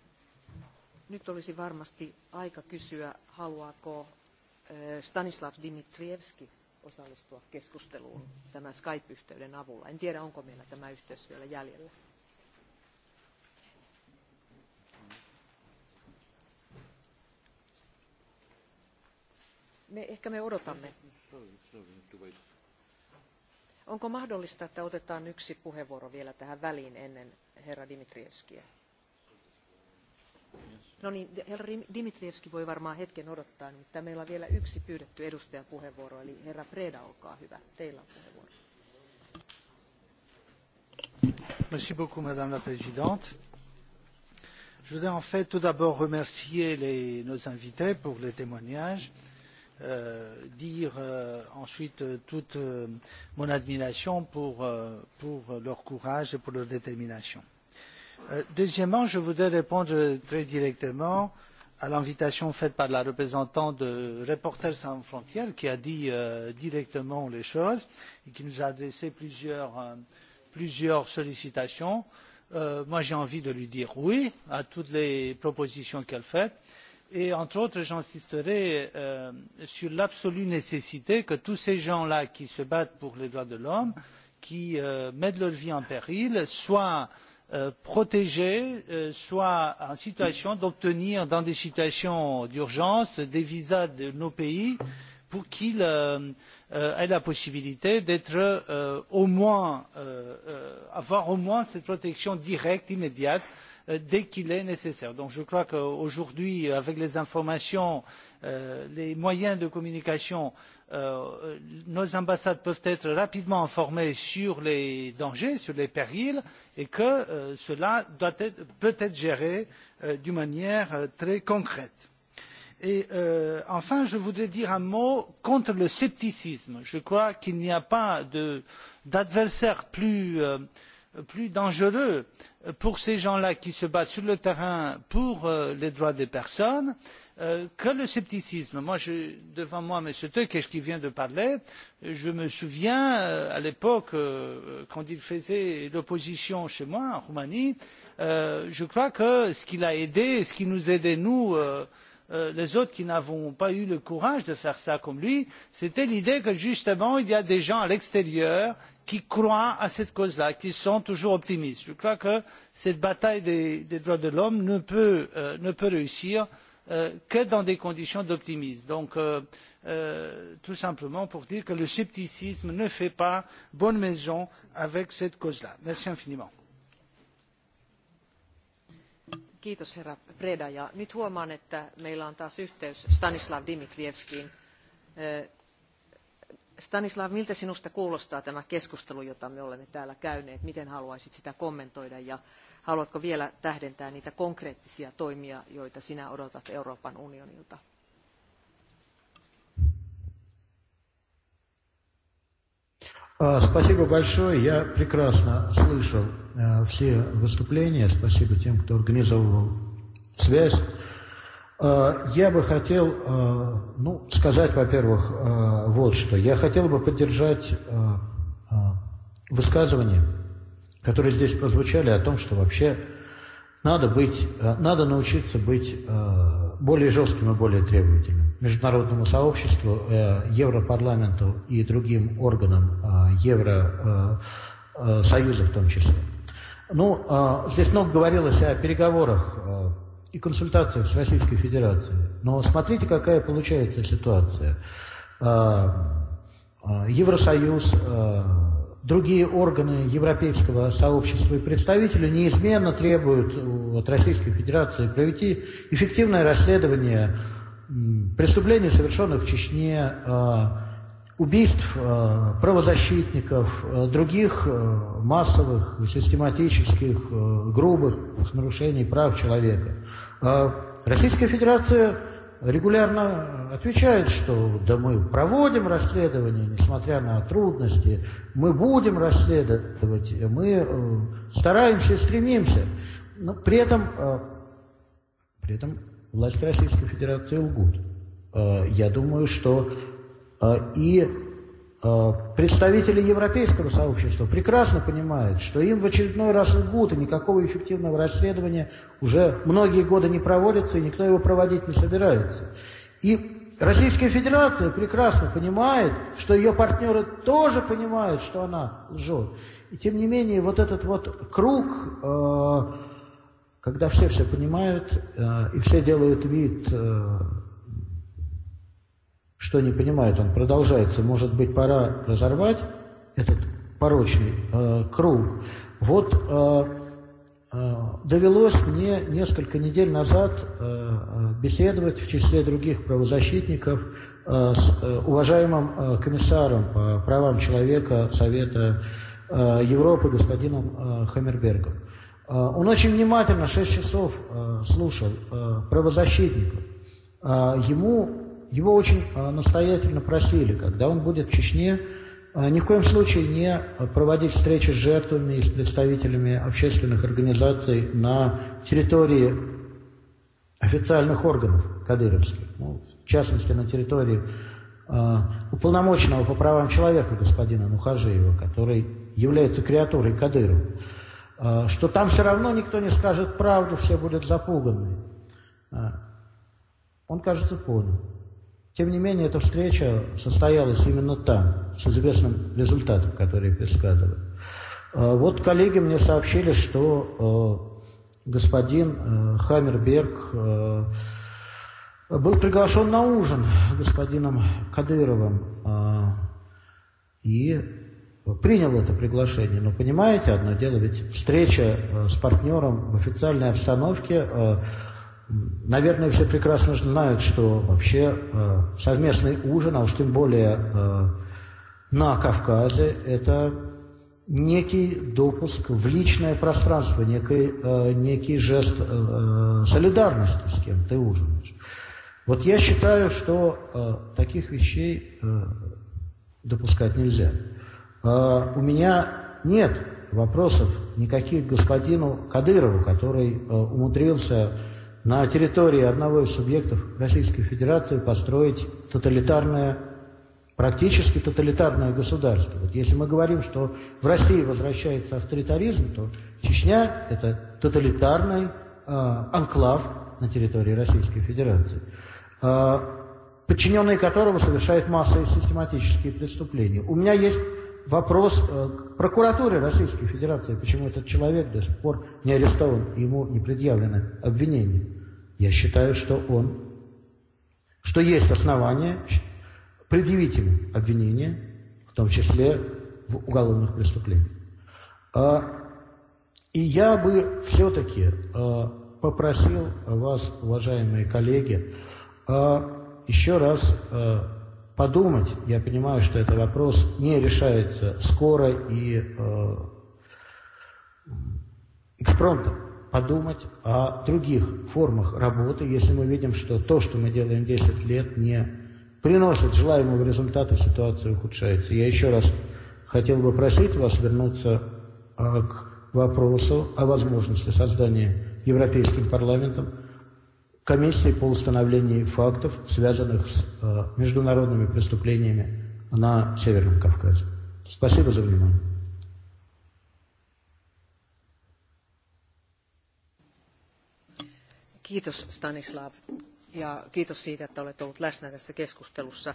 nyt olisi varmasti aika kysyä, haluaako Stanislav Dimitrievski osallistua keskusteluun tämän Skype-yhteyden avulla. En tiedä, onko meillä tämä yhteys vielä jäljellä. Me, ehkä me odotamme onko mahdollista että otetaan yksi puheenvuoro vielä tähän väliin ennen herra dmitrievskiä? No niin, herra Dimitrievski voi varmaan hetken odottaa, mutta meillä on vielä yksi pyydetty edustajan puheenvuoro, eli herra Preda, olkaa hyvä. Teillä on puheenvuoro.
Merci beaucoup, Madame la Présidente. Je voudrais en fait tout d'abord remercier les, nos invités pour les témoignages. Euh, dire euh, ensuite euh, toute mon admiration pour, pour, leur courage et pour leur détermination. deuxièmement, je voudrais répondre très directement à l'invitation faite par la représentante de Reporters sans frontières qui a dit euh, directement les choses et qui nous a adressé plusieurs, euh, plusieurs sollicitations. Euh, moi, j'ai envie de lui dire oui à toutes les propositions qu'elle fait et entre autres j'insisterai euh, sur l'absolue nécessité que tous ces gens là qui se battent pour les droits de l'homme qui euh, mettent leur vie en péril soient euh, protégés soient en situation d'obtenir dans des situations d'urgence des visas de nos pays pour qu'ils aient la possibilité d'être au moins au moins cette protection directe immédiate Euh, dès qu'il est nécessaire. Donc je crois qu'aujourd'hui, avec les informations, euh, les moyens de communication, euh, nos ambassades peuvent être rapidement informées sur les dangers, sur les périls, et que cela doit être, peut être géré d'une manière très concrète. Et euh, enfin, je voudrais dire un mot contre le scepticisme. Je crois qu'il n'y a pas d'adversaire plus euh, plus dangereux pour ces gens là qui se battent sur le terrain pour euh, les droits des personnes euh, que le scepticisme. Moi, devant moi m. tks qui vient de parler je me souviens euh, à l'époque quand il faisait l'opposition chez moi en roumanie je crois que ce qui l'a aidé et ce qui nous aidait nous Euh, les autres qui n'avons pas eu le courage de faire cela comme lui c'était l'idée que justement il y a des gens à l'extérieur qui croient à cette cause là qui sont toujours optimistes. je crois que cette bataille des, droits de l'homme ne, euh, ne peut réussir euh, que dans des conditions d'optimisme. donc tout simplement pour dire que le scepticisme ne fait pas bonne maison avec cette cause là. merci infiniment.
Kiitos herra Preda. nyt huomaan, että meillä on taas yhteys Stanislav Dimitrievskiin. Stanislav, miltä sinusta kuulostaa tämä keskustelu, jota me olemme täällä käyneet? Miten haluaisit sitä kommentoida ja haluatko vielä tähdentää niitä konkreettisia toimia, joita sinä odotat Euroopan unionilta?
Спасибо большое. Я прекрасно слышал все выступления. Спасибо тем, кто организовывал связь. Я бы хотел ну, сказать, во-первых, вот что. Я хотел бы поддержать высказывания, которые здесь прозвучали о том, что вообще надо быть, надо научиться быть более жестким и более требовательным. Международному сообществу, Европарламенту и другим органам Евросоюза в том числе. Ну, здесь много говорилось о переговорах и консультациях с Российской Федерацией. Но смотрите, какая получается ситуация. Евросоюз, другие органы европейского сообщества и представители неизменно требуют от Российской Федерации провести эффективное расследование преступлений, совершенных в Чечне, убийств правозащитников, других массовых, систематических, грубых нарушений прав человека. Российская Федерация регулярно отвечает, что да мы проводим расследование, несмотря на трудности, мы будем расследовать, мы стараемся и стремимся. Но при этом, при этом власти Российской Федерации лгут. Я думаю, что и Представители европейского сообщества прекрасно понимают, что им в очередной раз лгут, и никакого эффективного расследования уже многие годы не проводится, и никто его проводить не собирается. И Российская Федерация прекрасно понимает, что ее партнеры тоже понимают, что она лжет. И тем не менее, вот этот вот круг, когда все все понимают и все делают вид, что не понимает, он продолжается. Может быть, пора разорвать этот порочный э, круг. Вот э, э, довелось мне несколько недель назад э, беседовать в числе других правозащитников э, с э, уважаемым э, комиссаром по правам человека Совета э, Европы господином э, Хаммербергом. Э, он очень внимательно 6 часов э, слушал э, правозащитников. Э, ему Его очень настоятельно просили, когда он будет в Чечне, ни в коем случае не проводить встречи с жертвами и с представителями общественных организаций на территории официальных органов кадыровских, ну, в частности на территории э, уполномоченного по правам человека господина Нухажиева, который является креатурой Кадырова, э, что там все равно никто не скажет правду, все будут запуганы. Э, он, кажется, понял. Тем не менее, эта встреча состоялась именно там, с известным результатом, который я предсказывал. Вот коллеги мне сообщили, что господин Хаммерберг был приглашен на ужин господином Кадыровым и принял это приглашение. Но понимаете, одно дело, ведь встреча с партнером в официальной обстановке Наверное, все прекрасно знают, что вообще э, совместный ужин, а уж тем более э, на Кавказе, это некий допуск в личное пространство, некий, э, некий жест э, солидарности с кем ты ужинаешь. Вот я считаю, что э, таких вещей э, допускать нельзя. Э, у меня нет вопросов никаких господину Кадырову, который э, умудрился на территории одного из субъектов Российской Федерации построить тоталитарное, практически тоталитарное государство. Вот если мы говорим, что в России возвращается авторитаризм, то Чечня – это тоталитарный э, анклав на территории Российской Федерации, э, подчиненные которого совершают массовые систематические преступления. У меня есть вопрос э, прокуратуры Российской Федерации, почему этот человек до сих пор не арестован, ему не предъявлено обвинение. Я считаю, что он, что есть основания предъявить ему обвинение, в том числе в уголовных преступлениях. И я бы все-таки попросил вас, уважаемые коллеги, еще раз подумать. Я понимаю, что этот вопрос не решается скоро и э, экспромтом. Подумать о других формах работы, если мы видим, что то, что мы делаем 10 лет, не приносит желаемого результата, ситуация ухудшается. Я еще раз хотел бы просить вас вернуться э, к вопросу о возможности создания Европейским парламентом комиссии по установлению фактов, связанных с э, международными преступлениями на Северном Кавказе. Спасибо за внимание.
Kiitos Stanislav ja kiitos siitä, että olet ollut läsnä tässä keskustelussa.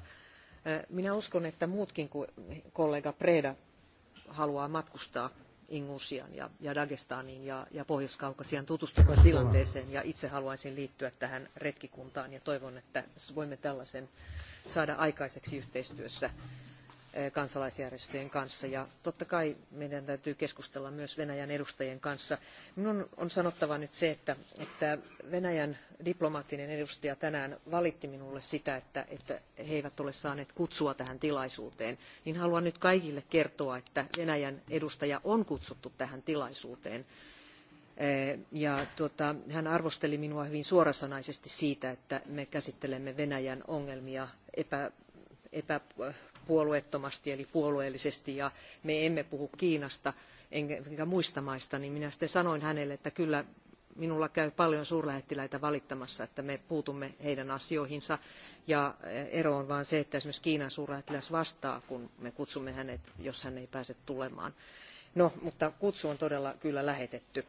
Minä uskon, että muutkin kuin kollega Preda haluaa matkustaa Ingusian ja, ja Dagestaniin ja, ja Pohjois-Kaukasian tutustumaan tilanteeseen ja itse haluaisin liittyä tähän retkikuntaan ja toivon, että voimme tällaisen saada aikaiseksi yhteistyössä Eh, kansalaisjärjestöjen kanssa ja totta kai meidän täytyy keskustella myös Venäjän edustajien kanssa. Minun on sanottava nyt se, että, Venäjän diplomaattinen edustaja tänään valitti minulle sitä, että, että he eivät ole saaneet kutsua tähän tilaisuuteen, niin haluan nyt kaikille kertoa, että Venäjän edustaja on kutsuttu tähän tilaisuuteen. Eh, ja tuota, hän arvosteli minua hyvin suorasanaisesti siitä, että me käsittelemme Venäjän ongelmia epä, epä puolueettomasti eli puolueellisesti ja me emme puhu Kiinasta enkä muista maista, niin minä sitten sanoin hänelle, että kyllä minulla käy paljon suurlähettiläitä valittamassa, että me puutumme heidän asioihinsa. Ja eh, ero on vain se, että esimerkiksi Kiinan suurlähettiläs vastaa, kun me kutsumme hänet, jos hän ei pääse tulemaan. No, mutta kutsu on todella kyllä lähetetty.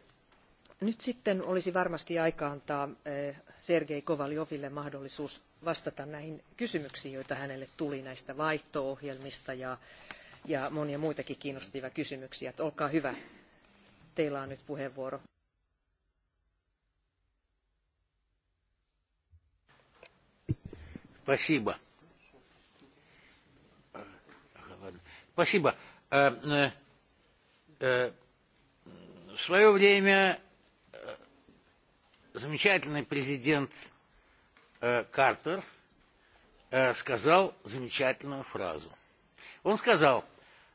Nyt sitten olisi varmasti aika antaa eh, Sergei Kovaljoville mahdollisuus vastata näihin kysymyksiin, joita hänelle tuli näistä vaihto-ohjelmista ja, ja monia muitakin kiinnostavia kysymyksiä. Että olkaa hyvä, teillä on nyt puheenvuoro.
Спасибо. Спасибо. В свое время замечательный президент Картер сказал замечательную фразу. Он сказал,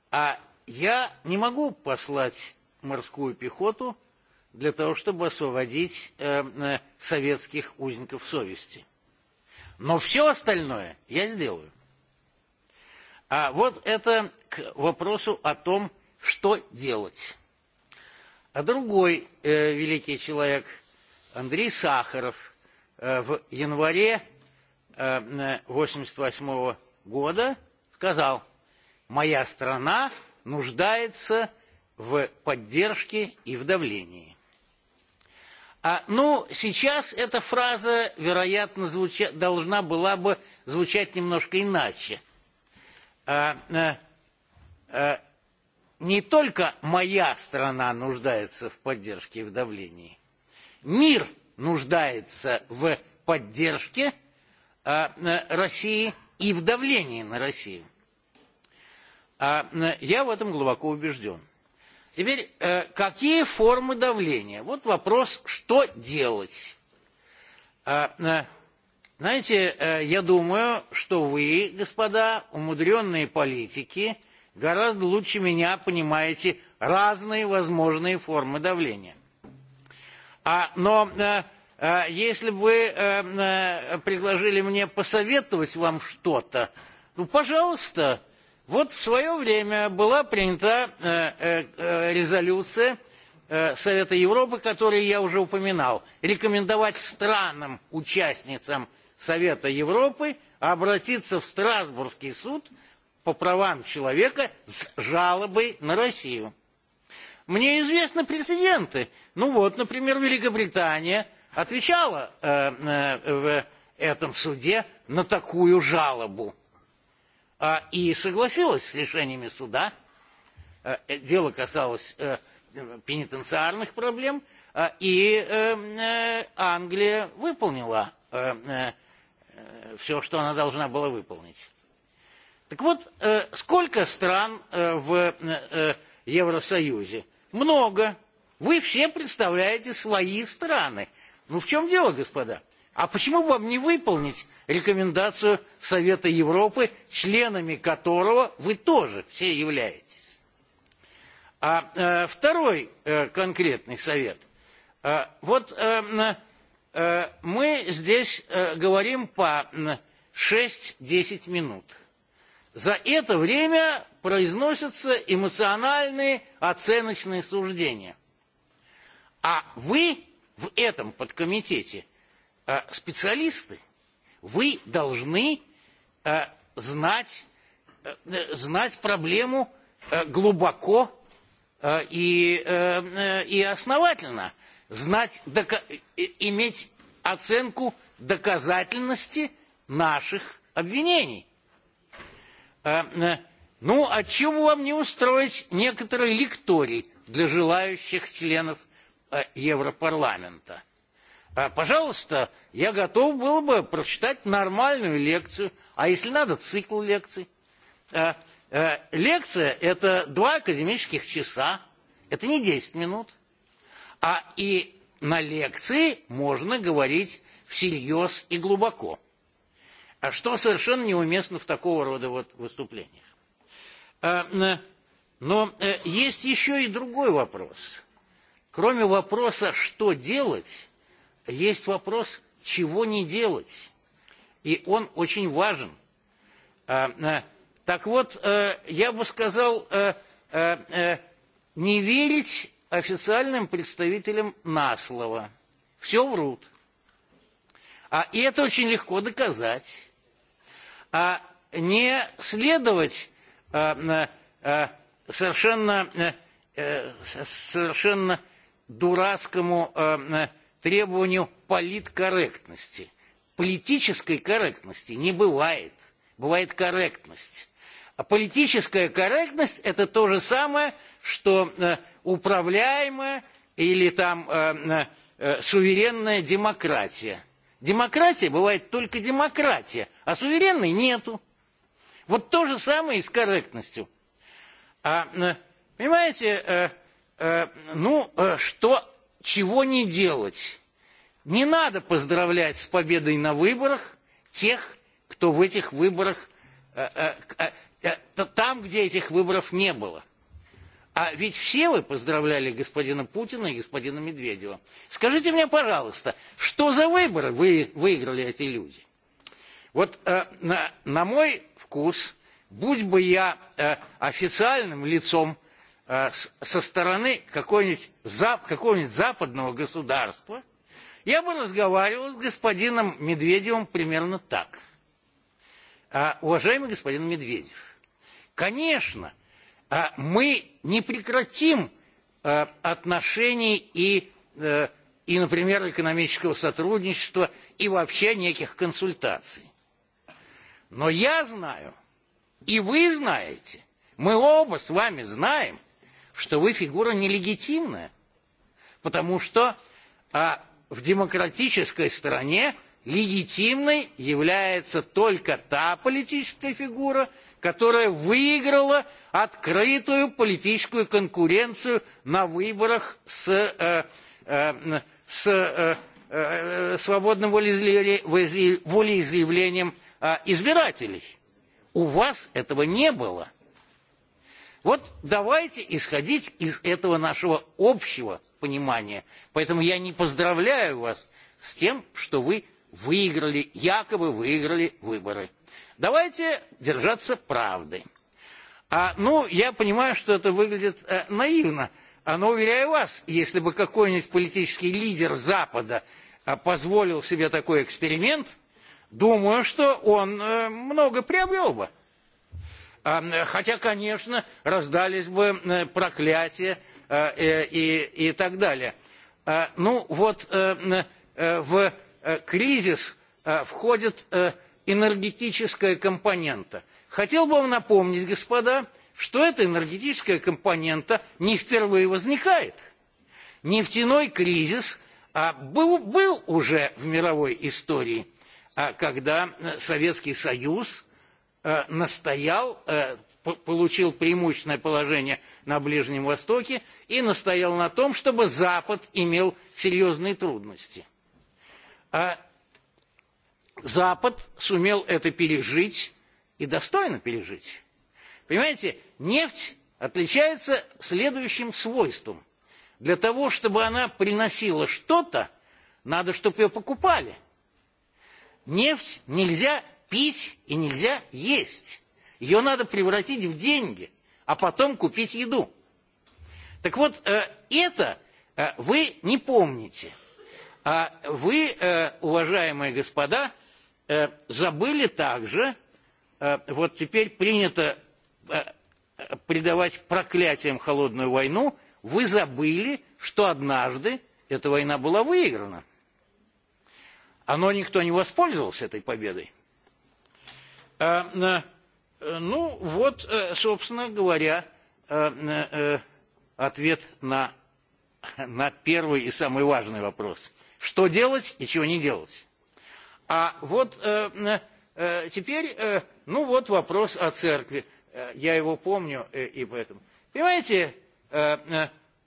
а я не могу послать морскую пехоту для того, чтобы освободить советских узников совести. Но все остальное я сделаю. А вот это к вопросу о том, что делать. А другой э, великий человек, Андрей Сахаров – в январе 1988 года сказал, моя страна нуждается в поддержке и в давлении. А, ну, сейчас эта фраза, вероятно, звуча, должна была бы звучать немножко иначе. А, а, а, не только моя страна нуждается в поддержке и в давлении. Мир – нуждается в поддержке России и в давлении на Россию. Я в этом глубоко убежден. Теперь, какие формы давления? Вот вопрос, что делать? Знаете, я думаю, что вы, господа, умудренные политики, гораздо лучше меня понимаете разные возможные формы давления но если бы вы предложили мне посоветовать вам что-то, ну, пожалуйста, вот в свое время была принята резолюция Совета Европы, которую я уже упоминал, рекомендовать странам, участницам Совета Европы обратиться в Страсбургский суд по правам человека с жалобой на Россию. Мне известны прецеденты. Ну вот, например, Великобритания отвечала э, э, в этом суде на такую жалобу э, и согласилась с решениями суда. Э, дело касалось э, пенитенциарных проблем, э, и э, Англия выполнила э, э, все, что она должна была выполнить. Так вот, э, сколько стран э, в э, Евросоюзе? Много. Вы все представляете свои страны. Ну в чем дело, господа? А почему бы вам не выполнить рекомендацию Совета Европы, членами которого вы тоже все являетесь? А э, второй э, конкретный совет. Э, вот э, э, мы здесь э, говорим по шесть десять минут. За это время произносятся эмоциональные оценочные суждения. А вы в этом подкомитете специалисты, вы должны знать, знать проблему глубоко и, и основательно, знать, дока, иметь оценку доказательности наших обвинений. Ну, а чего вам не устроить некоторый лекторий для желающих членов Европарламента? Пожалуйста, я готов был бы прочитать нормальную лекцию, а если надо, цикл лекций. Лекция – это два академических часа, это не 10 минут. А и на лекции можно говорить всерьез и глубоко. А что совершенно неуместно в такого рода вот выступлениях. Но есть еще и другой вопрос. Кроме вопроса, что делать, есть вопрос, чего не делать. И он очень важен. Так вот, я бы сказал, не верить официальным представителям на слово. Все врут. А, и это очень легко доказать. А не следовать совершенно, совершенно дурацкому требованию политкорректности. Политической корректности не бывает. Бывает корректность. А политическая корректность – это то же самое, что управляемая или там суверенная демократия. Демократия бывает только демократия, а суверенной нету. Вот то же самое и с корректностью. А, понимаете, ну, что, чего не делать? Не надо поздравлять с победой на выборах тех, кто в этих выборах, там, где этих выборов не было. А ведь все вы поздравляли господина Путина и господина Медведева. Скажите мне, пожалуйста, что за выборы вы выиграли эти люди? Вот э, на, на мой вкус, будь бы я э, официальным лицом э, со стороны какого-нибудь зап, какого западного государства, я бы разговаривал с господином Медведевым примерно так. Э, уважаемый господин Медведев, конечно, э, мы не прекратим э, отношений и, э, и, например, экономического сотрудничества и вообще неких консультаций. Но я знаю, и вы знаете, мы оба с вами знаем, что вы фигура нелегитимная, потому что а, в демократической стране легитимной является только та политическая фигура, которая выиграла открытую политическую конкуренцию на выборах с, э, э, с э, э, свободным волеизъявлением избирателей. У вас этого не было. Вот давайте исходить из этого нашего общего понимания. Поэтому я не поздравляю вас с тем, что вы выиграли, якобы выиграли выборы. Давайте держаться правды. А, ну, я понимаю, что это выглядит э, наивно, но уверяю вас, если бы какой-нибудь политический лидер Запада позволил себе такой эксперимент – Думаю, что он много приобрел бы. Хотя, конечно, раздались бы проклятия и, и так далее. Ну вот в кризис входит энергетическая компонента. Хотел бы вам напомнить, господа, что эта энергетическая компонента не впервые возникает. Нефтяной кризис был, был уже в мировой истории – когда Советский Союз настоял, получил преимущественное положение на Ближнем Востоке и настоял на том, чтобы Запад имел серьезные трудности. Запад сумел это пережить и достойно пережить. Понимаете, нефть отличается следующим свойством. Для того, чтобы она приносила что-то, надо, чтобы ее покупали – нефть нельзя пить и нельзя есть. Ее надо превратить в деньги, а потом купить еду. Так вот, это вы не помните. А вы, уважаемые господа, забыли также, вот теперь принято предавать проклятиям холодную войну, вы забыли, что однажды эта война была выиграна оно никто не воспользовался этой победой. Ну, вот, собственно говоря, ответ на, на первый и самый важный вопрос. Что делать и чего не делать? А вот теперь, ну вот вопрос о церкви. Я его помню и поэтому. Понимаете,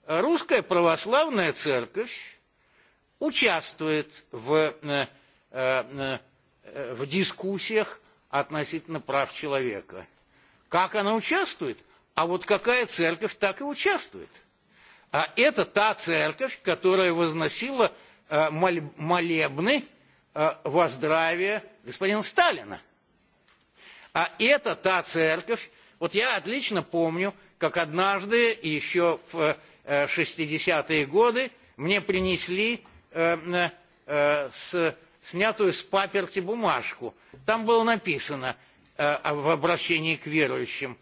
русская православная церковь участвует в, в дискуссиях относительно прав человека. Как она участвует? А вот какая церковь так и участвует. А это та церковь, которая возносила молебны во здравие господина Сталина. А это та церковь, вот я отлично помню, как однажды еще в 60-е годы мне принесли с, снятую с паперти бумажку. Там было написано в обращении к верующим,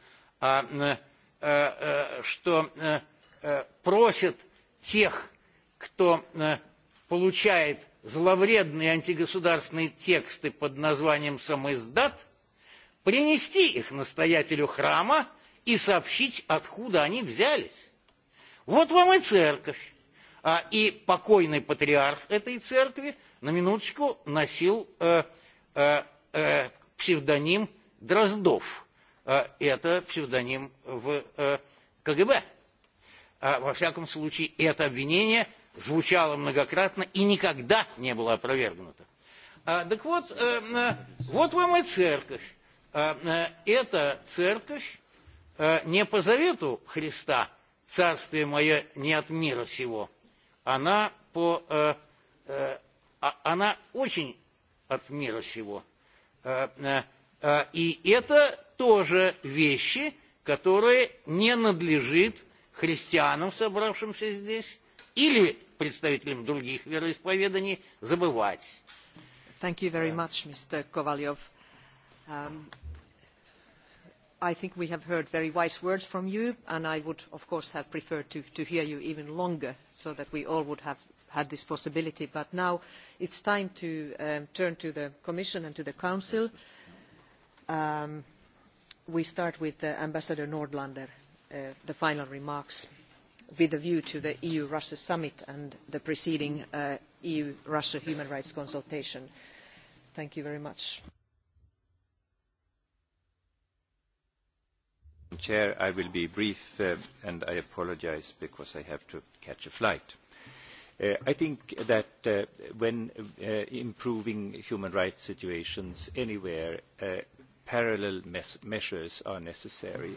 что просят тех, кто получает зловредные антигосударственные тексты под названием «Самоиздат», принести их настоятелю храма и сообщить, откуда они взялись. Вот вам и церковь и покойный патриарх этой церкви, на минуточку, носил псевдоним Дроздов. Это псевдоним в КГБ. Во всяком случае, это обвинение звучало многократно и никогда не было опровергнуто. Так вот, вот вам и церковь. Эта церковь не по завету Христа, царствие мое не от мира сего, она, по, э, э, она очень от мира сего. Э, э, и это тоже вещи, которые не надлежит христианам, собравшимся здесь, или представителям других вероисповеданий забывать.
Thank you very much, Mr. Kovalyov. Um, i think we have heard very wise words from you, and I would, of course, have preferred to, hear you even longer so that we all would have had this possibility. But now it is time to um, turn to the Commission and to the Council. Um, we start with uh, Ambassador Nordlander, uh, the final remarks with a view to the EU-Russia summit and the preceding uh, EU-Russia human rights consultation. Thank you very much.
Chair, I will be brief uh, and I apologise because I have to catch a flight. Uh, I think that uh, when improving human rights situations anywhere, parallel measures are necessary.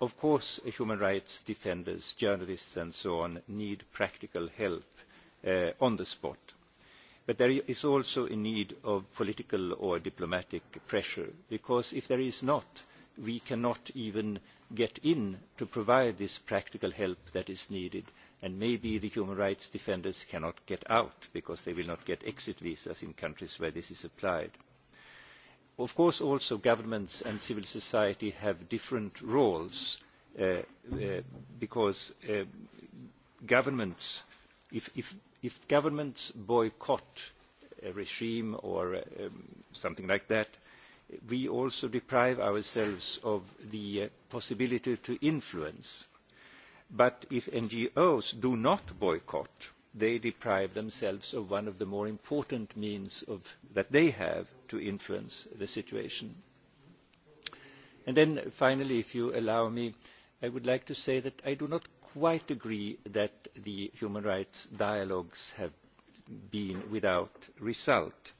of course, human rights defenders, journalists and so on need practical help on the spot. But there is also a need of political or diplomatic pressure because if there is not, we cannot even get in to provide this practical help that is needed and maybe the human rights defenders cannot get out because they will not get exit visas in countries where this is applied. Of course also governments and civil society have different roles uh, uh, because uh, governments, if, if, if governments boycott a regime or um, something like that, we also deprive ourselves of the uh, possibility to influence. But if NGOs do not boycott, they deprive themselves of one of the more important means of, that they have to influence the situation. And then finally, if you allow me, I would like to say that I do not quite agree that the human rights dialogues have been without result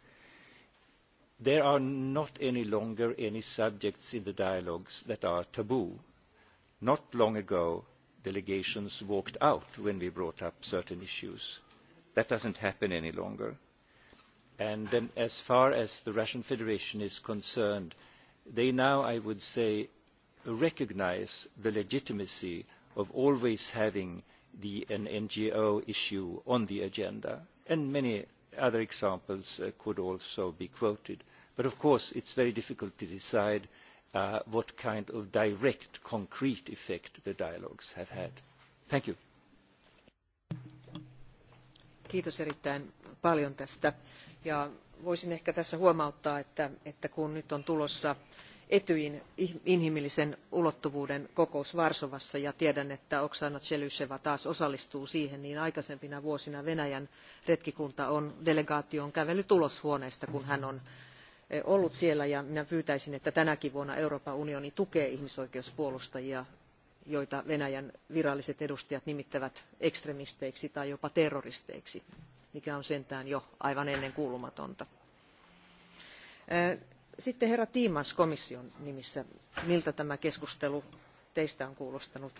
there are not any longer any subjects in the dialogues that are taboo. Not long ago, delegations walked out when we brought up certain issues. That doesn't happen any longer. And um, as far as the Russian Federation is concerned, they now, I would say, recognise the legitimacy of always having the, an NGO issue on the agenda. And many other examples uh, could also be quoted. But of course, it is very difficult to decide uh, what kind of direct, concrete effect the dialogues have had. Thank you.
Kiitos erittäin paljon tästä. Ja voisin ehkä tässä huomauttaa, että, että kun nyt on tulossa etyjin inhimillisen ulottuvuuden kokous varsovassa ja tiedän että oksana elyseva taas osallistuu siihen niin aikaisempina vuosina venäjän retkikunta on delegaatio on kävellyt ulos huoneesta kun hän on eh, ollut siellä ja minä pyytäisin että tänäkin vuonna euroopan unioni tukee ihmisoikeuspuolustajia joita venäjän viralliset edustajat nimittävät ekstremisteiksi tai jopa terroristeiksi mikä on sentään jo aivan ennenkuulumatonta eh, Sitten herra Tiimans komission nimissä, miltä tämä keskustelu teistä on kuulostanut?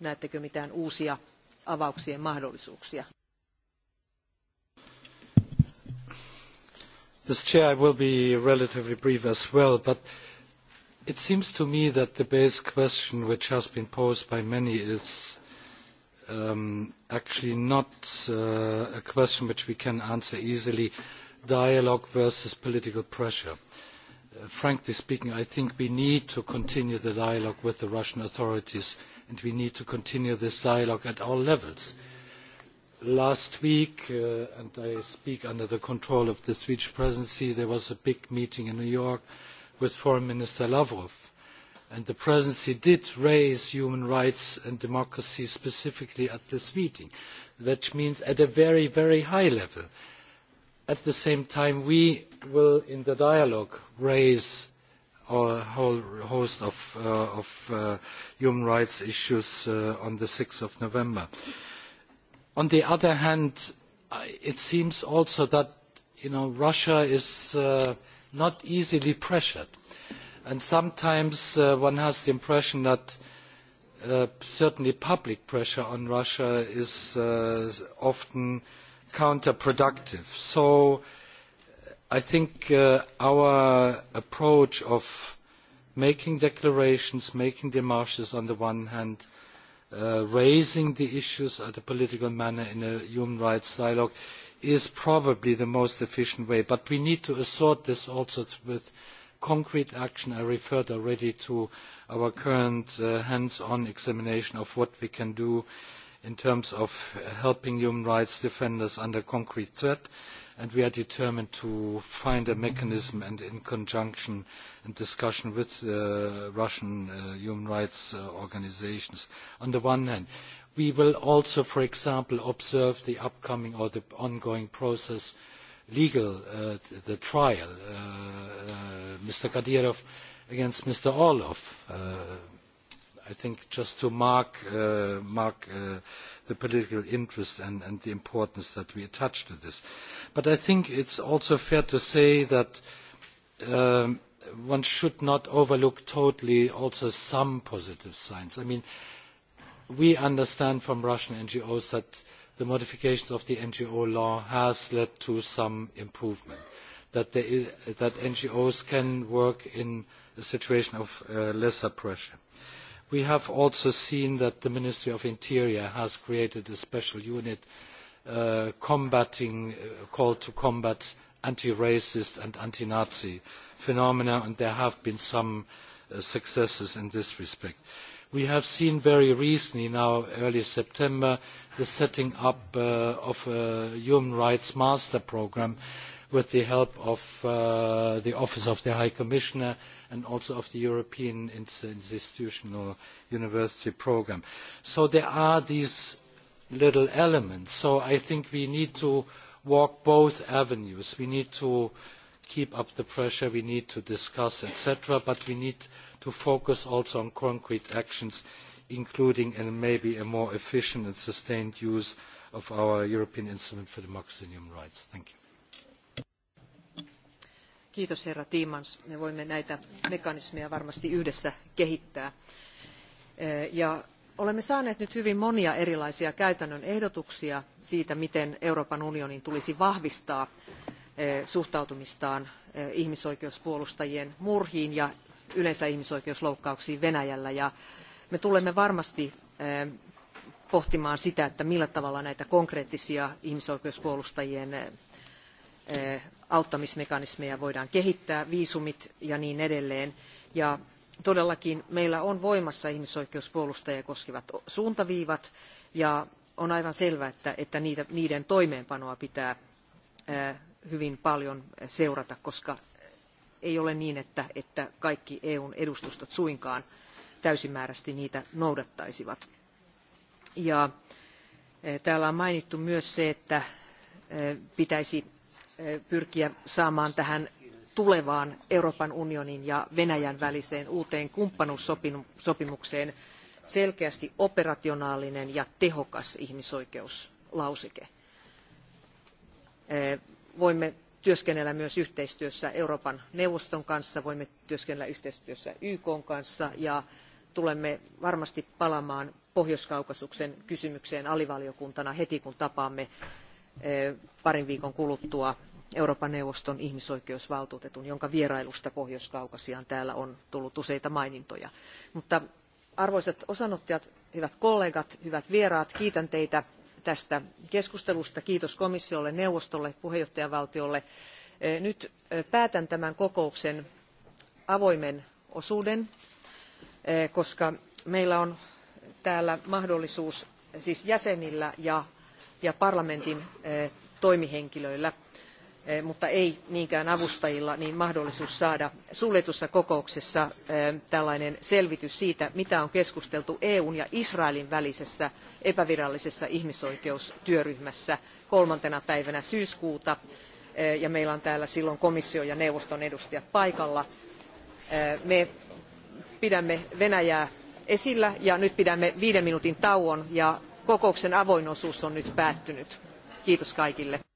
Näettekö mitään uusia avauksien
mahdollisuuksia? Mr. Chair, I will be relatively brief as well, but it seems to me that the base question which has been posed by many is um, actually not uh, a question which we can answer easily, dialogue versus political pressure. Uh, frankly speaking, I think we need to continue the dialogue with the Russian authorities and we need to continue this dialogue at all levels. Last week, uh, and I speak under the control of the Swedish presidency, there was a big meeting in New York with Foreign Minister Lavrov. And the presidency did raise human rights and democracy specifically at this meeting, which means at a very, very high level. At the same time, we will in the dialogue raise a whole host of, uh, of uh, human rights issues uh, on the 6 of November. On the other hand, it seems also that you know, Russia is uh, not easily pressured. And sometimes uh, one has the impression that uh, certainly public pressure on Russia is often counterproductive. So i think uh, our approach of making declarations, making demarches on the one hand, uh, raising the issues in a political manner in a human rights dialogue is probably the most efficient way. But we need to assort this also with concrete action. I referred already to our current uh, hands-on examination of what we can do uh, in terms of helping human rights defenders under concrete threat, and we are determined to find a mechanism and in conjunction and discussion with the Russian uh, human rights uh, organisations on the one hand. We will also, for example, observe the upcoming or the ongoing process, legal, uh, the trial, uh, uh, Mr. Kadyrov against Mr. Orlov uh, i think just to mark, uh, mark uh, the political interest and, and, the importance that we attach to this. But I think it is also fair to say that um, one should not overlook totally also some positive signs. I mean, we understand from Russian NGOs that the modifications of the NGO law has led to some improvement, that, they, that NGOs can work in a situation of uh, lesser pressure. We have also seen that the Ministry of Interior has created a special unit uh, uh, called to combat anti-racist and anti-Nazi phenomena, and there have been some uh, successes in this respect. We have seen very recently, now early September, the setting up of a human rights master programme with the help of the Office of the High Commissioner and also of the European Institutional University Programme. So there are these little elements. So I think we need to walk both avenues. We need to keep up the pressure, we need to discuss, etc., but we need to focus also on concrete actions, including and maybe a more efficient and sustained use of our European Instrument for Democracy and Human Rights. Thank you
kiitos herra Tiimans. Me voimme näitä mekanismeja varmasti yhdessä kehittää. olemme saaneet nyt hyvin monia erilaisia käytännön ehdotuksia siitä, miten Euroopan unionin tulisi vahvistaa suhtautumistaan ihmisoikeuspuolustajien murhiin ja yleensä ihmisoikeusloukkauksiin Venäjällä. Ja me tulemme varmasti pohtimaan sitä, että millä tavalla näitä konkreettisia ihmisoikeuspuolustajien auttamismekanismeja voidaan kehittää, viisumit ja niin edelleen. Ja todellakin meillä on voimassa ihmisoikeuspuolustajia koskevat suuntaviivat ja on aivan selvää, että, että niitä, niiden toimeenpanoa pitää hyvin paljon seurata, koska ei ole niin, että, että kaikki EUn edustustot suinkaan täysimääräisesti niitä noudattaisivat. Ja täällä on mainittu myös se, että pitäisi pyrkiä saamaan tähän tulevaan Euroopan unionin ja Venäjän väliseen uuteen kumppanuussopimukseen selkeästi operationaalinen ja tehokas ihmisoikeuslauseke. Voimme työskennellä myös yhteistyössä Euroopan neuvoston kanssa, voimme työskennellä yhteistyössä YK kanssa ja tulemme varmasti palaamaan Pohjois-Kaukasuksen kysymykseen alivaliokuntana heti kun tapaamme parin viikon kuluttua Euroopan neuvoston ihmisoikeusvaltuutetun, jonka vierailusta Pohjois-Kaukasiaan täällä on tullut useita mainintoja. Mutta arvoisat osanottajat, hyvät kollegat, hyvät vieraat, kiitän teitä tästä keskustelusta. Kiitos komissiolle, neuvostolle, puheenjohtajavaltiolle. Nyt päätän tämän kokouksen avoimen osuuden, koska meillä on täällä mahdollisuus siis jäsenillä ja, ja parlamentin toimihenkilöillä Eh, mutta ei niinkään avustajilla niin mahdollisuus saada suljetussa kokouksessa eh, tällainen selvitys siitä mitä on keskusteltu eun ja israelin välisessä epävirallisessa ihmisoikeustyöryhmässä kolmantena päivänä syyskuuta eh, ja meillä on täällä silloin komission ja neuvoston edustajat paikalla. me pidämme venäjää esillä ja nyt pidämme viiden minuutin tauon ja kokouksen avoin osuus on nyt päättynyt. kiitos kaikille.